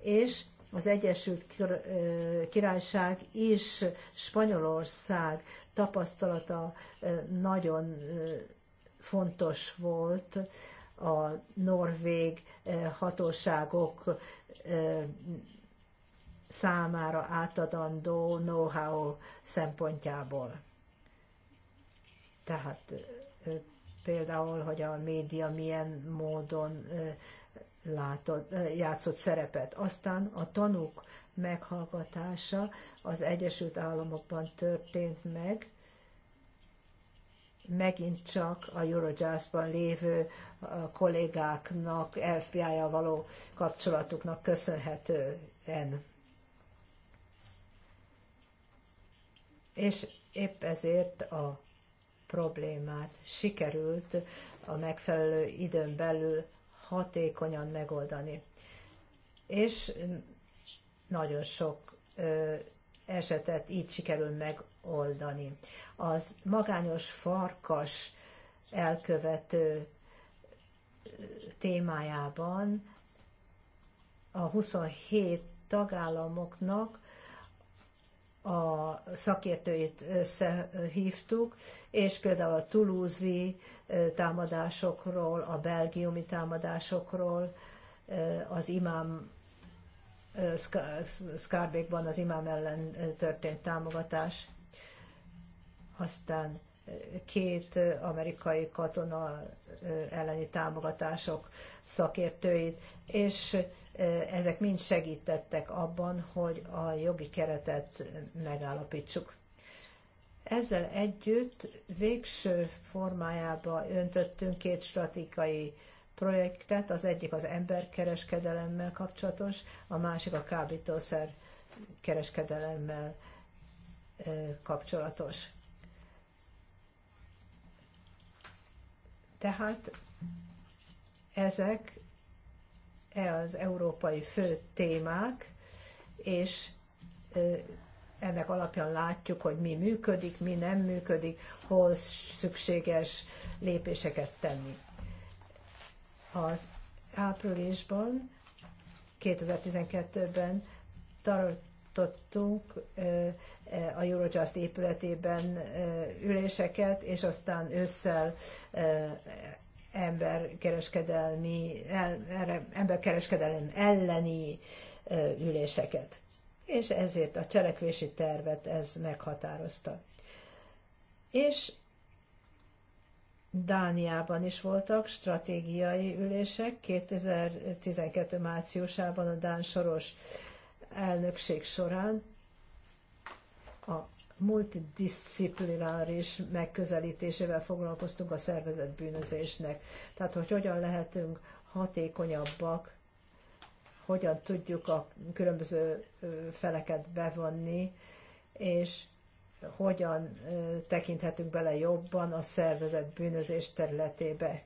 És az Egyesült Királyság és Spanyolország tapasztalata nagyon fontos volt a norvég hatóságok számára átadandó know-how szempontjából. Tehát például, hogy a média milyen módon látott, játszott szerepet. Aztán a tanúk meghallgatása az Egyesült Államokban történt meg, megint csak a Eurojazzban lévő kollégáknak, FBI-jal való kapcsolatuknak köszönhetően. És épp ezért a problémát sikerült a megfelelő időn belül hatékonyan megoldani. És nagyon sok esetet így sikerül megoldani. Az magányos farkas elkövető témájában a 27 tagállamoknak a szakértőit összehívtuk, és például a tulúzi támadásokról, a belgiumi támadásokról, az imám Skárbékban az imám ellen történt támogatás, aztán két amerikai katona elleni támogatások szakértőit, és ezek mind segítettek abban, hogy a jogi keretet megállapítsuk. Ezzel együtt végső formájába öntöttünk két stratégiai projektet, az egyik az emberkereskedelemmel kapcsolatos, a másik a kábítószer kereskedelemmel kapcsolatos Tehát ezek e az európai fő témák, és ennek alapján látjuk, hogy mi működik, mi nem működik, hol szükséges lépéseket tenni. Az áprilisban, 2012-ben tartottunk a Eurojust épületében üléseket, és aztán ősszel emberkereskedelmi, emberkereskedelem elleni üléseket. És ezért a cselekvési tervet ez meghatározta. És Dániában is voltak stratégiai ülések, 2012 márciusában a Dán Soros elnökség során a multidisciplináris megközelítésével foglalkoztunk a szervezett bűnözésnek. Tehát, hogy hogyan lehetünk hatékonyabbak, hogyan tudjuk a különböző feleket bevonni, és hogyan tekinthetünk bele jobban a szervezett bűnözés területébe.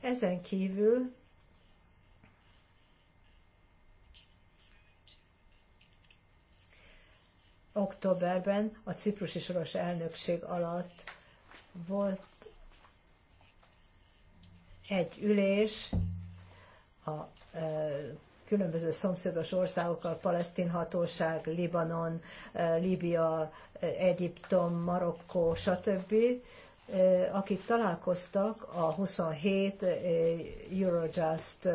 Ezen kívül októberben a ciprusi soros elnökség alatt volt egy ülés a e, különböző szomszédos országokkal, palesztin hatóság, Libanon, e, Líbia, e, Egyiptom, Marokkó, stb., akik találkoztak a 27 Eurojust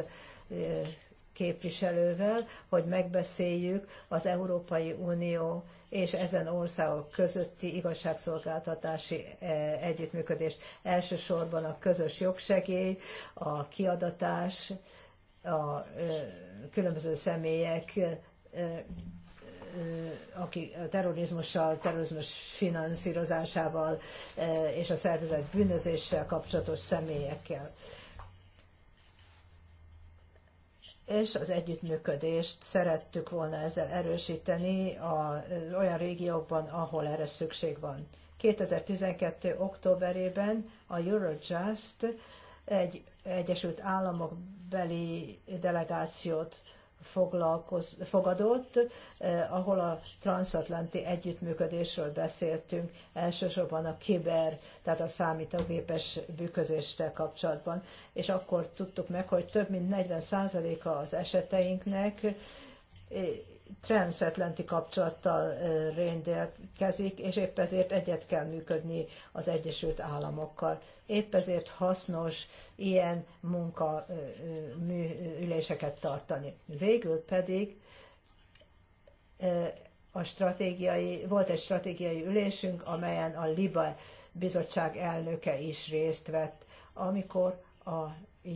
képviselővel, hogy megbeszéljük az Európai Unió és ezen országok közötti igazságszolgáltatási e, együttműködést. Elsősorban a közös jogsegély, a kiadatás, a e, különböző személyek e, aki terrorizmussal, terrorizmus finanszírozásával és a szervezett bűnözéssel kapcsolatos személyekkel és az együttműködést szerettük volna ezzel erősíteni a, olyan régiókban, ahol erre szükség van. 2012. októberében a Eurojust egy Egyesült Államok beli delegációt foglalkoz, fogadott, eh, ahol a transatlanti együttműködésről beszéltünk, elsősorban a kiber, tehát a számítógépes bűközéssel kapcsolatban. És akkor tudtuk meg, hogy több mint 40%-a az eseteinknek eh, transatlanti kapcsolattal rendelkezik, és épp ezért egyet kell működni az Egyesült Államokkal. Épp ezért hasznos ilyen munkaüléseket tartani. Végül pedig a stratégiai, volt egy stratégiai ülésünk, amelyen a LIBA bizottság elnöke is részt vett, amikor a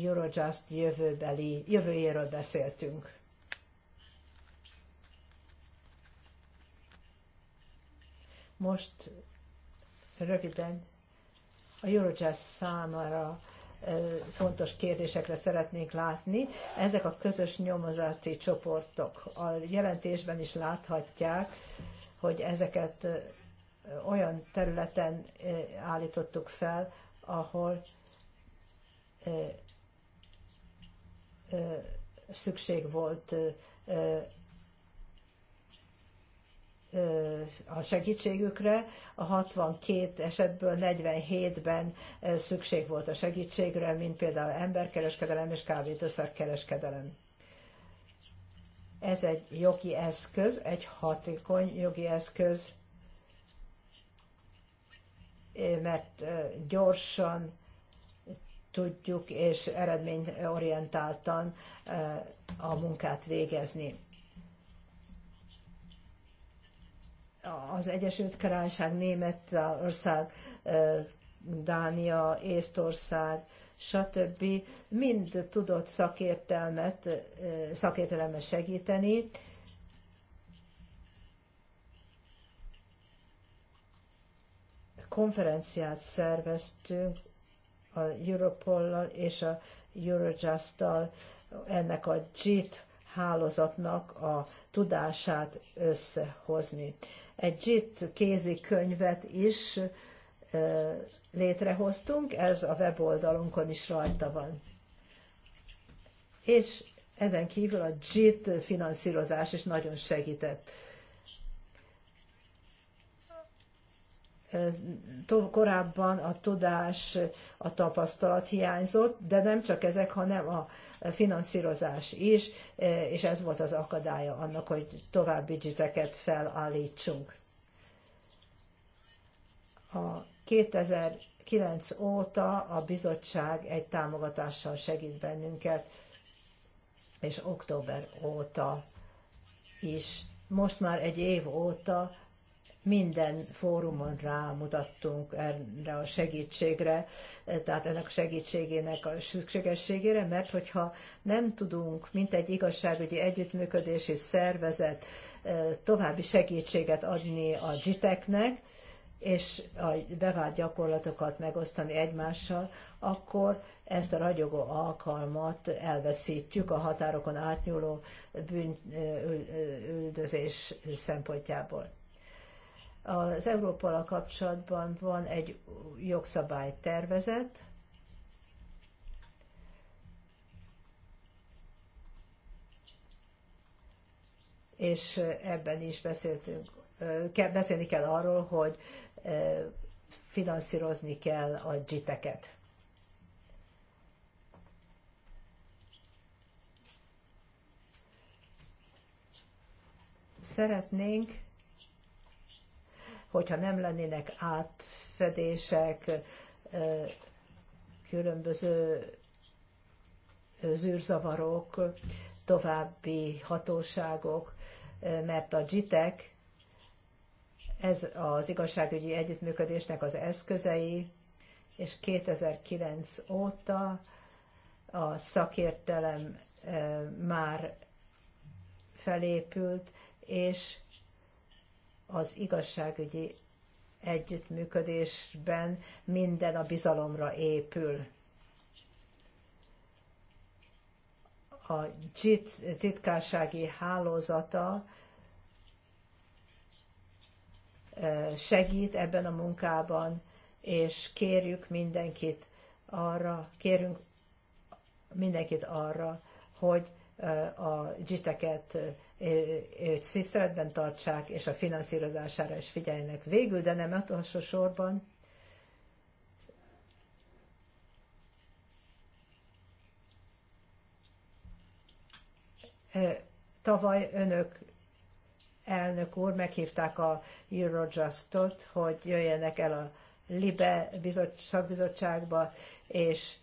Eurojust jövőbeli, jövőjéről beszéltünk. Most röviden a Eurojazz számára fontos kérdésekre szeretnénk látni. Ezek a közös nyomozati csoportok. A jelentésben is láthatják, hogy ezeket olyan területen állítottuk fel, ahol szükség volt a segítségükre. A 62 esetből 47-ben szükség volt a segítségre, mint például emberkereskedelem és kábítószerkereskedelem. Ez egy jogi eszköz, egy hatékony jogi eszköz, mert gyorsan tudjuk és eredményorientáltan a munkát végezni az Egyesült Királyság, Németország, Dánia, Észtország, stb. mind tudott szakértelmet, szakértelmet segíteni. Konferenciát szerveztünk a Europol-lal és a Eurojust-tal ennek a JIT hálózatnak a tudását összehozni. Egy JIT kézi könyvet is létrehoztunk, ez a weboldalunkon is rajta van. És ezen kívül a JIT finanszírozás is nagyon segített. korábban a tudás, a tapasztalat hiányzott, de nem csak ezek, hanem a finanszírozás is, és ez volt az akadálya annak, hogy további dzsiteket felállítsunk. A 2009 óta a bizottság egy támogatással segít bennünket, és október óta is, most már egy év óta minden fórumon rámutattunk erre a segítségre, tehát ennek segítségének a szükségességére, mert hogyha nem tudunk, mint egy igazságügyi együttműködési szervezet további segítséget adni a GITEK-nek, és a bevált gyakorlatokat megosztani egymással, akkor ezt a ragyogó alkalmat elveszítjük a határokon átnyúló bűnüldözés szempontjából. Az Európol kapcsolatban van egy jogszabálytervezet, és ebben is beszéltünk, beszélni kell arról, hogy e, finanszírozni kell a JIT-eket. Szeretnénk hogyha nem lennének átfedések, különböző zűrzavarok, további hatóságok, mert a GITEC, ez az igazságügyi együttműködésnek az eszközei, és 2009 óta a szakértelem már felépült, és az igazságügyi együttműködésben minden a bizalomra épül. A JIT titkársági hálózata eh, segít ebben a munkában, és kérjük mindenkit arra, kérünk mindenkit arra, hogy a GIT-eket tiszteletben tartsák, és a finanszírozására is figyeljenek. Végül, de nem utolsó sorban, tavaly önök elnök úr meghívták a Eurojustot, hogy jöjjenek el a LIBE bizottságba, és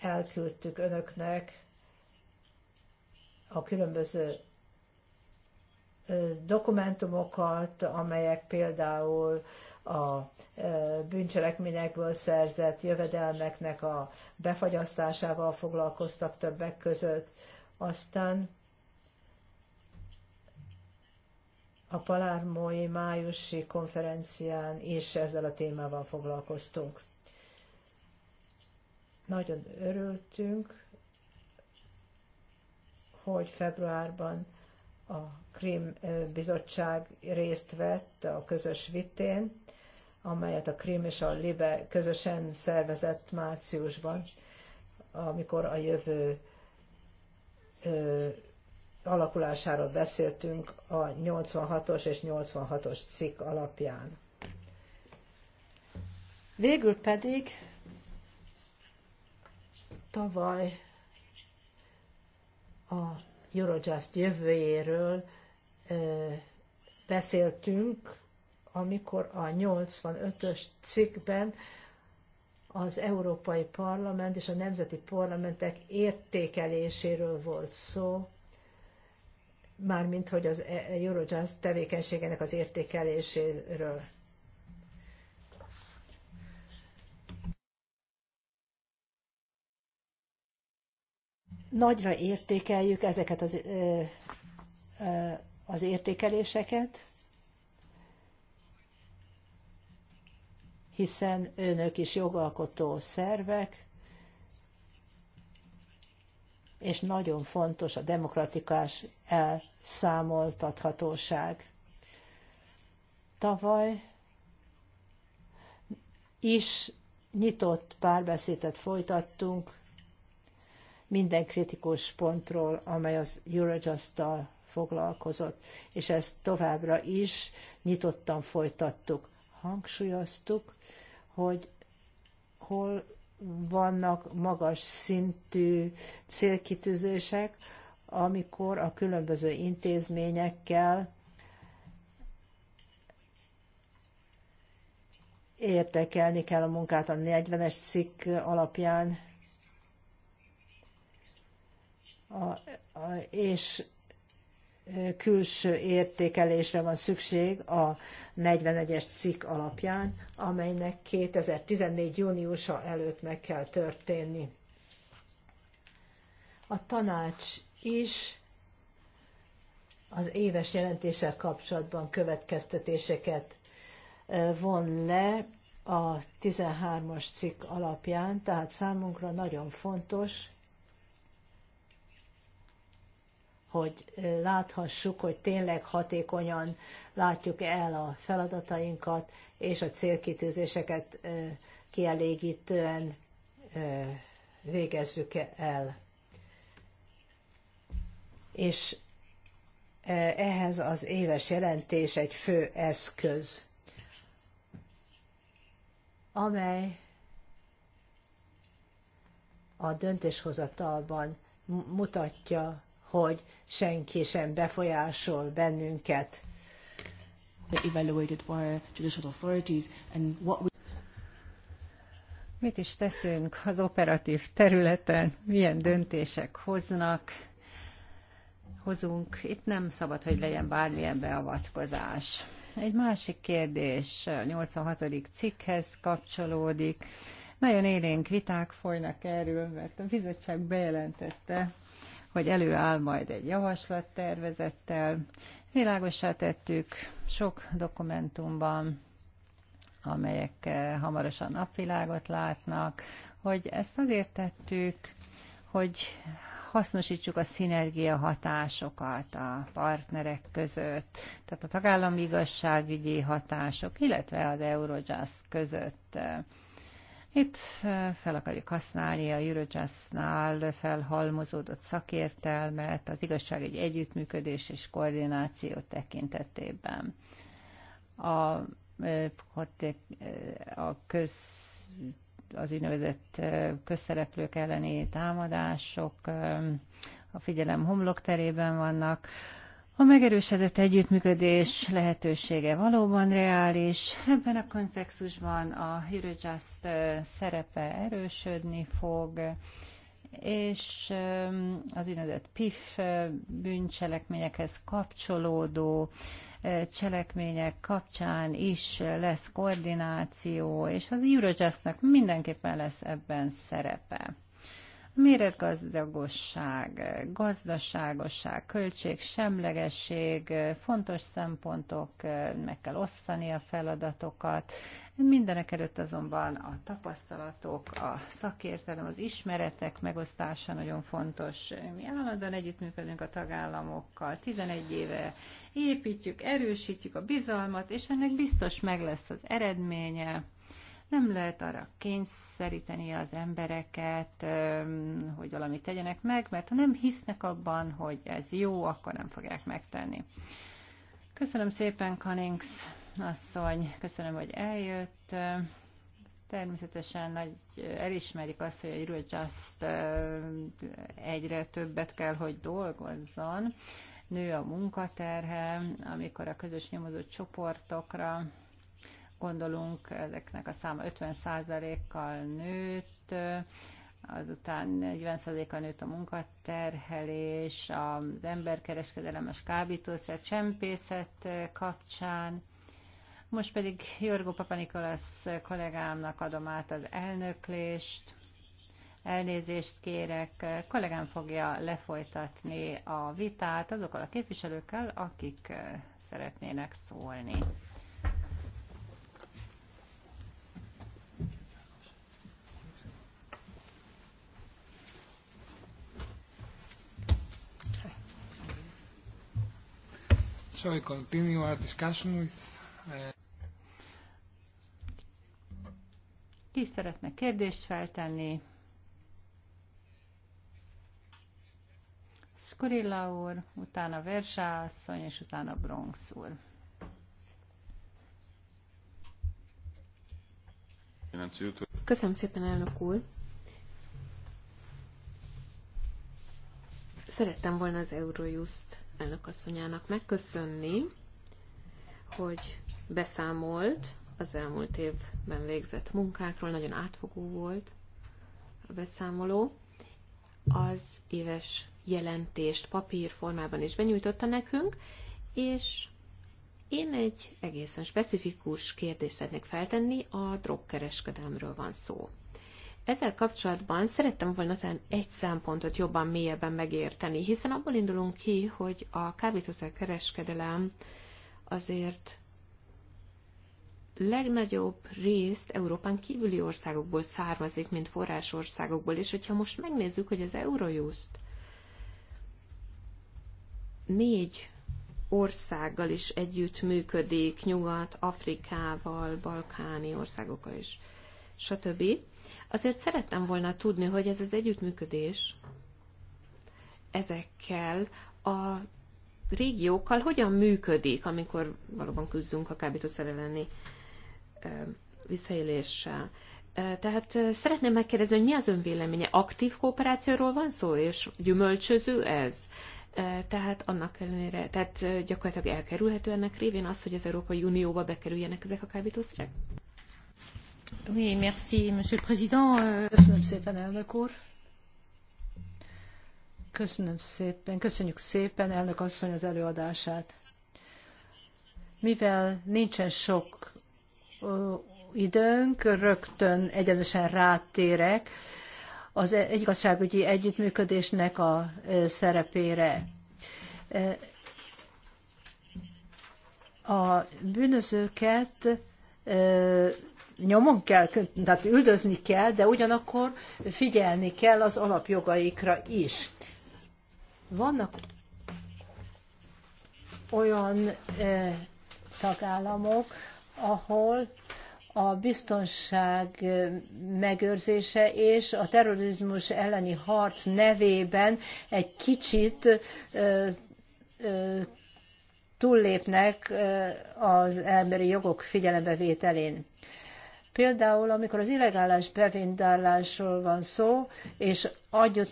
elküldtük önöknek a különböző dokumentumokat, amelyek például a bűncselekményekből szerzett jövedelmeknek a befagyasztásával foglalkoztak többek között. Aztán a Palármói májusi konferencián is ezzel a témával foglalkoztunk. Nagyon örültünk hogy februárban a Krím bizottság részt vett a közös vitén, amelyet a Krím és a Libe közösen szervezett márciusban, amikor a jövő ö, alakulásáról beszéltünk a 86-os és 86-os cikk alapján. Végül pedig tavaly a Eurojust jövőjéről beszéltünk, amikor a 85-ös cikkben az Európai Parlament és a nemzeti parlamentek értékeléséről volt szó, mármint hogy az Eurojust tevékenységének az értékeléséről. Nagyra értékeljük ezeket az, az értékeléseket, hiszen önök is jogalkotó szervek, és nagyon fontos a demokratikás elszámoltathatóság. Tavaly is nyitott párbeszédet folytattunk minden kritikus pontról, amely az eurojust foglalkozott, és ezt továbbra is nyitottan folytattuk. Hangsúlyoztuk, hogy hol vannak magas szintű célkitűzések, amikor a különböző intézményekkel értekelni kell a munkát a 40-es cikk alapján, a, a, és külső értékelésre van szükség a 41-es cikk alapján, amelynek 2014. júniusa előtt meg kell történni. A tanács is az éves jelentéssel kapcsolatban következtetéseket von le a 13-as cikk alapján, tehát számunkra nagyon fontos, hogy láthassuk, hogy tényleg hatékonyan látjuk el a feladatainkat, és a célkitűzéseket kielégítően végezzük el. És ehhez az éves jelentés egy fő eszköz, amely a döntéshozatalban mutatja hogy senki sem befolyásol bennünket. Evaluated by judicial authorities and what we Mit is teszünk az operatív területen, milyen döntések hoznak, hozunk. Itt nem szabad, hogy legyen bármilyen beavatkozás. Egy másik kérdés a 86. cikkhez kapcsolódik. Nagyon élénk viták folynak erről, mert a bizottság bejelentette, hogy előáll majd egy javaslattervezettel. Világosá tettük sok dokumentumban, amelyek eh, hamarosan napvilágot látnak, hogy ezt azért tettük, hogy hasznosítsuk a szinergia hatásokat a partnerek között, tehát a tagállami igazságügyi hatások, illetve az Eurojust között. Eh, itt fel akarjuk használni a Eurojustnál felhalmozódott szakértelmet, az igazság egy együttműködés és koordináció tekintetében. A, a köz, az úgynevezett közszereplők elleni támadások a figyelem homlokterében vannak, a megerősödött együttműködés lehetősége valóban reális. Ebben a kontextusban a Eurojust szerepe erősödni fog, és az úgynevezett PIF bűncselekményekhez kapcsolódó cselekmények kapcsán is lesz koordináció, és az Eurojustnak mindenképpen lesz ebben szerepe méretgazdagosság, gazdaságosság, költség, semlegesség, fontos szempontok, meg kell osztani a feladatokat. Mindenek előtt azonban a tapasztalatok, a szakértelem, az ismeretek megosztása nagyon fontos. Mi állandóan együttműködünk a tagállamokkal, 11 éve építjük, erősítjük a bizalmat, és ennek biztos meg lesz az eredménye nem lehet arra kényszeríteni az embereket, hogy valamit tegyenek meg, mert ha nem hisznek abban, hogy ez jó, akkor nem fogják megtenni. Köszönöm szépen, Kanings asszony, köszönöm, hogy eljött. Természetesen nagy, elismerik azt, hogy egy Eurojust egyre többet kell, hogy dolgozzon. Nő a munkaterhe, amikor a közös nyomozó csoportokra gondolunk, ezeknek a száma 50%-kal nőtt, azután 40%-kal nőtt a munkaterhelés, az a skábítószer, csempészet kapcsán. Most pedig Jörgó Papanikolasz kollégámnak adom át az elnöklést. Elnézést kérek, kollégám fogja lefolytatni a vitát azokkal a képviselőkkel, akik szeretnének szólni. shall we continue our discussion with... Uh, Ki szeretne kérdést feltenni? Skurilla úr, utána Versa, asszony, és utána Bronx úr. Köszönöm szépen, elnök úr! Szerettem volna az Eurojust elnökasszonyának megköszönni, hogy beszámolt az elmúlt évben végzett munkákról, nagyon átfogó volt a beszámoló. Az éves jelentést papír formában is benyújtotta nekünk, és én egy egészen specifikus kérdést szeretnék feltenni, a drogkereskedelmről van szó. Ezzel kapcsolatban szerettem volna talán egy szempontot jobban, mélyebben megérteni, hiszen abból indulunk ki, hogy a kábítószer kereskedelem azért legnagyobb részt Európán kívüli országokból származik, mint forrásországokból, és hogyha most megnézzük, hogy az Eurojust négy országgal is együtt működik, Nyugat, Afrikával, Balkáni országokkal is, stb. Azért szerettem volna tudni, hogy ez az együttműködés ezekkel a régiókkal hogyan működik, amikor valóban küzdünk a kábítószer elleni visszaéléssel. Tehát szeretném megkérdezni, hogy mi az ön véleménye? Aktív kooperációról van szó, és gyümölcsöző ez? Tehát annak ellenére, tehát gyakorlatilag elkerülhető ennek révén az, hogy az Európai Unióba bekerüljenek ezek a kábítószerek? Euh, Köszönöm szépen, elnök úr. Köszönöm szépen, köszönjük szépen elnök asszony az előadását. Mivel nincsen sok időnk, rögtön egyenesen rátérek az e-, igazságügyi együttműködésnek a szerepére. A bűnözőket nyomon kell, tehát üldözni kell, de ugyanakkor figyelni kell az alapjogaikra is. Vannak olyan eh, tagállamok, ahol a biztonság eh, megőrzése és a terrorizmus elleni harc nevében egy kicsit eh, eh, túllépnek eh, az emberi jogok figyelembevételén. Például, amikor az illegális bevindárlásról van szó, és, adjut,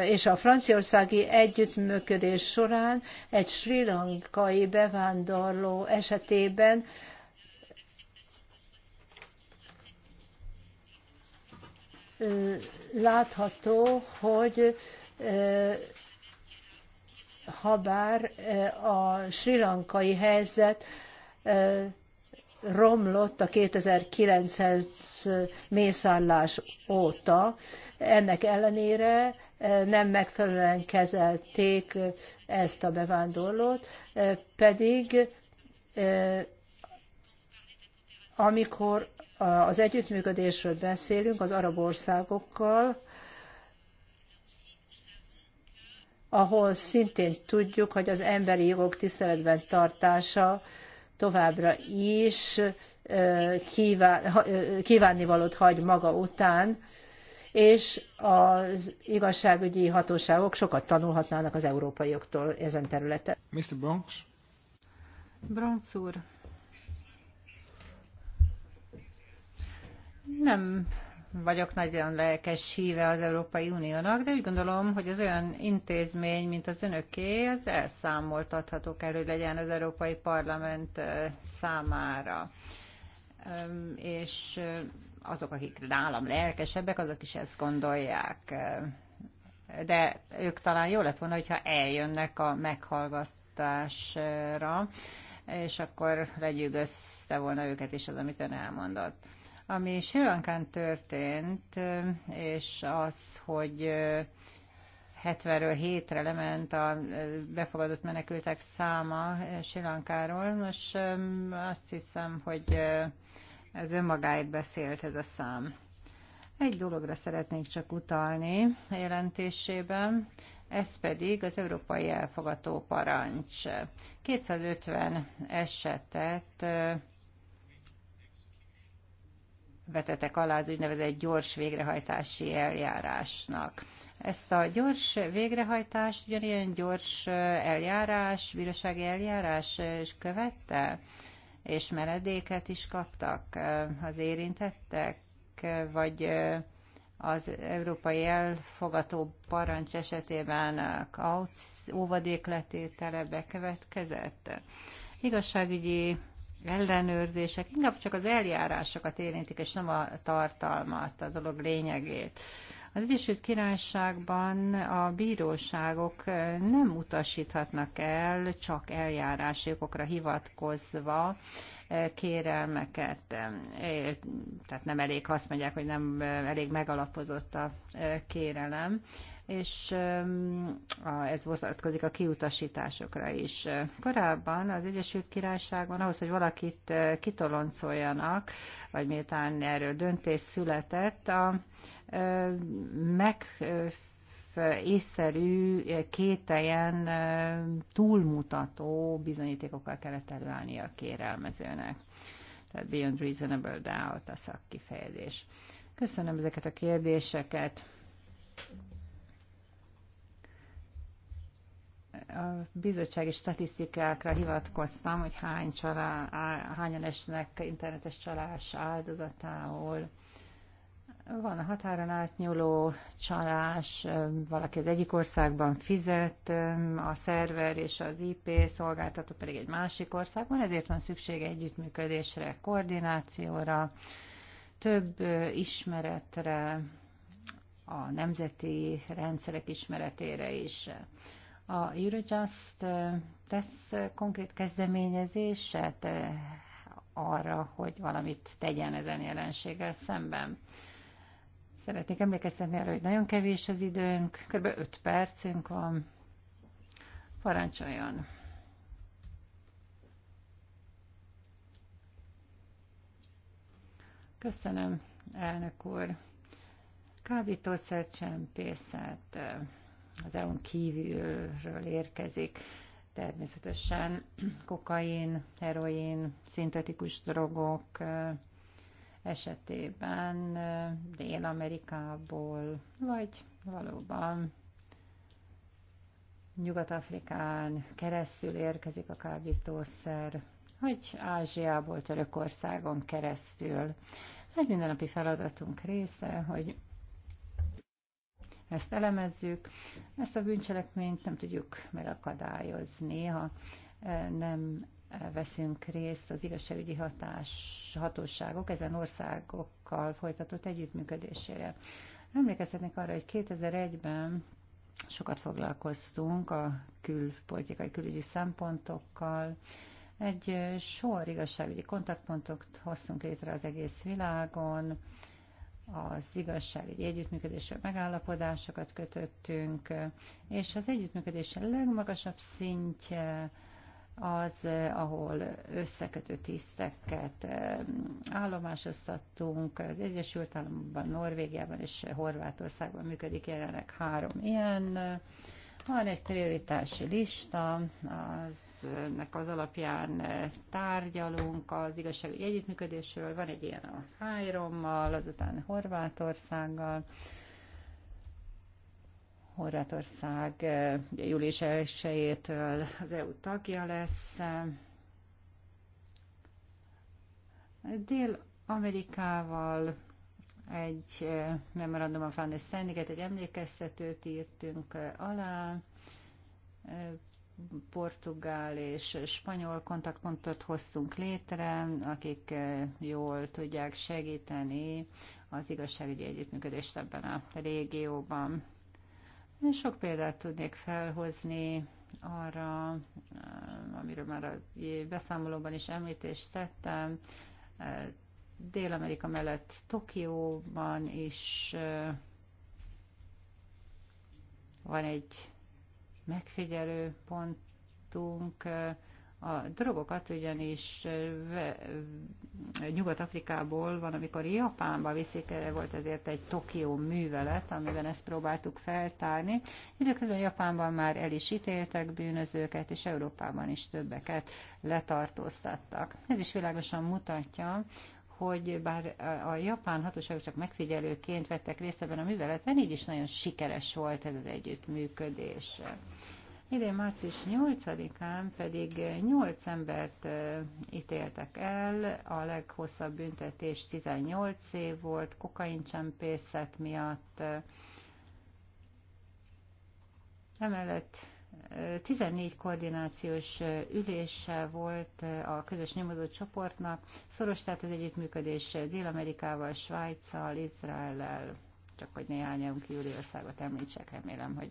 és a franciaországi együttműködés során egy sri lankai bevándorló esetében látható, hogy habár a sri lankai helyzet romlott a 2009 es mészállás óta. Ennek ellenére eh, nem megfelelően kezelték eh, ezt a bevándorlót, eh, pedig amikor az együttműködésről beszélünk az arab országokkal, ahol szintén tudjuk, hogy az emberi jogok tiszteletben tartása továbbra is kívánnivalót hagy maga után, és az igazságügyi hatóságok sokat tanulhatnának az európaioktól ezen területen. Mr. Bronx? Bronx úr. Nem vagyok nagyon lelkes híve az Európai Uniónak, de úgy gondolom, hogy az olyan intézmény, mint az önöké, az elszámoltatható kell, hogy legyen az Európai Parlament számára. És azok, akik nálam lelkesebbek, azok is ezt gondolják. De ők talán jó lett volna, hogyha eljönnek a meghallgatásra, és akkor legyűgözte volna őket is az, amit ön elmondott. Ami Sri Lankán történt, és az, hogy 70-ről 7-re lement a befogadott menekültek száma Sri Lankáról. Most azt hiszem, hogy ez önmagáért beszélt ez a szám. Egy dologra szeretnék csak utalni a jelentésében, ez pedig az európai elfogató parancs. 250 esetet vetetek alá az úgynevezett gyors végrehajtási eljárásnak. Ezt a gyors végrehajtást ugyanilyen gyors eljárás, bírósági eljárás is követte, és menedéket is kaptak az érintettek, vagy az európai elfogató parancs esetében óvadékletétele bekövetkezett. Igazságügyi ellenőrzések inkább csak az eljárásokat érintik, és nem a tartalmat, a dolog lényegét. Az Egyesült Királyságban a bíróságok nem utasíthatnak el csak eljárásokra hivatkozva eh, kérelmeket. Eh, tehát nem elég, ha azt mondják, hogy nem eh, elég megalapozott a kérelem és ez vonatkozik a kiutasításokra is. Korábban az Egyesült Királyságban ahhoz, hogy valakit kitoloncoljanak, vagy miután erről döntés született, a meg észszerű kételjen túlmutató bizonyítékokkal kellett előállni a kérelmezőnek. Tehát Beyond Reasonable Doubt a szakkifejezés. Köszönöm ezeket a kérdéseket. a bizottsági statisztikákra hivatkoztam, hogy hány csalá, hányan esnek internetes csalás áldozatául. Van a határon átnyúló csalás, valaki az egyik országban fizet, a szerver és az IP szolgáltató pedig egy másik országban, ezért van szüksége együttműködésre, koordinációra, több ismeretre, a nemzeti rendszerek ismeretére is. A Eurojust tesz konkrét kezdeményezéset arra, hogy valamit tegyen ezen jelenséggel szemben. Szeretnék emlékeztetni arra, hogy nagyon kevés az időnk, kb. 5 percünk van. Parancsoljon! Köszönöm, elnök úr. Kábítószer csempészet az EU-n kívülről érkezik. Természetesen kokain, heroin, szintetikus drogok esetében Dél-Amerikából, vagy valóban Nyugat-Afrikán keresztül érkezik a kábítószer, vagy Ázsiából, Törökországon keresztül. Ez mindennapi feladatunk része, hogy ezt elemezzük. Ezt a bűncselekményt nem tudjuk megakadályozni, ha e, nem e, veszünk részt az igazságügyi hatás, hatóságok ezen országokkal folytatott együttműködésére. Emlékeztetnék arra, hogy 2001-ben sokat foglalkoztunk a külpolitikai, külügyi szempontokkal. Egy e, sor igazságügyi kontaktpontot hoztunk létre az egész világon, az igazságügyi együttműködésről megállapodásokat kötöttünk, és az együttműködés legmagasabb szintje az, ahol összekötő tiszteket eh, állomásoztattunk. Az Egyesült Államokban, Norvégiában és Horvátországban működik jelenleg három ilyen. Van egy prioritási lista, az ennek az alapján tárgyalunk az igazságügyi együttműködésről, van egy ilyen a Fájrommal, azután Horvátországgal, Horvátország eh, július 1 az EU tagja lesz. Dél-Amerikával egy eh, memorandum of understanding egy emlékeztetőt írtunk eh, alá, portugál és spanyol kontaktpontot hoztunk létre, akik eh, jól tudják segíteni az igazságügyi együttműködést ebben a régióban. Sok példát tudnék felhozni arra, eh, amiről már a beszámolóban is említést tettem, eh, Dél-Amerika mellett Tokióban is van egy megfigyelő pontunk. A drogokat ugyanis Nyugat-Afrikából van, amikor Japánba viszik, volt ezért egy Tokió művelet, amiben ezt próbáltuk feltárni. Időközben Japánban már el is ítéltek bűnözőket, és Európában is többeket letartóztattak. Ez is világosan mutatja, hogy bár eh, a japán hatóságok csak megfigyelőként vettek részt ebben a műveletben, így is nagyon sikeres volt ez az együttműködés. Idén március 8-án pedig 8 embert eh, ítéltek el, a leghosszabb büntetés 18 év volt, kokaincsempészet miatt. Emellett 14 koordinációs ülése volt a közös nyomozó csoportnak, szoros tehát az együttműködés Dél-Amerikával, Svájccal, Izraellel, csak hogy néhány EU kívüli országot említsek, remélem, hogy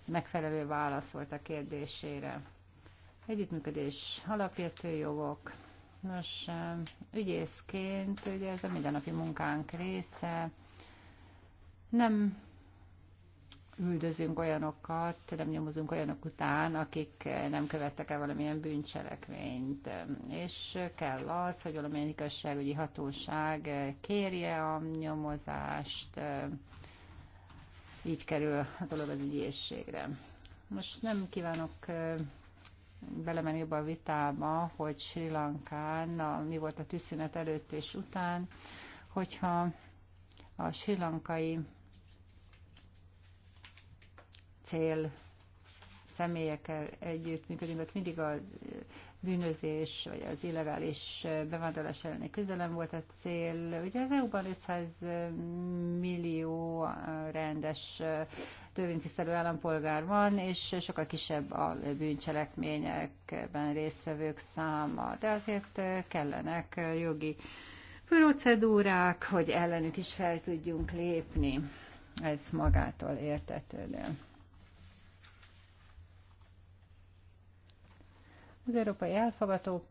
ez megfelelő válasz volt a kérdésére. Együttműködés, alapvető jogok. Nos, ügyészként ugye ez a mindennapi munkánk része. Nem üldözünk olyanokat, nem nyomozunk olyanok után, akik nem követtek el valamilyen bűncselekményt. És kell az, hogy valamilyen igazságügyi hatóság kérje a nyomozást, így kerül a dolog az ügyészségre. Most nem kívánok belemenni jobban a vitába, hogy Sri Lankán na, mi volt a tűzszünet előtt és után, hogyha a sri lankai cél személyekkel együttműködünk, ott mindig a bűnözés, vagy az illegális bevándorlás elleni küzdelem volt a cél. Ugye az EU-ban 500 millió rendes törvénytisztelő állampolgár van, és sokkal kisebb a bűncselekményekben résztvevők száma, de azért kellenek jogi procedúrák, hogy ellenük is fel tudjunk lépni. Ez magától értetődő. Az európai elfogató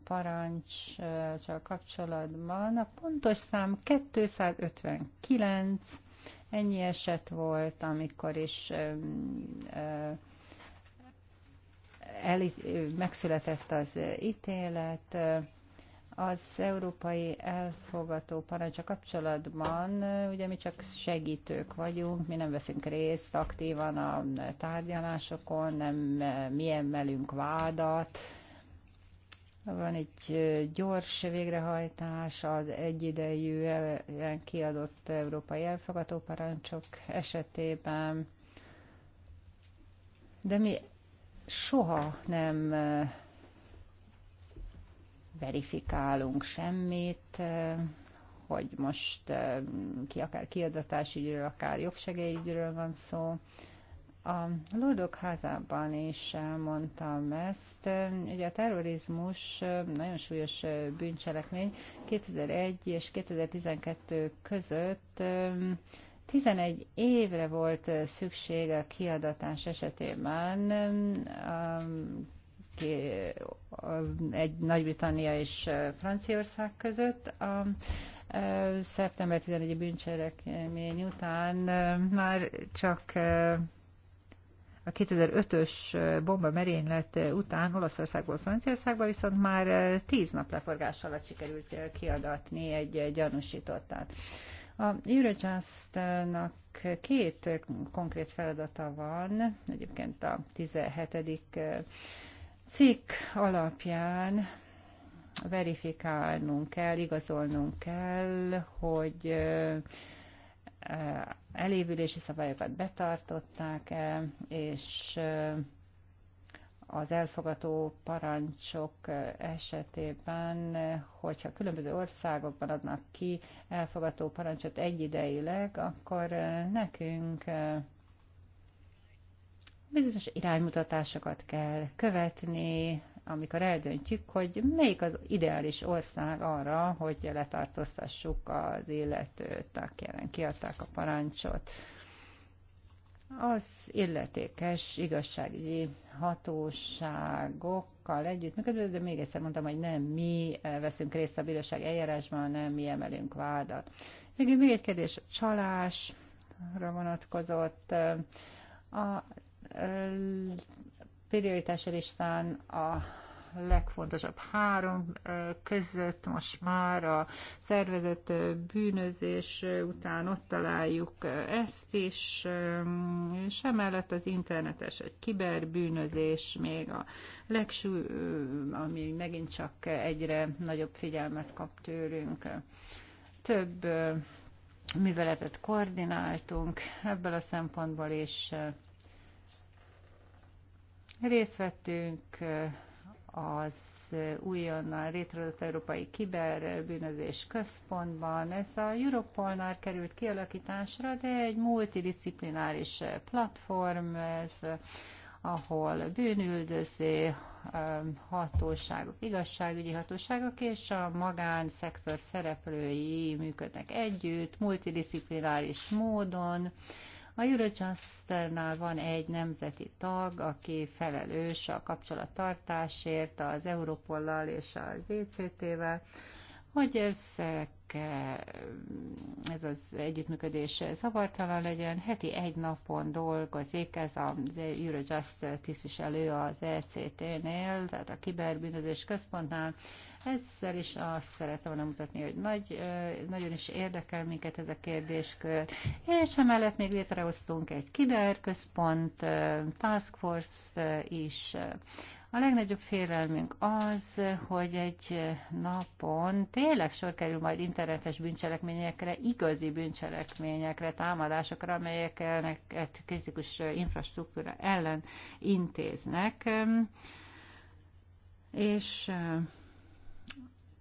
csak kapcsolatban a pontos szám 259, ennyi eset volt, amikor is el, megszületett az ítélet, az európai elfogató parancsa kapcsolatban, ugye mi csak segítők vagyunk, mi nem veszünk részt aktívan a tárgyalásokon, nem mi emelünk vádat, van egy gyors végrehajtás az egyidejű kiadott európai elfogató parancsok esetében, de mi soha nem verifikálunk semmit, hogy most ki akár ügyről, akár jogsegélyügyről van szó. A Lordok házában is elmondtam ezt. Ugye a terrorizmus nagyon súlyos bűncselekmény. 2001 és 2012 között 11 um, évre volt szükség a kiadatás esetében um, um, egy Nagy-Britannia és uh, Franciaország között. A szeptember 11 bűncselekmény után már csak uh, a 2005-ös bomba merénylet után Olaszországból Franciaországba viszont már eh, tíz nap leforgás alatt sikerült eh, kiadatni egy eh, gyanúsítottát. A Eurojust-nak két konkrét feladata van, egyébként a 17. cikk alapján verifikálnunk kell, igazolnunk kell, hogy elévülési szabályokat betartották-e, és az elfogató parancsok esetében, hogyha különböző országokban adnak ki elfogató parancsot egyidejűleg, akkor nekünk bizonyos iránymutatásokat kell követni, amikor eldöntjük, hogy melyik az ideális ország arra, hogy letartóztassuk az illetőt, aki kiadták a parancsot. Az illetékes igazságügyi hatóságokkal együtt működve, de még egyszer mondtam, hogy nem mi veszünk részt a bíróság eljárásban, nem mi emelünk vádat. egy, még egy kérdés, csalásra vonatkozott. A prioritás listán a legfontosabb három között most már a szervezett bűnözés után ott találjuk ezt is, és emellett az internetes egy kiberbűnözés még a legsú, ami megint csak egyre nagyobb figyelmet kap tőlünk. Több műveletet koordináltunk ebből a szempontból, és Részt vettünk az újonnan létrehozott Európai Kiberbűnözés Központban. Ez a Europolnál került kialakításra, de egy multidisziplináris platform, ez, ahol bűnüldöző hatóságok, igazságügyi hatóságok és a magánszektor szereplői működnek együtt, multidisziplináris módon a Eurojustnál van egy nemzeti tag, aki felelős a kapcsolattartásért az Europollal és az ECT-vel, hogy eh, ez az együttműködés zavartalan legyen. Heti egy napon dolgozik ez az Eurojust tisztviselő az ECT-nél, tehát a kiberbűnözés központnál. Ezzel is azt szeretem volna mutatni, hogy nagy, eh, nagyon is érdekel minket ez a kérdéskör, és emellett még létrehoztunk egy kiberközpont, eh, task force is, a legnagyobb félelmünk az, hogy egy napon tényleg sor kerül majd internetes bűncselekményekre, igazi bűncselekményekre, támadásokra, egy kritikus infrastruktúra ellen intéznek. És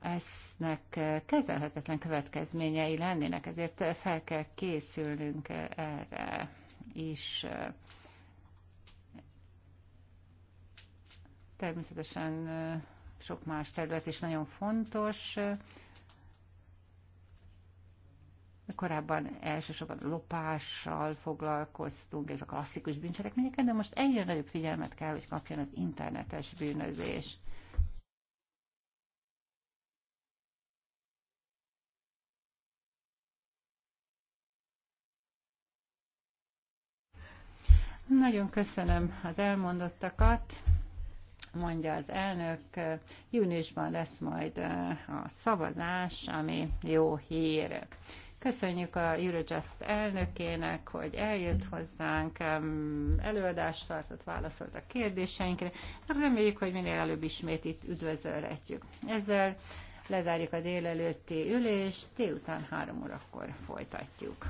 eznek kezelhetetlen következményei lennének, ezért fel kell készülnünk erre is. Természetesen sok más terület is nagyon fontos. Korábban elsősorban lopással foglalkoztunk, ez a klasszikus bűncselekmények, de most egyre nagyobb figyelmet kell, hogy kapjon az internetes bűnözés. Nagyon köszönöm az elmondottakat mondja az elnök, júniusban lesz majd a szavazás, ami jó hír. Köszönjük a Eurojust elnökének, hogy eljött hozzánk, előadást tartott, válaszolt a kérdéseinkre. Reméljük, hogy minél előbb ismét itt üdvözölhetjük. Ezzel lezárjuk a délelőtti ülést, délután három órakor folytatjuk.